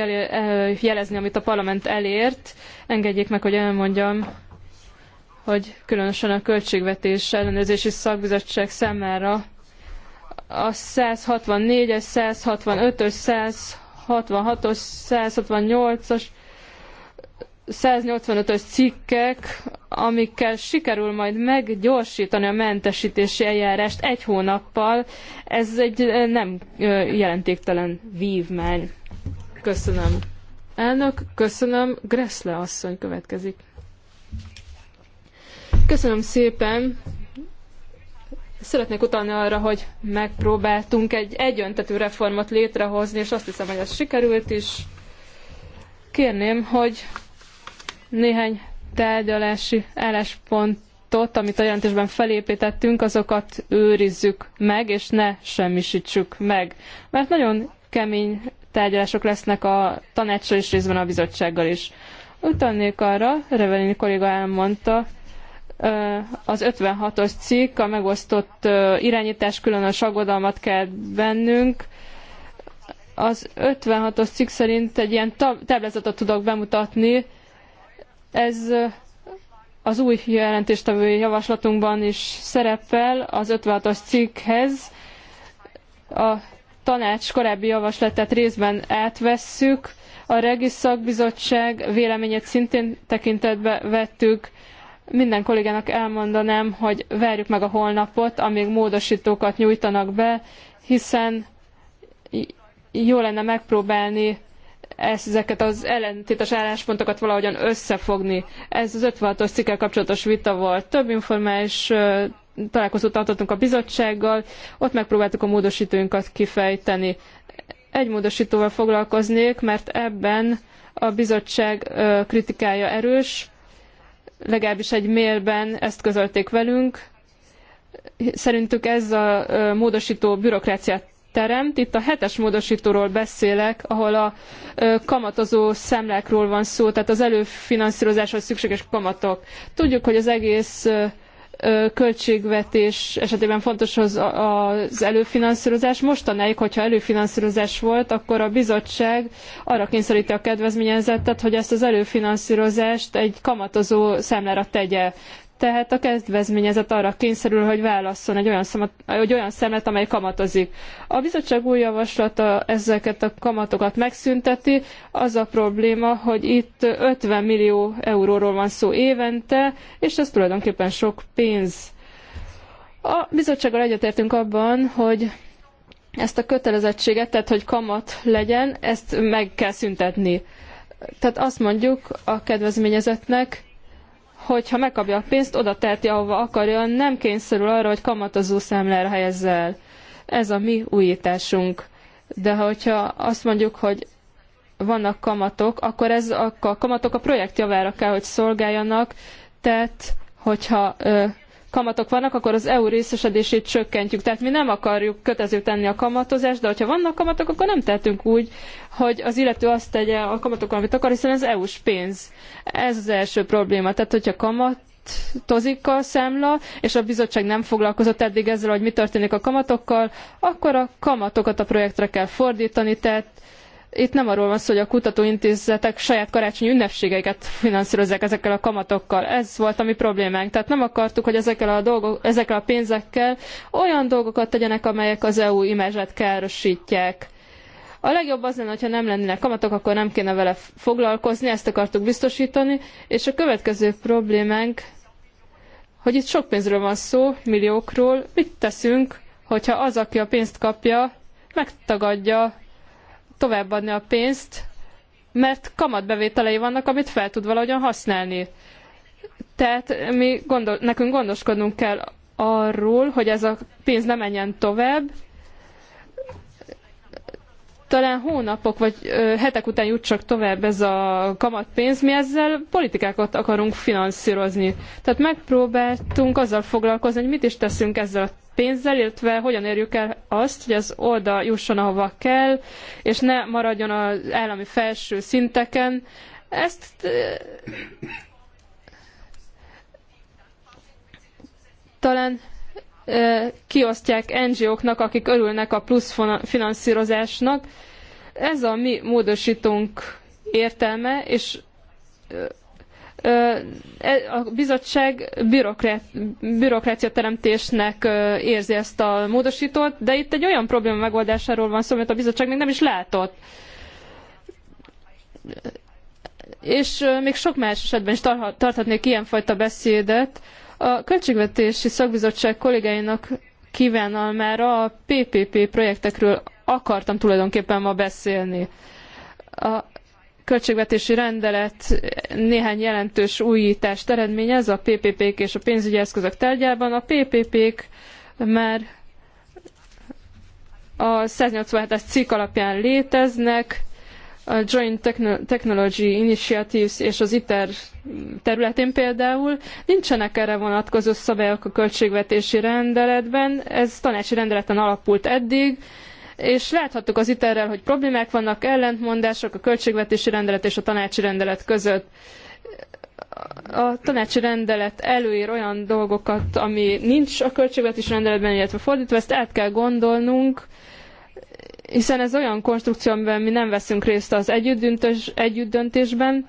jelezni, amit a parlament elért. Engedjék meg, hogy elmondjam, hogy különösen a Költségvetés Ellenőrzési Szakbizottság számára a 164-es, 165-ös, 166-os, 168 os 185-ös cikkek, amikkel sikerül majd meggyorsítani a mentesítési eljárást egy hónappal, ez egy nem jelentéktelen vívmány. Köszönöm. Elnök, köszönöm. Gressle asszony következik. Köszönöm szépen. Szeretnék utalni arra, hogy megpróbáltunk egy egyöntetű reformot létrehozni, és azt hiszem, hogy ez sikerült is. Kérném, hogy néhány tárgyalási álláspontot, amit a jelentésben felépítettünk, azokat őrizzük meg, és ne semmisítsük meg. Mert nagyon kemény tárgyalások lesznek a tanácssal és részben a bizottsággal is. Utalnék arra, Revelini kolléga elmondta, az 56-os cikk, a megosztott irányítás különös aggodalmat kell bennünk. Az 56-os cikk szerint egy ilyen táblázatot tudok bemutatni, ez az új jelentéstevői javaslatunkban is szerepel az 56-as cikkhez. A tanács korábbi javaslatát részben átvesszük, a Regis szakbizottság véleményét szintén tekintetbe vettük. Minden kollégának elmondanám, hogy várjuk meg a holnapot, amíg módosítókat nyújtanak be, hiszen jó lenne megpróbálni ezeket az ellentétes álláspontokat valahogyan összefogni. Ez az 56-os cikkel kapcsolatos vita volt. Több informális találkozót tartottunk a bizottsággal, ott megpróbáltuk a módosítóinkat kifejteni. Egy módosítóval foglalkoznék, mert ebben a bizottság kritikája erős, legalábbis egy mailben ezt közölték velünk. Szerintük ez a módosító bürokráciát teremt. Itt a hetes módosítóról beszélek, ahol a kamatozó számlákról van szó, tehát az előfinanszírozáshoz szükséges kamatok. Tudjuk, hogy az egész költségvetés esetében fontos az, az előfinanszírozás. Mostanáig, hogyha előfinanszírozás volt, akkor a bizottság arra kényszeríti a kedvezményezettet, hogy ezt az előfinanszírozást egy kamatozó számlára tegye. Tehát a kedvezményezett arra kényszerül, hogy válasszon egy olyan, szemet, egy olyan szemet, amely kamatozik. A bizottság új javaslata ezeket a kamatokat megszünteti. Az a probléma, hogy itt 50 millió euróról van szó évente, és ez tulajdonképpen sok pénz. A bizottsággal egyetértünk abban, hogy ezt a kötelezettséget, tehát hogy kamat legyen, ezt meg kell szüntetni. Tehát azt mondjuk a kedvezményezetnek, hogyha megkapja a pénzt, oda teheti, ahova akarja, nem kényszerül arra, hogy kamatozó számlára helyezze el. Ez a mi újításunk. De hogyha azt mondjuk, hogy vannak kamatok, akkor ez a kamatok a projekt javára kell, hogy szolgáljanak, tehát hogyha kamatok vannak, akkor az EU részesedését csökkentjük. Tehát mi nem akarjuk kötező tenni a kamatozást, de hogyha vannak kamatok, akkor nem tehetünk úgy, hogy az illető azt tegye a kamatokon, amit akar, hiszen ez EU-s pénz. Ez az első probléma. Tehát, hogyha kamat tozik a számla, és a bizottság nem foglalkozott eddig ezzel, hogy mi történik a kamatokkal, akkor a kamatokat a projektre kell fordítani, tehát itt nem arról van szó, hogy a kutatóintézetek saját karácsonyi ünnepségeiket finanszírozzák ezekkel a kamatokkal. Ez volt a mi problémánk. Tehát nem akartuk, hogy ezekkel a, dolgok, ezekkel a pénzekkel olyan dolgokat tegyenek, amelyek az EU imázsát károsítják. A legjobb az lenne, hogyha nem lennének kamatok, akkor nem kéne vele foglalkozni, ezt akartuk biztosítani. És a következő problémánk, hogy itt sok pénzről van szó, milliókról. Mit teszünk, hogyha az, aki a pénzt kapja, megtagadja továbbadni a pénzt, mert kamatbevételei vannak, amit fel tud valahogyan használni. Tehát mi gondol, nekünk gondoskodnunk kell arról, hogy ez a pénz ne menjen tovább, talán hónapok vagy hetek után jut csak tovább ez a kamatpénz, mi ezzel politikákat akarunk finanszírozni. Tehát megpróbáltunk azzal foglalkozni, hogy mit is teszünk ezzel a pénzzel, illetve hogyan érjük el azt, hogy az oda jusson, ahova kell, és ne maradjon az állami felső szinteken. Ezt talán kiosztják NGO-knak, akik örülnek a plusz finanszírozásnak. Ez a mi módosítunk értelme, és e, a bizottság bürokrácia, bürokrácia teremtésnek érzi ezt a módosítót, de itt egy olyan probléma megoldásáról van szó, amit a bizottság még nem is látott. És még sok más esetben is tarthatnék ilyenfajta beszédet, a Költségvetési Szakbizottság kollégáinak kívánalmára a PPP projektekről akartam tulajdonképpen ma beszélni. A költségvetési rendelet néhány jelentős újítást eredményez a PPP-k és a pénzügyi eszközök tárgyában. A PPP-k már a 187-es cikk alapján léteznek, a Joint Technology Initiatives és az ITER területén például nincsenek erre vonatkozó szabályok a költségvetési rendeletben, ez tanácsi rendeleten alapult eddig, és láthattuk az ITER-rel, hogy problémák vannak, ellentmondások a költségvetési rendelet és a tanácsi rendelet között a tanácsi rendelet előír olyan dolgokat, ami nincs a költségvetési rendeletben, illetve fordítva, ezt át kell gondolnunk, hiszen ez olyan konstrukció, amiben mi nem veszünk részt az együttdöntésben,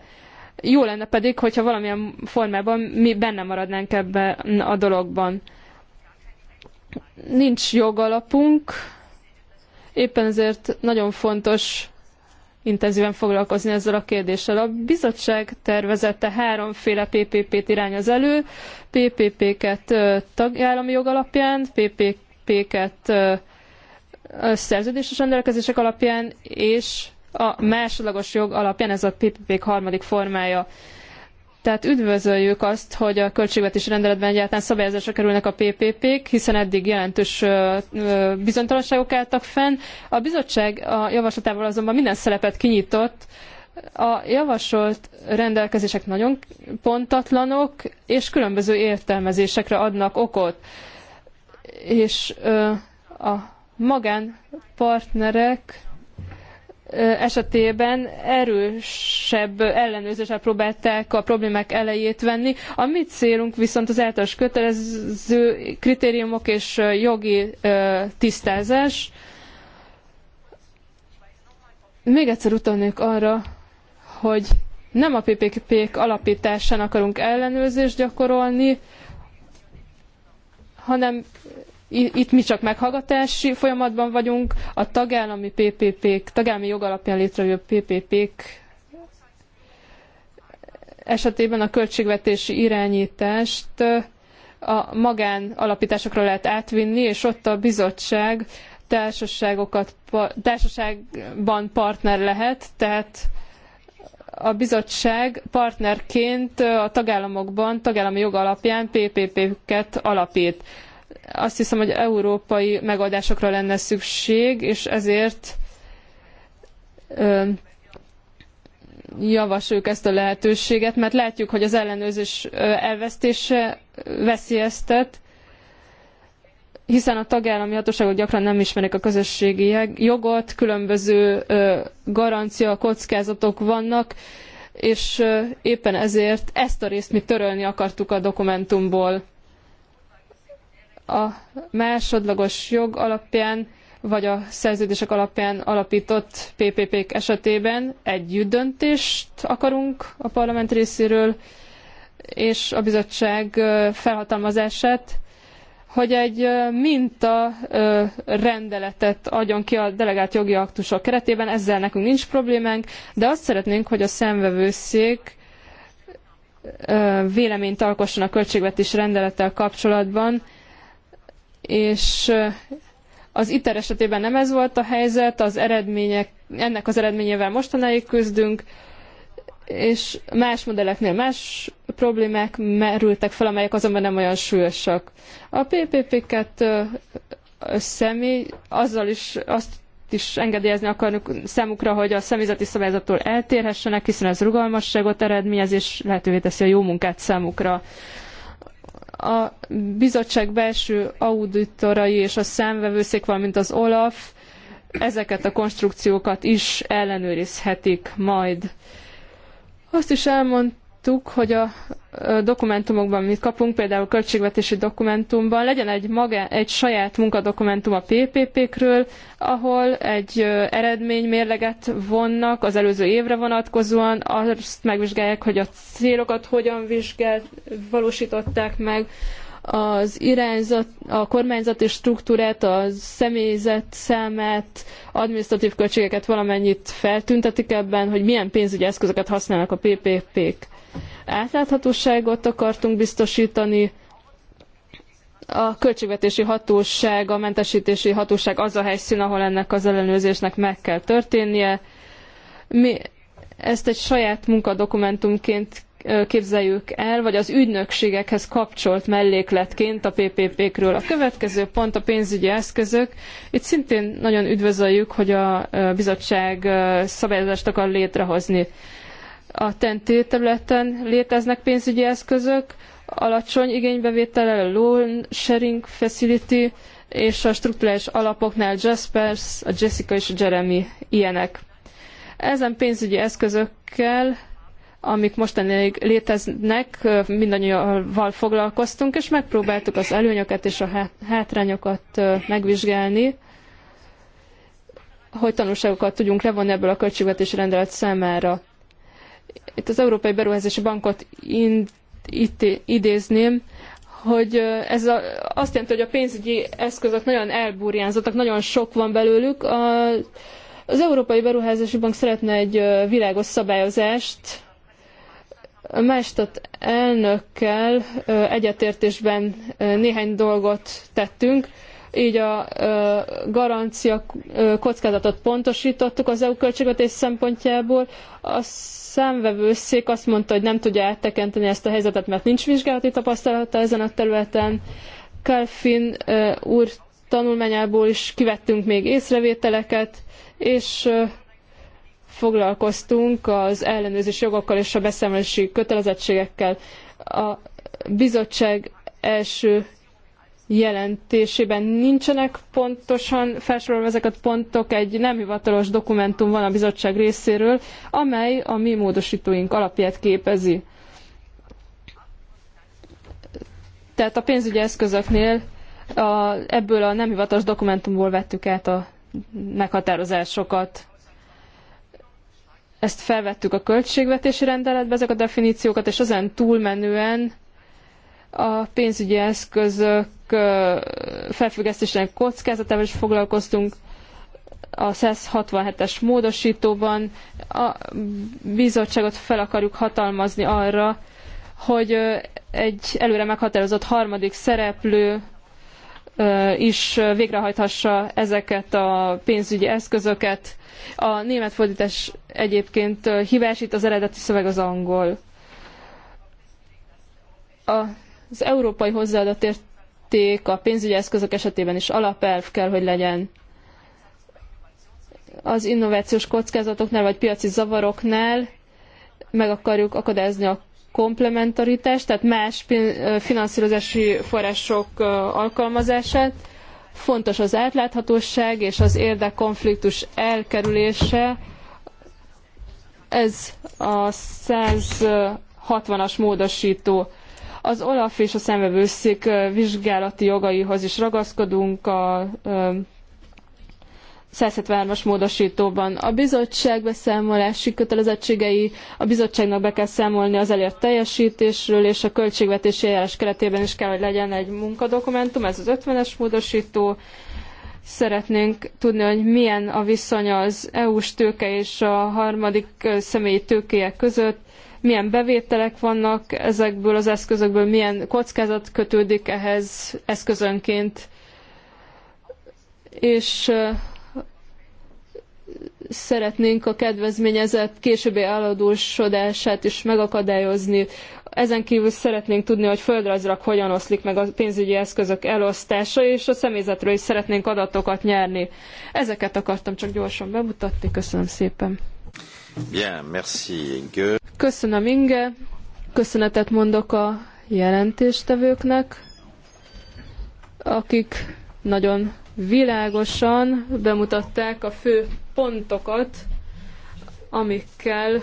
jó lenne pedig, hogyha valamilyen formában mi benne maradnánk ebben a dologban. Nincs jogalapunk, éppen ezért nagyon fontos intenzíven foglalkozni ezzel a kérdéssel. A bizottság tervezette háromféle PPP-t irányoz elő, PPP-ket tagállami jogalapján, PPP-ket szerződéses rendelkezések alapján és a másodlagos jog alapján ez a PPP-k harmadik formája. Tehát üdvözöljük azt, hogy a költségvetési rendeletben egyáltalán szabályozásra kerülnek a PPP-k, hiszen eddig jelentős bizonytalanságok álltak fenn. A bizottság a javaslatával azonban minden szerepet kinyitott, a javasolt rendelkezések nagyon pontatlanok, és különböző értelmezésekre adnak okot. És ö, a magánpartnerek esetében erősebb ellenőrzéssel próbálták a problémák elejét venni. A mi célunk viszont az általános kötelező kritériumok és jogi tisztázás. Még egyszer utalnék arra, hogy nem a PPP-k alapításán akarunk ellenőrzést gyakorolni, hanem itt mi csak meghallgatási folyamatban vagyunk, a tagállami PPP-k, tagállami jogalapján létrejövő PPP-k esetében a költségvetési irányítást a magán alapításokra lehet átvinni, és ott a bizottság társaságokat, társaságban partner lehet, tehát a bizottság partnerként a tagállamokban, tagállami jog alapján PPP-ket alapít azt hiszem, hogy európai megoldásokra lenne szükség, és ezért javasoljuk ezt a lehetőséget, mert látjuk, hogy az ellenőrzés elvesztése veszélyeztet, hiszen a tagállami hatóságok gyakran nem ismerik a közösségi jogot, különböző garancia, kockázatok vannak, és éppen ezért ezt a részt mi törölni akartuk a dokumentumból a másodlagos jog alapján vagy a szerződések alapján alapított PPP-k esetében együtt döntést akarunk a parlament részéről, és a bizottság felhatalmazását, hogy egy minta rendeletet adjon ki a delegált jogi aktusok keretében, ezzel nekünk nincs problémánk, de azt szeretnénk, hogy a szemvevőszék véleményt alkosson a költségvetés rendelettel kapcsolatban, és az ITER esetében nem ez volt a helyzet, az eredmények, ennek az eredményével mostanáig küzdünk, és más modelleknél más problémák merültek fel, amelyek azonban nem olyan súlyosak. A PPP-ket személy azzal is azt is engedélyezni akarnak számukra, hogy a személyzeti szabályzattól eltérhessenek, hiszen ez rugalmasságot eredményez, és lehetővé teszi a jó munkát számukra a bizottság belső auditorai és a számvevőszék, valamint az OLAF ezeket a konstrukciókat is ellenőrizhetik majd. Azt is elmondtuk, hogy a dokumentumokban amit kapunk, például költségvetési dokumentumban, legyen egy, maga, egy saját munkadokumentum a PPP-kről, ahol egy eredménymérleget vonnak az előző évre vonatkozóan, azt megvizsgálják, hogy a célokat hogyan vizsgál, valósították meg, az irányzat, a kormányzati struktúrát, a személyzet számát, adminisztratív költségeket valamennyit feltüntetik ebben, hogy milyen pénzügyi eszközöket használnak a PPP-k. Átláthatóságot akartunk biztosítani, a költségvetési hatóság, a mentesítési hatóság az a helyszín, ahol ennek az ellenőrzésnek meg kell történnie. Mi ezt egy saját munkadokumentumként képzeljük el, vagy az ügynökségekhez kapcsolt mellékletként a PPP-kről. A következő pont a pénzügyi eszközök. Itt szintén nagyon üdvözöljük, hogy a bizottság szabályozást akar létrehozni. A TNT területen léteznek pénzügyi eszközök, alacsony igénybevétele, loan sharing facility, és a strukturális alapoknál Jaspers, a Jessica és a Jeremy ilyenek. Ezen pénzügyi eszközökkel amik mostanáig léteznek, mindannyival foglalkoztunk, és megpróbáltuk az előnyöket és a hátrányokat megvizsgálni, hogy tanulságokat tudjunk levonni ebből a költségvetési rendelet számára. Itt az Európai Beruházási Bankot in, idézném, hogy ez a, azt jelenti, hogy a pénzügyi eszközök nagyon elburjánzottak, nagyon sok van belőlük. A, az Európai Beruházási Bank szeretne egy világos szabályozást, Mástott elnökkel egyetértésben néhány dolgot tettünk, így a garancia kockázatot pontosítottuk az EU költségvetés szempontjából. A számvevőszék azt mondta, hogy nem tudja áttekinteni ezt a helyzetet, mert nincs vizsgálati tapasztalata ezen a területen. Kalfin úr tanulmányából is kivettünk még észrevételeket, és foglalkoztunk az ellenőrzés jogokkal és a beszámolási kötelezettségekkel. A bizottság első jelentésében nincsenek pontosan felsorolva ezek a pontok, egy nem hivatalos dokumentum van a bizottság részéről, amely a mi módosítóink alapját képezi. Tehát a pénzügyi eszközöknél a, ebből a nem hivatalos dokumentumból vettük át a meghatározásokat. Ezt felvettük a költségvetési rendeletbe, ezek a definíciókat, és ezen túlmenően a pénzügyi eszközök felfüggesztésének kockázatával is foglalkoztunk a 167-es módosítóban. A bizottságot fel akarjuk hatalmazni arra, hogy egy előre meghatározott harmadik szereplő is végrehajthassa ezeket a pénzügyi eszközöket. A német fordítás egyébként hibás, itt az eredeti szöveg az angol. Az európai hozzáadott érték a pénzügyi eszközök esetében is alapelv kell, hogy legyen az innovációs kockázatoknál vagy piaci zavaroknál meg akarjuk akadályozni a komplementaritást, tehát más finanszírozási források alkalmazását. Fontos az átláthatóság és az érdekkonfliktus elkerülése. Ez a 160-as módosító. Az OLAF és a szemvevőszék vizsgálati jogaihoz is ragaszkodunk a 173-as módosítóban. A bizottság beszámolási kötelezettségei, a bizottságnak be kell számolni az elért teljesítésről, és a költségvetési eljárás keretében is kell, hogy legyen egy munkadokumentum, ez az 50-es módosító. Szeretnénk tudni, hogy milyen a viszony az EU-s tőke és a harmadik személyi tőkéjek között, milyen bevételek vannak ezekből az eszközökből, milyen kockázat kötődik ehhez eszközönként, és szeretnénk a kedvezményezett későbbi eladósodását is megakadályozni. Ezen kívül szeretnénk tudni, hogy földrajzrak hogyan oszlik meg a pénzügyi eszközök elosztása, és a személyzetről is szeretnénk adatokat nyerni. Ezeket akartam csak gyorsan bemutatni. Köszönöm szépen. Bien, merci, Inge. Köszönöm, Inge. Köszönetet mondok a jelentéstevőknek, akik nagyon világosan bemutatták a fő pontokat, amikkel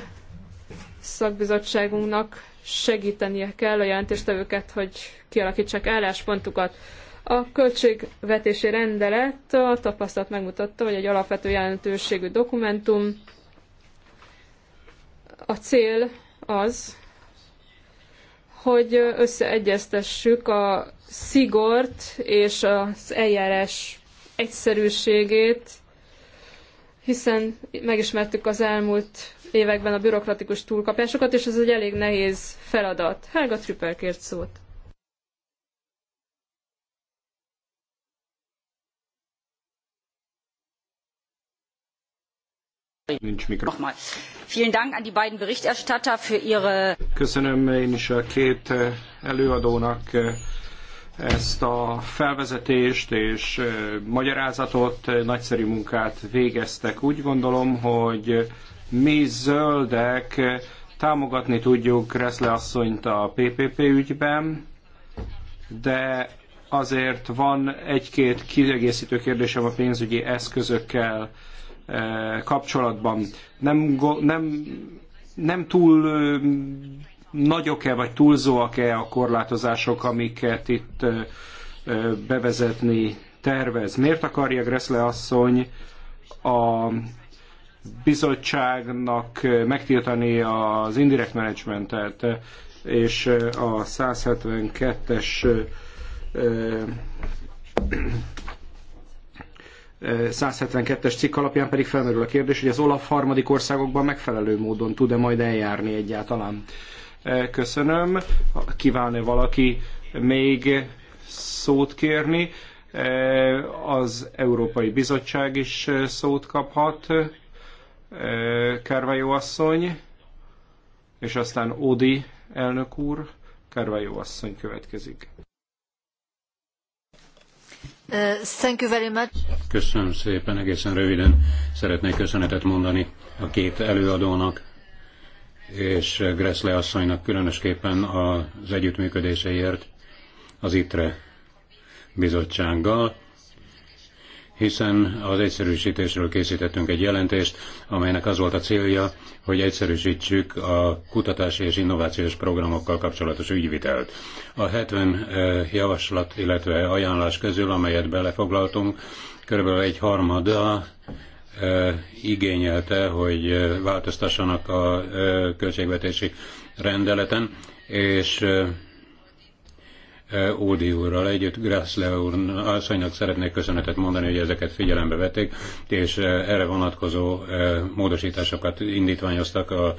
szakbizottságunknak segítenie kell a jelentéstevőket, hogy kialakítsák álláspontukat. A költségvetési rendelet a tapasztalat megmutatta, hogy egy alapvető jelentőségű dokumentum. A cél az, hogy összeegyeztessük a szigort és az eljárás egyszerűségét, hiszen megismertük az elmúlt években a bürokratikus túlkapásokat, és ez egy elég nehéz feladat. Helga Trüppel kért szót. Köszönöm én is a két eh, előadónak eh, ezt a felvezetést és magyarázatot, nagyszerű munkát végeztek. Úgy gondolom, hogy mi zöldek támogatni tudjuk Kreszle asszonyt a PPP ügyben, de azért van egy-két kiegészítő kérdésem a pénzügyi eszközökkel kapcsolatban. Nem, nem, nem túl nagyok-e vagy túlzóak-e a korlátozások, amiket itt bevezetni tervez. Miért akarja Greszle asszony a bizottságnak megtiltani az indirect managementet és a 172-es 172-es cikk alapján pedig felmerül a kérdés, hogy az Olaf harmadik országokban megfelelő módon tud-e majd eljárni egyáltalán. Köszönöm. Kívánni valaki még szót kérni? Az Európai Bizottság is szót kaphat. Kárvajó asszony, és aztán Odi elnök úr, Kárvajó asszony következik. Köszönöm szépen, egészen röviden szeretnék köszönetet mondani a két előadónak és Greszle asszonynak különösképpen az együttműködéseért az ITRE bizottsággal, hiszen az egyszerűsítésről készítettünk egy jelentést, amelynek az volt a célja, hogy egyszerűsítsük a kutatási és innovációs programokkal kapcsolatos ügyvitelt. A 70 javaslat, illetve ajánlás közül, amelyet belefoglaltunk, körülbelül egy harmada igényelte, hogy változtassanak a költségvetési rendeleten, és Ódi úrral együtt, Grászle úr asszonynak szeretnék köszönetet mondani, hogy ezeket figyelembe vették, és erre vonatkozó módosításokat indítványoztak a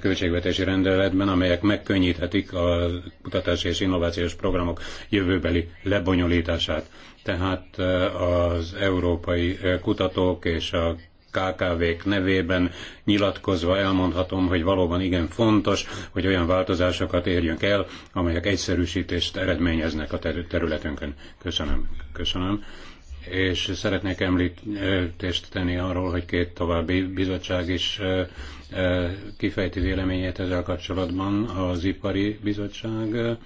költségvetési rendeletben, amelyek megkönnyíthetik a kutatási és innovációs programok jövőbeli lebonyolítását tehát az európai kutatók és a KKV-k nevében nyilatkozva elmondhatom, hogy valóban igen fontos, hogy olyan változásokat érjünk el, amelyek egyszerűsítést eredményeznek a területünkön. Köszönöm. Köszönöm és szeretnék említést tenni arról, hogy két további bizottság is kifejti véleményét ezzel kapcsolatban, az Ipari Bizottság,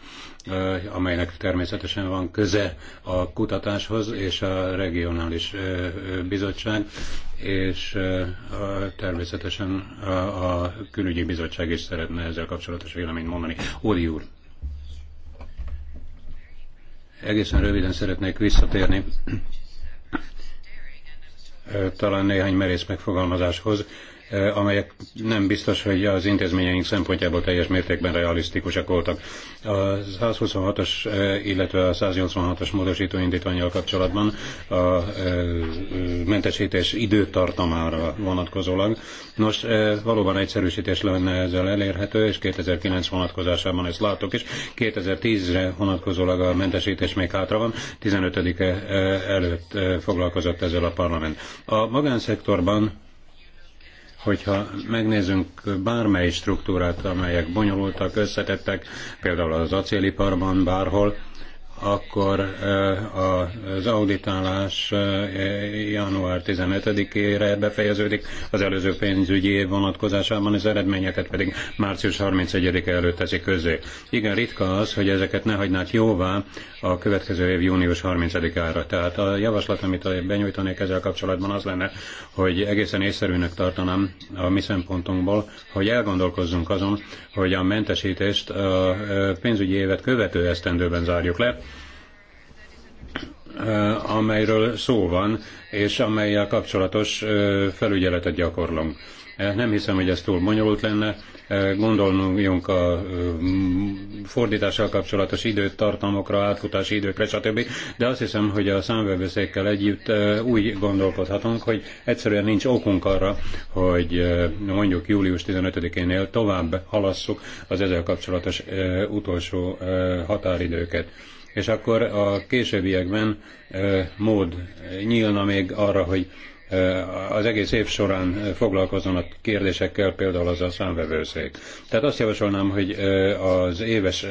amelynek természetesen van köze a kutatáshoz, és a Regionális Bizottság, és természetesen a Külügyi Bizottság is szeretne ezzel kapcsolatos véleményt mondani. Ódi úr! Egészen röviden szeretnék visszatérni talán néhány merész megfogalmazáshoz, Eh, amelyek nem biztos, hogy az intézményeink szempontjából teljes mértékben realisztikusak voltak. A 126-os, eh, illetve a 186-os módosító indítványjal kapcsolatban a eh, mentesítés időtartamára vonatkozólag. Nos, valóban egyszerűsítés lenne ezzel elérhető, és 2009 vonatkozásában ezt látok is. 2010-re vonatkozólag a mentesítés még hátra van, 15-e előtt foglalkozott ezzel a parlament. A magánszektorban hogyha megnézünk bármely struktúrát, amelyek bonyolultak, összetettek, például az acéliparban bárhol, akkor eh, az auditálás eh, január 15-ére befejeződik, az előző pénzügyi év vonatkozásában az eredményeket pedig március 31-e előtt teszik közé. Igen, ritka az, hogy ezeket ne hagynák jóvá a következő év június 30-ára. Tehát a javaslat, amit benyújtanék ezzel kapcsolatban az lenne, hogy egészen észszerűnek tartanám a mi szempontunkból, hogy elgondolkozzunk azon, hogy a mentesítést a eh, pénzügyi évet követő esztendőben zárjuk le, Eh, amelyről szó van, és amelyel kapcsolatos eh, felügyeletet gyakorlunk. Eh, nem hiszem, hogy ez túl bonyolult lenne. Gondolnunk a fordítással kapcsolatos időtartamokra, átfutási időkre, stb. De azt hiszem, hogy a számvevőszékkel együtt úgy gondolkodhatunk, hogy egyszerűen nincs okunk arra, hogy mondjuk július 15-énél tovább halasszuk az ezzel kapcsolatos utolsó határidőket és akkor a későbbiekben mód nyílna még arra, hogy az egész év során a kérdésekkel, például az a számvevőszék. Tehát azt javasolnám, hogy az éves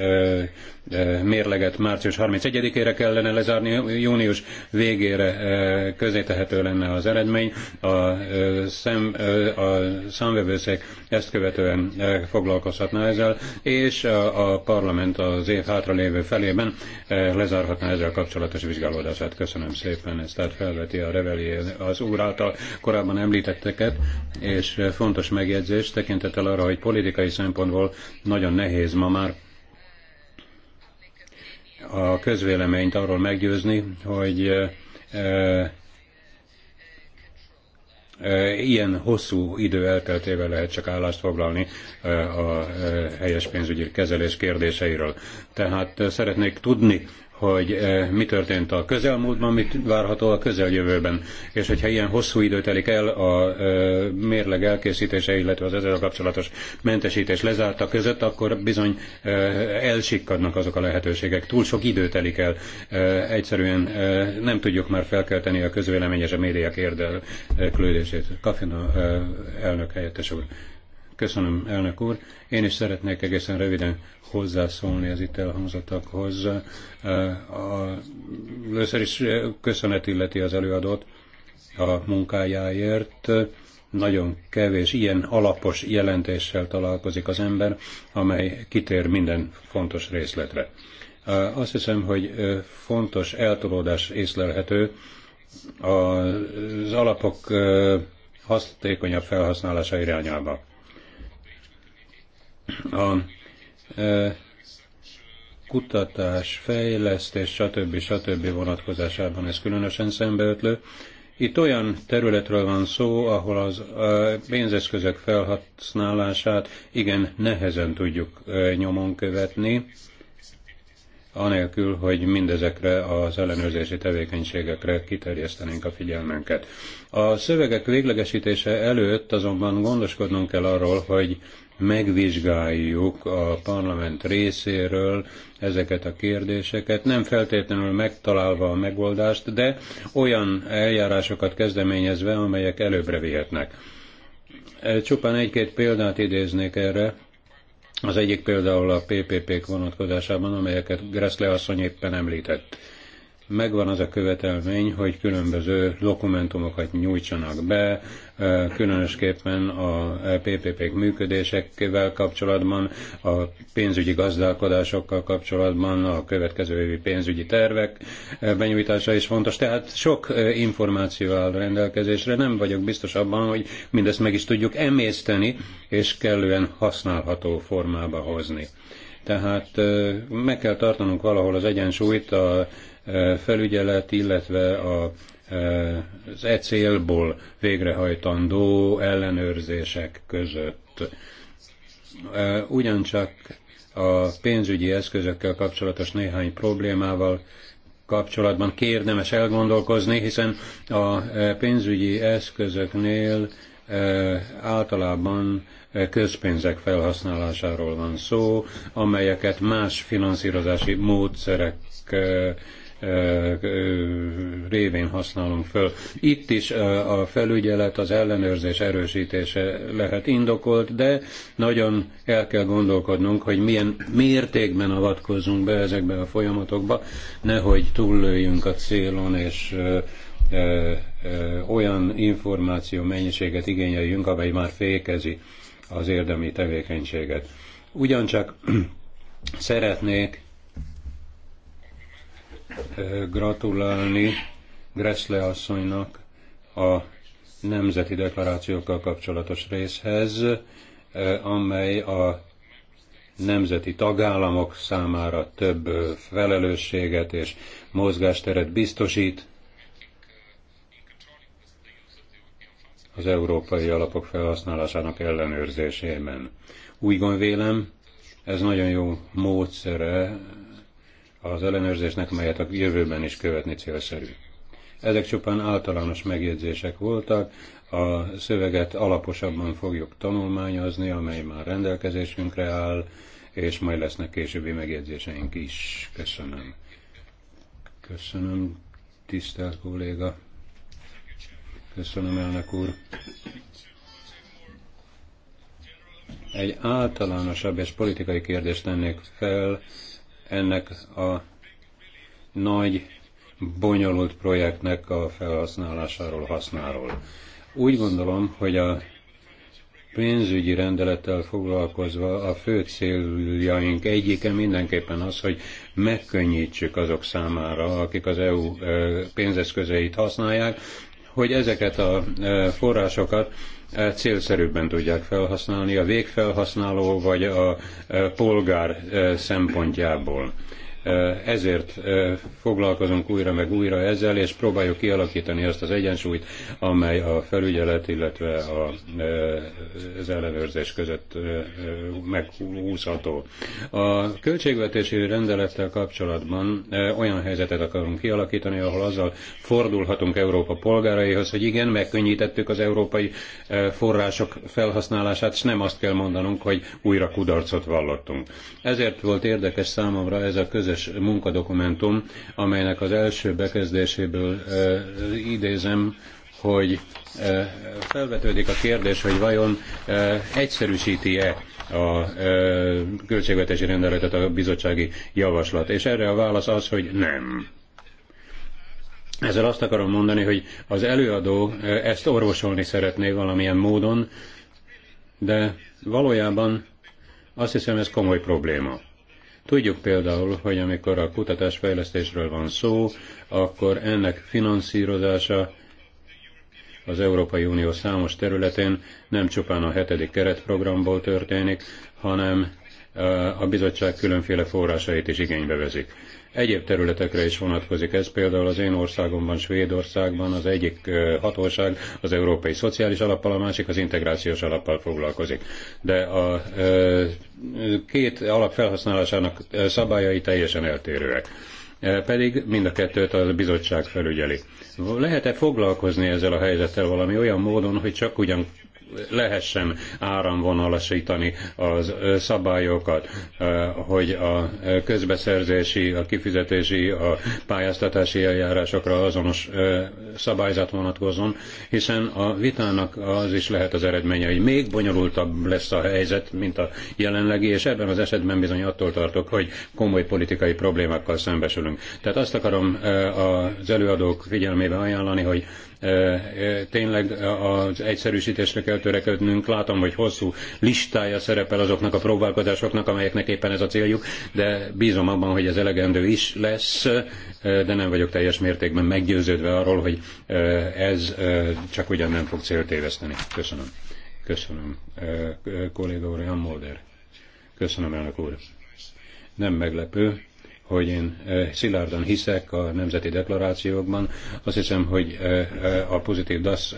E, mérleget március 31-ére kellene lezárni, június végére e, közétehető lenne az eredmény. A, e, szem, a számvevőszék ezt követően foglalkozhatna ezzel, és a parlament az év hátralévő felében lezárhatná ezzel kapcsolatos vizsgálódását. Köszönöm szépen, ezt tehát felveti a reveli az úr által korábban említetteket, és fontos megjegyzés tekintettel arra, hogy politikai szempontból nagyon nehéz ma már a közvéleményt arról meggyőzni, hogy ilyen hosszú idő elteltével lehet csak állást foglalni a helyes pénzügyi kezelés kérdéseiről. Tehát szeretnék tudni hogy eh, mi történt a közelmúltban, mit várható a közeljövőben. És hogyha ilyen hosszú idő telik el a eh, mérleg elkészítése, illetve az ezzel kapcsolatos mentesítés lezárta között, akkor bizony eh, elsikkadnak azok a lehetőségek. Túl sok idő telik el. Egyszerűen nem tudjuk már felkelteni a közvélemény és a médiák érdeklődését. Kafina elnök helyettes úr. Köszönöm, elnök úr. Én is szeretnék egészen röviden hozzászólni az itt elhangzottakhoz. Eh, először is eh, köszönet illeti az előadót a munkájáért. Nagyon kevés ilyen alapos jelentéssel találkozik az ember, amely kitér minden fontos részletre. Eh, azt hiszem, hogy fontos eltolódás észlelhető az alapok hasztékonyabb felhasználása irányába a kutatás, fejlesztés, stb. stb. vonatkozásában ez különösen szembeötlő. Itt olyan területről van szó, ahol az pénzeszközök felhasználását igen nehezen tudjuk nyomon követni, anélkül, hogy mindezekre az ellenőrzési tevékenységekre kiterjesztenénk a figyelmünket. A szövegek véglegesítése előtt azonban gondoskodnunk kell arról, hogy megvizsgáljuk a parlament részéről ezeket a kérdéseket, nem feltétlenül megtalálva a megoldást, de olyan eljárásokat kezdeményezve, amelyek előbbre vihetnek. Csupán egy-két példát idéznék erre. Az egyik például a PPP-k vonatkozásában, amelyeket Gressle asszony éppen említett megvan az a követelmény, hogy különböző dokumentumokat nyújtsanak be, különösképpen a PPP-k működésekkel kapcsolatban, a pénzügyi gazdálkodásokkal kapcsolatban, a következő évi pénzügyi tervek benyújtása is fontos. Tehát sok információ áll rendelkezésre, nem vagyok biztos abban, hogy mindezt meg is tudjuk emészteni, és kellően használható formába hozni. Tehát meg kell tartanunk valahol az egyensúlyt a felügyelet, illetve a az e célból végrehajtandó ellenőrzések között. Ugyancsak a pénzügyi eszközökkel kapcsolatos néhány problémával kapcsolatban kérdemes elgondolkozni, hiszen a pénzügyi eszközöknél általában közpénzek felhasználásáról van szó, amelyeket más finanszírozási módszerek révén használunk föl. Itt is a felügyelet, az ellenőrzés erősítése lehet indokolt, de nagyon el kell gondolkodnunk, hogy milyen mértékben avatkozunk be ezekbe a folyamatokba, nehogy túllőjünk a célon, és olyan információ mennyiséget igényeljünk, amely már fékezi az érdemi tevékenységet. Ugyancsak <clears throat> szeretnék gratulálni Gressle asszonynak a nemzeti deklarációkkal kapcsolatos részhez, eh, amely a nemzeti tagállamok számára több eh, felelősséget és mozgásteret biztosít az európai alapok felhasználásának ellenőrzésében. Úgy gondolom, ez nagyon jó módszere az ellenőrzésnek, melyet a jövőben is követni célszerű. Ezek csupán általános megjegyzések voltak, a szöveget alaposabban fogjuk tanulmányozni, amely már rendelkezésünkre áll, és majd lesznek későbbi megjegyzéseink is. Köszönöm. Köszönöm, tisztelt kolléga. Köszönöm, elnök úr. Egy általánosabb és politikai kérdést tennék fel, ennek a nagy, bonyolult projektnek a felhasználásáról, használról. Úgy gondolom, hogy a pénzügyi rendelettel foglalkozva a fő céljaink egyike mindenképpen az, hogy megkönnyítsük azok számára, akik az EU pénzeszközeit használják, hogy ezeket a forrásokat E, célszerűbben tudják felhasználni a végfelhasználó vagy a e, polgár e, szempontjából. Ezért foglalkozunk újra meg újra ezzel, és próbáljuk kialakítani azt az egyensúlyt, amely a felügyelet, illetve a, az ellenőrzés között meghúzható. A költségvetési rendelettel kapcsolatban olyan helyzetet akarunk kialakítani, ahol azzal fordulhatunk Európa polgáraihoz, hogy igen, megkönnyítettük az európai források felhasználását, és nem azt kell mondanunk, hogy újra kudarcot vallottunk. Ezért volt érdekes számomra ez a közös közös munkadokumentum, amelynek az első bekezdéséből idézem, hogy felvetődik a kérdés, hogy vajon egyszerűsíti-e a költségvetési rendeletet a bizottsági javaslat. És erre a válasz az, hogy nem. Ezzel azt akarom mondani, hogy az előadó ezt orvosolni szeretné valamilyen módon, de valójában azt hiszem ez komoly probléma. Tudjuk például, hogy amikor a kutatásfejlesztésről van szó, akkor ennek finanszírozása az Európai Unió számos területén nem csupán a hetedik keretprogramból történik, hanem a bizottság különféle forrásait is igénybe vezik. Egyéb területekre is vonatkozik ez, például az én országomban, Svédországban az egyik hatóság az Európai Szociális Alappal, a másik az Integrációs Alappal foglalkozik. De a két alap felhasználásának szabályai teljesen eltérőek pedig mind a kettőt a bizottság felügyeli. Lehet-e foglalkozni ezzel a helyzettel valami olyan módon, hogy csak ugyan lehessen áramvonalasítani az szabályokat, hogy a közbeszerzési, a kifizetési, a pályáztatási eljárásokra azonos szabályzat vonatkozon, hiszen a vitának az is lehet az eredménye, hogy még bonyolultabb lesz a helyzet, mint a jelenlegi, és ebben az esetben bizony attól tartok, hogy komoly politikai problémákkal szembesülünk. Tehát azt akarom az előadók figyelmébe ajánlani, hogy Tényleg az egyszerűsítésre kell törekednünk. Látom, hogy hosszú listája szerepel azoknak a próbálkozásoknak, amelyeknek éppen ez a céljuk, de bízom abban, hogy ez elegendő is lesz, de nem vagyok teljes mértékben meggyőződve arról, hogy ez csak ugyan nem fog céltéveszteni. Köszönöm. Köszönöm. Kolléga úr, Jan Mulder. Köszönöm, elnök úr. Nem meglepő, hogy én eh, szilárdan hiszek a nemzeti deklarációkban. Azt hiszem, hogy eh, eh, a pozitív DASZ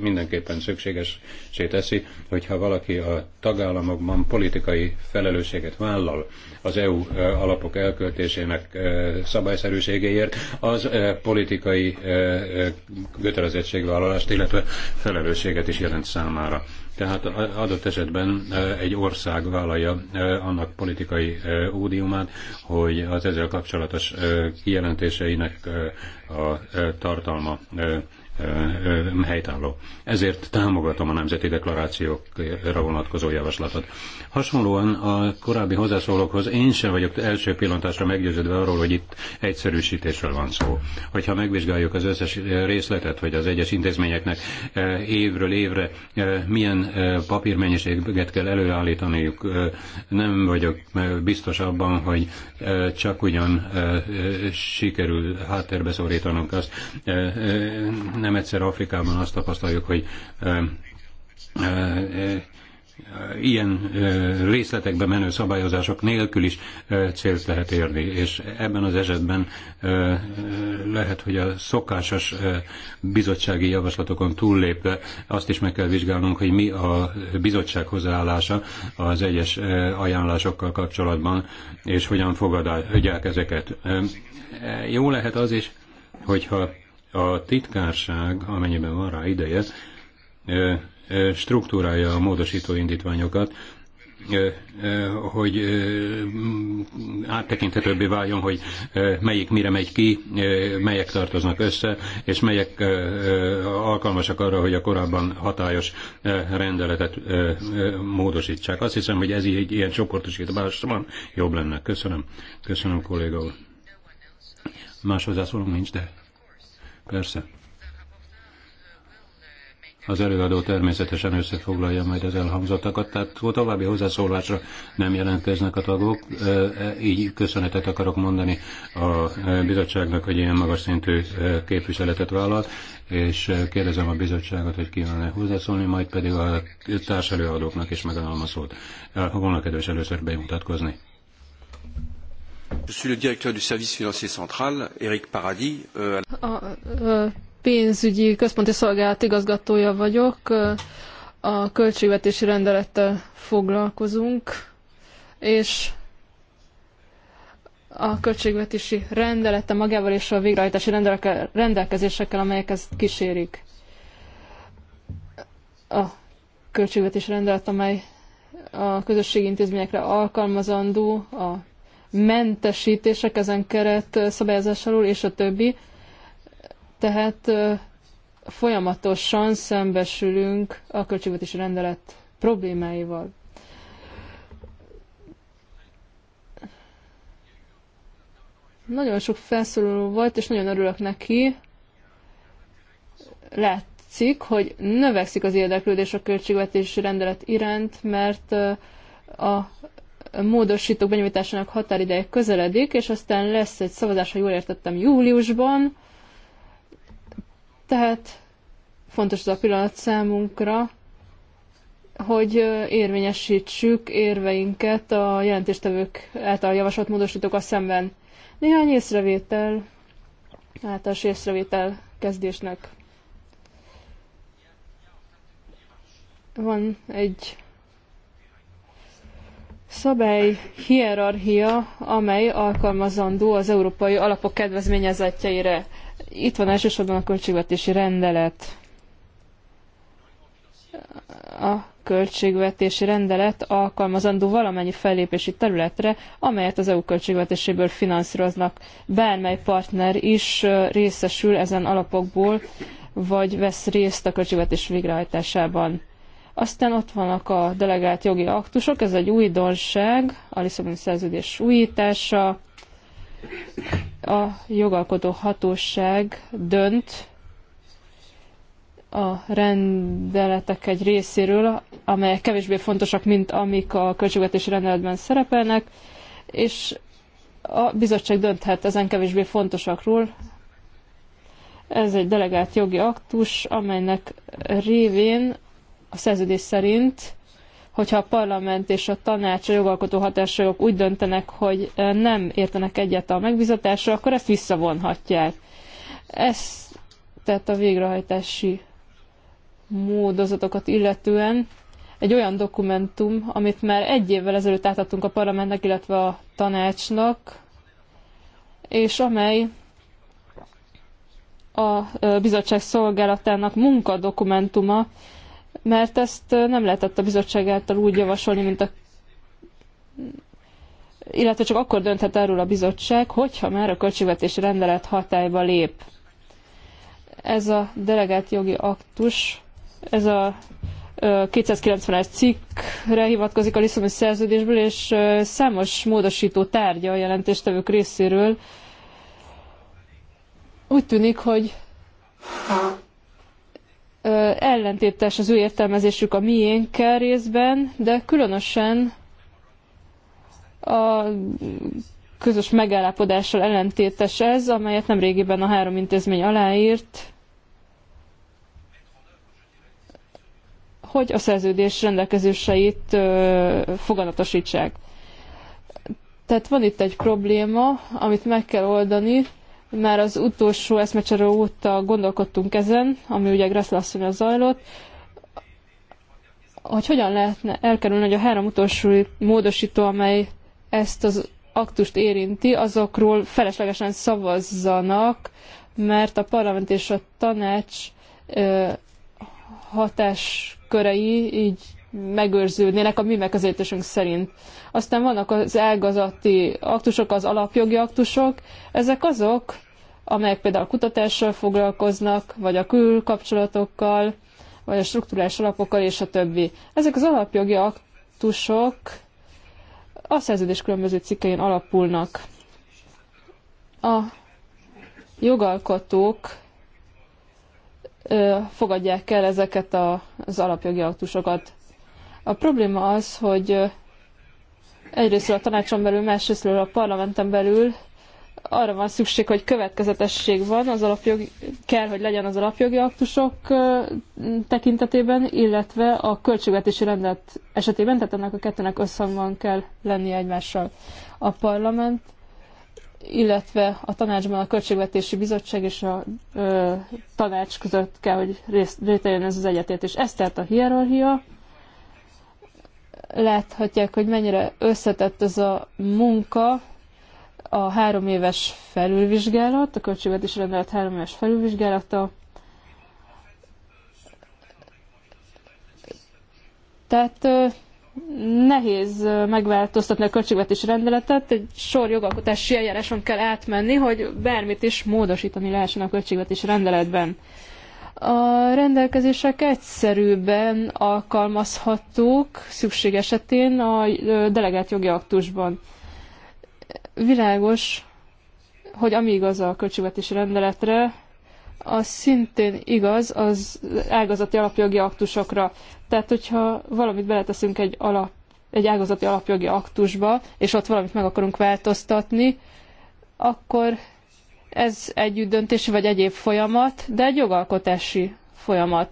mindenképpen szükségesé teszi, hogyha valaki a tagállamokban politikai felelősséget vállal az EU alapok elköltésének szabályszerűségéért, az politikai kötelezettségvállalást, illetve felelősséget is jelent számára. Tehát adott esetben egy ország vállalja annak politikai ódiumát, hogy az ezzel kapcsolatos kijelentéseinek a tartalma helytálló. Ezért támogatom a nemzeti deklarációkra vonatkozó javaslatot. Hasonlóan a korábbi hozzászólókhoz én sem vagyok első pillantásra meggyőződve arról, hogy itt egyszerűsítésről van szó. Hogyha megvizsgáljuk az összes részletet, hogy az egyes intézményeknek évről évre milyen papírmennyiséget kell előállítaniuk, nem vagyok biztos abban, hogy csak ugyan sikerül háttérbe szorítanunk azt, nem egyszer Afrikában azt tapasztaljuk, hogy ilyen részletekbe menő szabályozások nélkül is célt lehet érni, és ebben az esetben lehet, hogy a szokásos bizottsági javaslatokon túllépve azt is meg kell vizsgálnunk, hogy mi a bizottság hozzáállása az egyes ajánlásokkal kapcsolatban, és hogyan fogadják ezeket. Jó lehet az is, hogyha a titkárság, amennyiben van rá ideje, struktúrája a módosító indítványokat, hogy áttekinthetőbbé váljon, hogy melyik mire megy ki, melyek tartoznak össze, és melyek alkalmasak arra, hogy a korábban hatályos rendeletet módosítsák. Azt hiszem, hogy ez egy ilyen csoportosításban jobb lenne. Köszönöm. Köszönöm, kolléga úr. Más hozzászólom nincs, de Persze. Az előadó természetesen összefoglalja majd az elhangzottakat, tehát további hozzászólásra nem jelentkeznek a tagok. E, így köszönetet akarok mondani a e, bizottságnak, hogy ilyen magas szintű e, képviseletet vállalt, és kérdezem a bizottságot, hogy kívánne hozzászólni, majd pedig a társ előadóknak is megadom a szót. Volna kedves először bemutatkozni. Je suis le directeur du service financier central, Eric Paradis. Euh, a pénzügyi központi szolgálat igazgatója vagyok. A költségvetési rendelettel foglalkozunk, és a költségvetési rendelete magával és a végrehajtási rendelkezésekkel, amelyek ezt kísérik. A költségvetési rendelet, amely a közösségi intézményekre alkalmazandó, a mentesítések ezen keret szabályozás alól, és a többi. Tehát folyamatosan szembesülünk a költségvetési rendelet problémáival. Nagyon sok felszólaló volt, és nagyon örülök neki. Látszik, hogy növekszik az érdeklődés a költségvetési rendelet iránt, mert a módosítók benyújtásának határideje közeledik, és aztán lesz egy szavazás, ha jól értettem, júliusban. Tehát fontos az a pillanat számunkra, hogy érvényesítsük érveinket a jelentéstevők által javasolt a szemben. Néhány észrevétel, általános észrevétel kezdésnek. Van egy szabály hierarchia, amely alkalmazandó az európai alapok kedvezményezetjeire. Itt van elsősorban a költségvetési rendelet. A költségvetési rendelet alkalmazandó valamennyi fellépési területre, amelyet az EU költségvetéséből finanszíroznak. Bármely partner is részesül ezen alapokból, vagy vesz részt a költségvetés végrehajtásában aztán ott vannak a delegált jogi aktusok, ez egy újdonság, a Lisszaboni szerződés újítása. A jogalkotó hatóság dönt a rendeletek egy részéről, amelyek kevésbé fontosak, mint amik a költségvetési rendeletben szerepelnek, és a bizottság dönthet ezen kevésbé fontosakról. Ez egy delegált jogi aktus, amelynek révén a szerződés szerint, hogyha a parlament és a tanács, a jogalkotó hatáságok úgy döntenek, hogy eh, nem értenek egyet a megbizatásra, akkor ezt visszavonhatják. Ez tehát a végrehajtási módozatokat illetően egy olyan dokumentum, amit már egy évvel ezelőtt átadtunk a parlamentnek, illetve a tanácsnak, és amely a eh, bizottság szolgálatának munkadokumentuma, mert ezt nem lehetett a bizottság által úgy javasolni, mint a illetve csak akkor dönthet erről a bizottság, hogyha már a költségvetési rendelet hatályba lép. Ez a delegált jogi aktus, ez a 291 es cikkre hivatkozik a Lisszaboni szerződésből, és számos módosító tárgya a jelentéstevők részéről. Úgy tűnik, hogy ellentétes az ő értelmezésük a miénkkel részben, de különösen a közös megállapodással ellentétes ez, amelyet nemrégiben a három intézmény aláírt, hogy a szerződés rendelkezéseit foganatosítsák. Tehát van itt egy probléma, amit meg kell oldani, már az utolsó eszmecsere óta gondolkodtunk ezen, ami ugye Gressler asszony zajlott, hogy hogyan lehetne elkerülni, hogy a három utolsó módosító, amely ezt az aktust érinti, azokról feleslegesen szavazzanak, mert a parlament és a tanács hatáskörei így megőrződnének a mi megközelítésünk szerint. Aztán vannak az elgazati aktusok, az alapjogi aktusok. Ezek azok, amelyek például a kutatással foglalkoznak, vagy a külkapcsolatokkal, vagy a struktúrás alapokkal, és a többi. Ezek az alapjogi aktusok a szerződés különböző cikkein alapulnak. A jogalkotók fogadják el ezeket az alapjogi aktusokat. A probléma az, hogy egyrészt a tanácson belül, másrészt a parlamenten belül arra van szükség, hogy következetesség van, az alapjog, kell, hogy legyen az alapjogi aktusok tekintetében, illetve a költségvetési rendet esetében, tehát ennek a kettőnek összhangban kell lennie egymással a parlament, illetve a tanácsban a Költségvetési Bizottság és a ö, tanács között kell, hogy részt, létrejön ez az egyetértés. Ez tehát a hierarchia, Láthatják, hogy mennyire összetett ez a munka, a három éves felülvizsgálat, a költségvetési rendelet három éves felülvizsgálata. Tehát nehéz megváltoztatni a költségvetési rendeletet, egy sor jogalkotási eljáráson kell átmenni, hogy bármit is módosítani lehessen a költségvetési rendeletben. A rendelkezések egyszerűbben alkalmazhatók szükség esetén a delegált jogi aktusban. Világos, hogy ami igaz a költségvetési rendeletre, az szintén igaz az ágazati alapjogi aktusokra. Tehát, hogyha valamit beleteszünk egy, alap, egy ágazati alapjogi aktusba, és ott valamit meg akarunk változtatni, akkor ez együttdöntési vagy egyéb folyamat, de egy jogalkotási folyamat.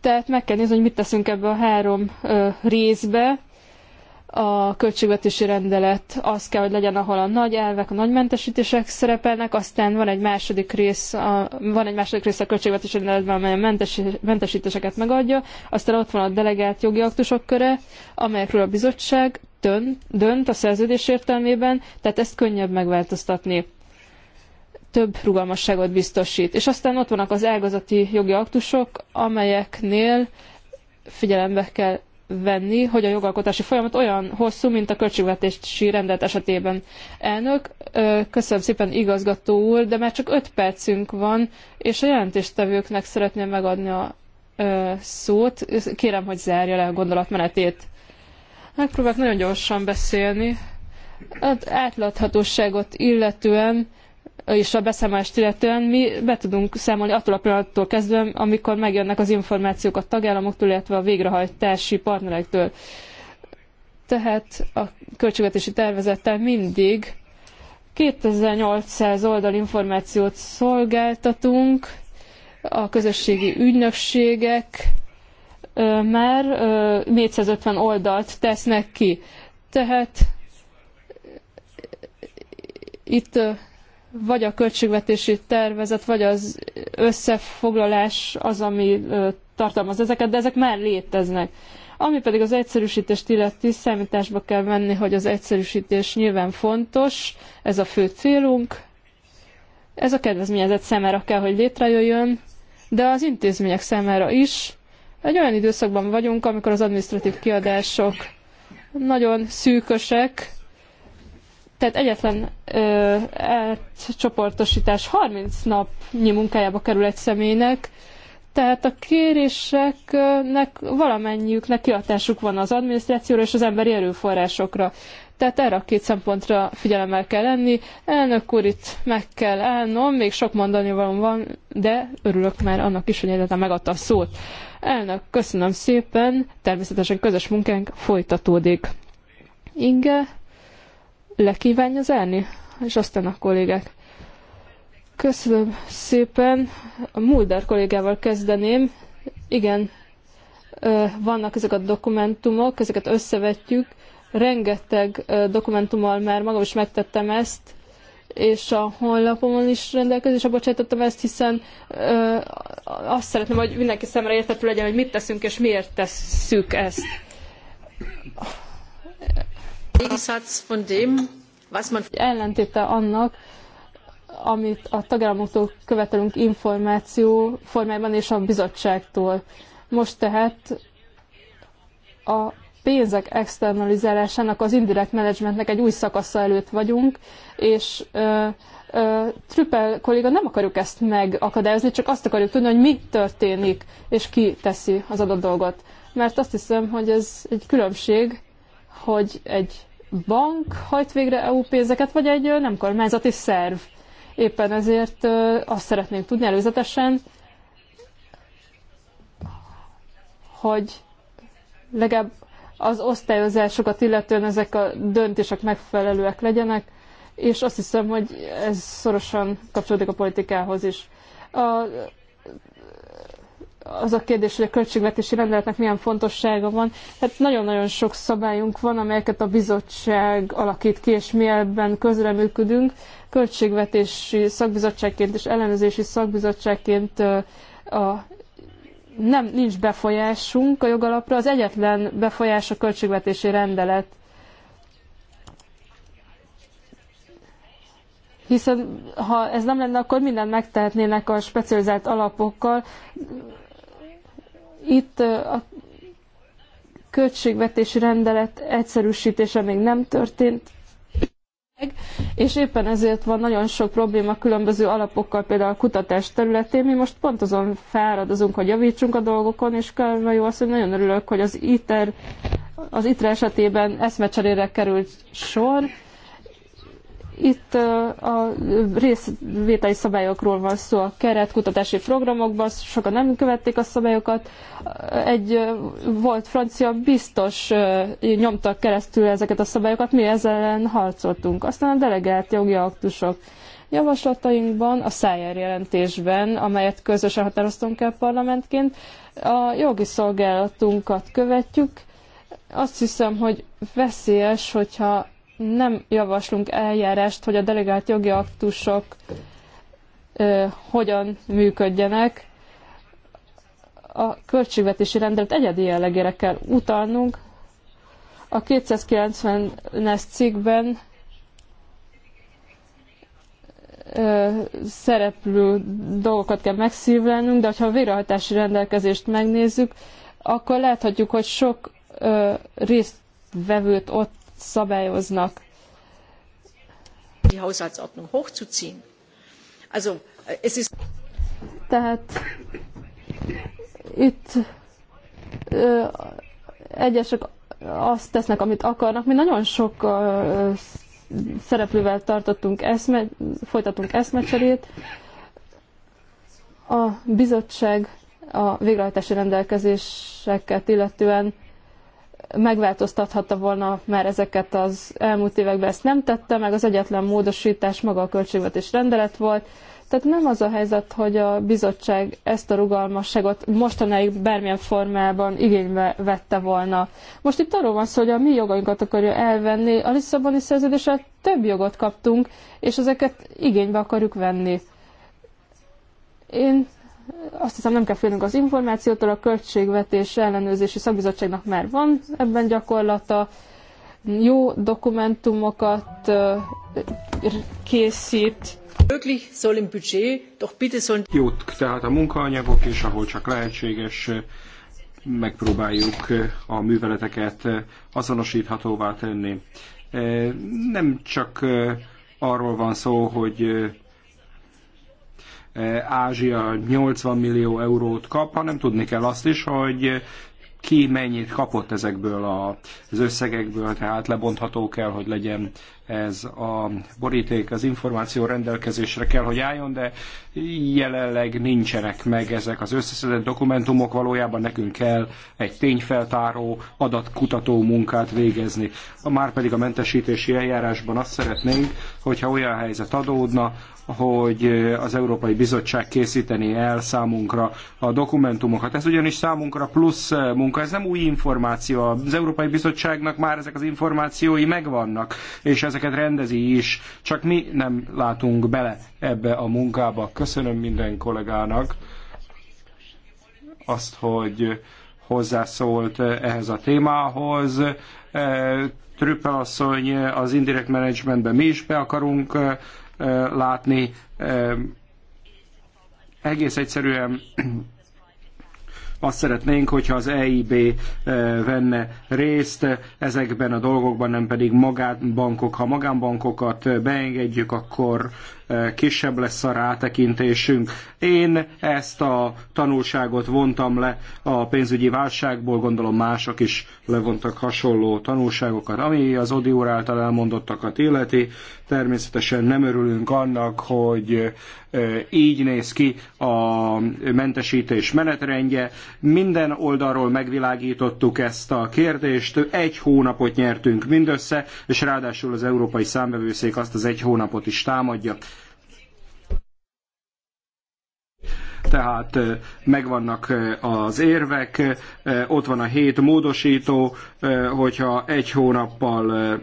Tehát meg kell nézni, hogy mit teszünk ebbe a három ö, részbe. A költségvetési rendelet az kell, hogy legyen, ahol a nagy elvek, a nagy mentesítések szerepelnek, aztán van egy második rész, a, van egy második rész a költségvetési rendeletben, amely a mentes, mentesítéseket megadja, aztán ott van a delegált jogi aktusok köre, amelyekről a bizottság dönt, dönt a szerződés értelmében, tehát ezt könnyebb megváltoztatni több rugalmasságot biztosít. És aztán ott vannak az ágazati jogi aktusok, amelyeknél figyelembe kell venni, hogy a jogalkotási folyamat olyan hosszú, mint a költségvetési rendelet esetében. Elnök, köszönöm szépen igazgató úr, de már csak öt percünk van, és a jelentéstevőknek szeretném megadni a szót. Kérem, hogy zárja le a gondolatmenetét. Megpróbálok nagyon gyorsan beszélni. Az átláthatóságot illetően és a beszámolást illetően mi be tudunk számolni attól a pillanattól kezdve, amikor megjönnek az információk a tagállamoktól, illetve a végrehajtási partnerektől. Tehát a költségvetési tervezettel mindig 2800 oldal információt szolgáltatunk, a közösségi ügynökségek már 450 oldalt tesznek ki. Tehát itt vagy a költségvetési tervezet, vagy az összefoglalás az, ami tartalmaz ezeket, de ezek már léteznek. Ami pedig az egyszerűsítést illeti, számításba kell venni, hogy az egyszerűsítés nyilván fontos, ez a fő célunk. Ez a kedvezményezett számára kell, hogy létrejöjjön, de az intézmények számára is, egy olyan időszakban vagyunk, amikor az administratív kiadások nagyon szűkösek, tehát egyetlen ö, átcsoportosítás 30 napnyi munkájába kerül egy személynek, tehát a kéréseknek valamennyiüknek kiadásuk van az adminisztrációra és az emberi erőforrásokra. Tehát erre a két szempontra figyelemmel kell lenni. Elnök úr, itt meg kell állnom, még sok mondani van, de örülök már annak is, hogy egyáltalán megadta a szót. Elnök, köszönöm szépen, természetesen közös munkánk folytatódik. Inge, lekívánja elni. És aztán a kollégák. Köszönöm szépen. A Mulder kollégával kezdeném. Igen, vannak ezek a dokumentumok, ezeket összevetjük. Rengeteg dokumentummal már magam is megtettem ezt, és a honlapomon is rendelkezésre bocsátottam ezt, hiszen ö, azt szeretném, hogy mindenki szemre értető legyen, hogy mit teszünk és miért tesszük ezt. Ellentéte annak, amit a tagállamoktól követelünk információ formájában és a bizottságtól. Most tehát a pénzek externalizálásának, az indirekt menedzsmentnek egy új szakasza előtt vagyunk, és ö, ö, Trüppel kolléga nem akarjuk ezt megakadályozni, csak azt akarjuk tudni, hogy mi történik, és ki teszi az adott dolgot. Mert azt hiszem, hogy ez egy különbség, hogy egy bank hajt végre EU pénzeket, vagy egy nem kormányzati szerv. Éppen ezért azt szeretnénk tudni előzetesen, hogy legalább az osztályozásokat illetően ezek a döntések megfelelőek legyenek, és azt hiszem, hogy ez szorosan kapcsolódik a politikához is. A, az a kérdés, hogy a költségvetési rendeletnek milyen fontossága van. Hát nagyon-nagyon sok szabályunk van, amelyeket a bizottság alakít ki, és mi ebben közreműködünk. Költségvetési szakbizottságként és ellenőrzési szakbizottságként a nem, nincs befolyásunk a jogalapra, az egyetlen befolyás a költségvetési rendelet. Hiszen ha ez nem lenne, akkor mindent megtehetnének a specializált alapokkal. Itt a költségvetési rendelet egyszerűsítése még nem történt és éppen ezért van nagyon sok probléma különböző alapokkal, például a kutatás területén. Mi most pont azon fáradozunk, hogy javítsunk a dolgokon, és jó, azt, hogy nagyon örülök, hogy az ITER az ITER esetében eszmecserére került sor, itt a részvételi szabályokról van szó a kutatási programokban, sokan nem követték a szabályokat. Egy volt francia biztos nyomta keresztül ezeket a szabályokat, mi ezzel ellen harcoltunk. Aztán a delegált jogi aktusok javaslatainkban, a Szájer jelentésben, amelyet közösen határoztunk el parlamentként, a jogi szolgálatunkat követjük. Azt hiszem, hogy veszélyes, hogyha nem javaslunk eljárást, hogy a delegált jogi aktusok ö, hogyan működjenek. A költségvetési rendelet egyedi jellegére kell utalnunk. A 290-es cikkben ö, szereplő dolgokat kell megszívlenünk, de ha a végrehajtási rendelkezést megnézzük, akkor láthatjuk, hogy sok ö, vevőt ott szabályoznak. Äh, Tehát itt ö, egyesek azt tesznek, amit akarnak. Mi nagyon sok ö, szereplővel tartottunk eszme, folytatunk eszmecserét. A bizottság a végrehajtási rendelkezéseket illetően megváltoztathatta volna már ezeket az elmúlt években, ezt nem tette, meg az egyetlen módosítás maga a költségvetés rendelet volt. Tehát nem az a helyzet, hogy a bizottság ezt a rugalmasságot mostanáig bármilyen formában igénybe vette volna. Most itt arról van szó, hogy a mi jogainkat akarja elvenni, a Lisszaboni szerződéssel több jogot kaptunk, és ezeket igénybe akarjuk venni. Én azt hiszem nem kell félnünk az információtól, a költségvetés ellenőrzési szakbizottságnak már van ebben gyakorlata, jó dokumentumokat készít. jó tehát a munkaanyagok, és ahol csak lehetséges, megpróbáljuk a műveleteket azonosíthatóvá tenni. Nem csak arról van szó, hogy Ázsia 80 millió eurót kap, hanem tudni kell azt is, hogy ki mennyit kapott ezekből a, az összegekből, tehát lebontható kell, hogy legyen ez a boríték, az információ rendelkezésre kell, hogy álljon, de jelenleg nincsenek meg ezek az összeszedett dokumentumok, valójában nekünk kell egy tényfeltáró, adatkutató munkát végezni. Már pedig a mentesítési eljárásban azt szeretnénk, hogyha olyan helyzet adódna, hogy az Európai Bizottság készíteni el számunkra a dokumentumokat. Ez ugyanis számunkra plusz munka, ez nem új információ. Az Európai Bizottságnak már ezek az információi megvannak, és ezeket rendezi is, csak mi nem látunk bele ebbe a munkába. Köszönöm minden kollégának azt, hogy hozzászólt ehhez a témához. Trüppel asszony az indirect managementben mi is be akarunk látni. Egész egyszerűen azt szeretnénk, hogyha az EIB venne részt ezekben a dolgokban, nem pedig magánbankok. Ha magánbankokat beengedjük, akkor kisebb lesz a rátekintésünk. Én ezt a tanulságot vontam le a pénzügyi válságból, gondolom mások is levontak hasonló tanulságokat, ami az Odi úr által elmondottakat illeti. Természetesen nem örülünk annak, hogy így néz ki a mentesítés menetrendje. Minden oldalról megvilágítottuk ezt a kérdést, egy hónapot nyertünk mindössze, és ráadásul az Európai Számbevőszék azt az egy hónapot is támadja. Tehát megvannak az érvek, ott van a hét módosító, hogyha egy hónappal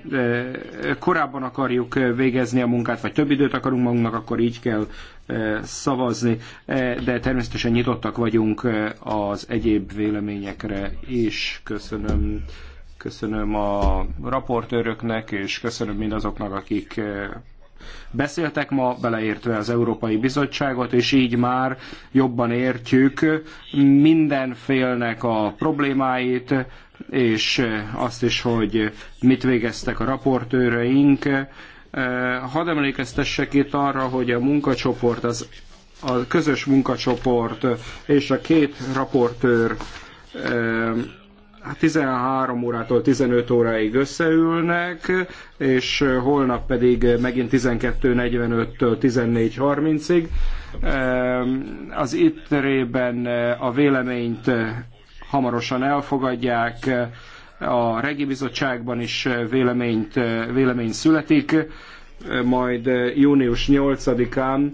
korábban akarjuk végezni a munkát, vagy több időt akarunk magunknak, akkor így kell szavazni, de természetesen nyitottak vagyunk az egyéb véleményekre is. Köszönöm köszönöm a raportőröknek, és köszönöm mindazoknak, akik beszéltek ma, beleértve az Európai Bizottságot, és így már jobban értjük minden félnek a problémáit, és azt is, hogy mit végeztek a raportőreink. Hadd emlékeztessek itt arra, hogy a munkacsoport, az, a közös munkacsoport és a két raportőr 13 hát órától 15 óráig összeülnek, és holnap pedig megint 12.45-től 14.30-ig. Ehm, az itterében eh, a véleményt eh, hamarosan elfogadják, a regi bizottságban is eh, véleményt, vélemény születik, majd június 8-án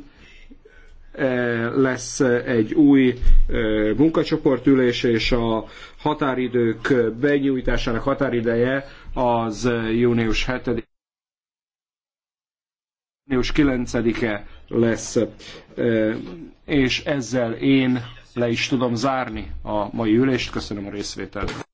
E, lesz egy új e, munkacsoportülés, és a határidők benyújtásának határideje az június 7 június 9-e lesz, e, és ezzel én le is tudom zárni a mai ülést. Köszönöm a részvételt.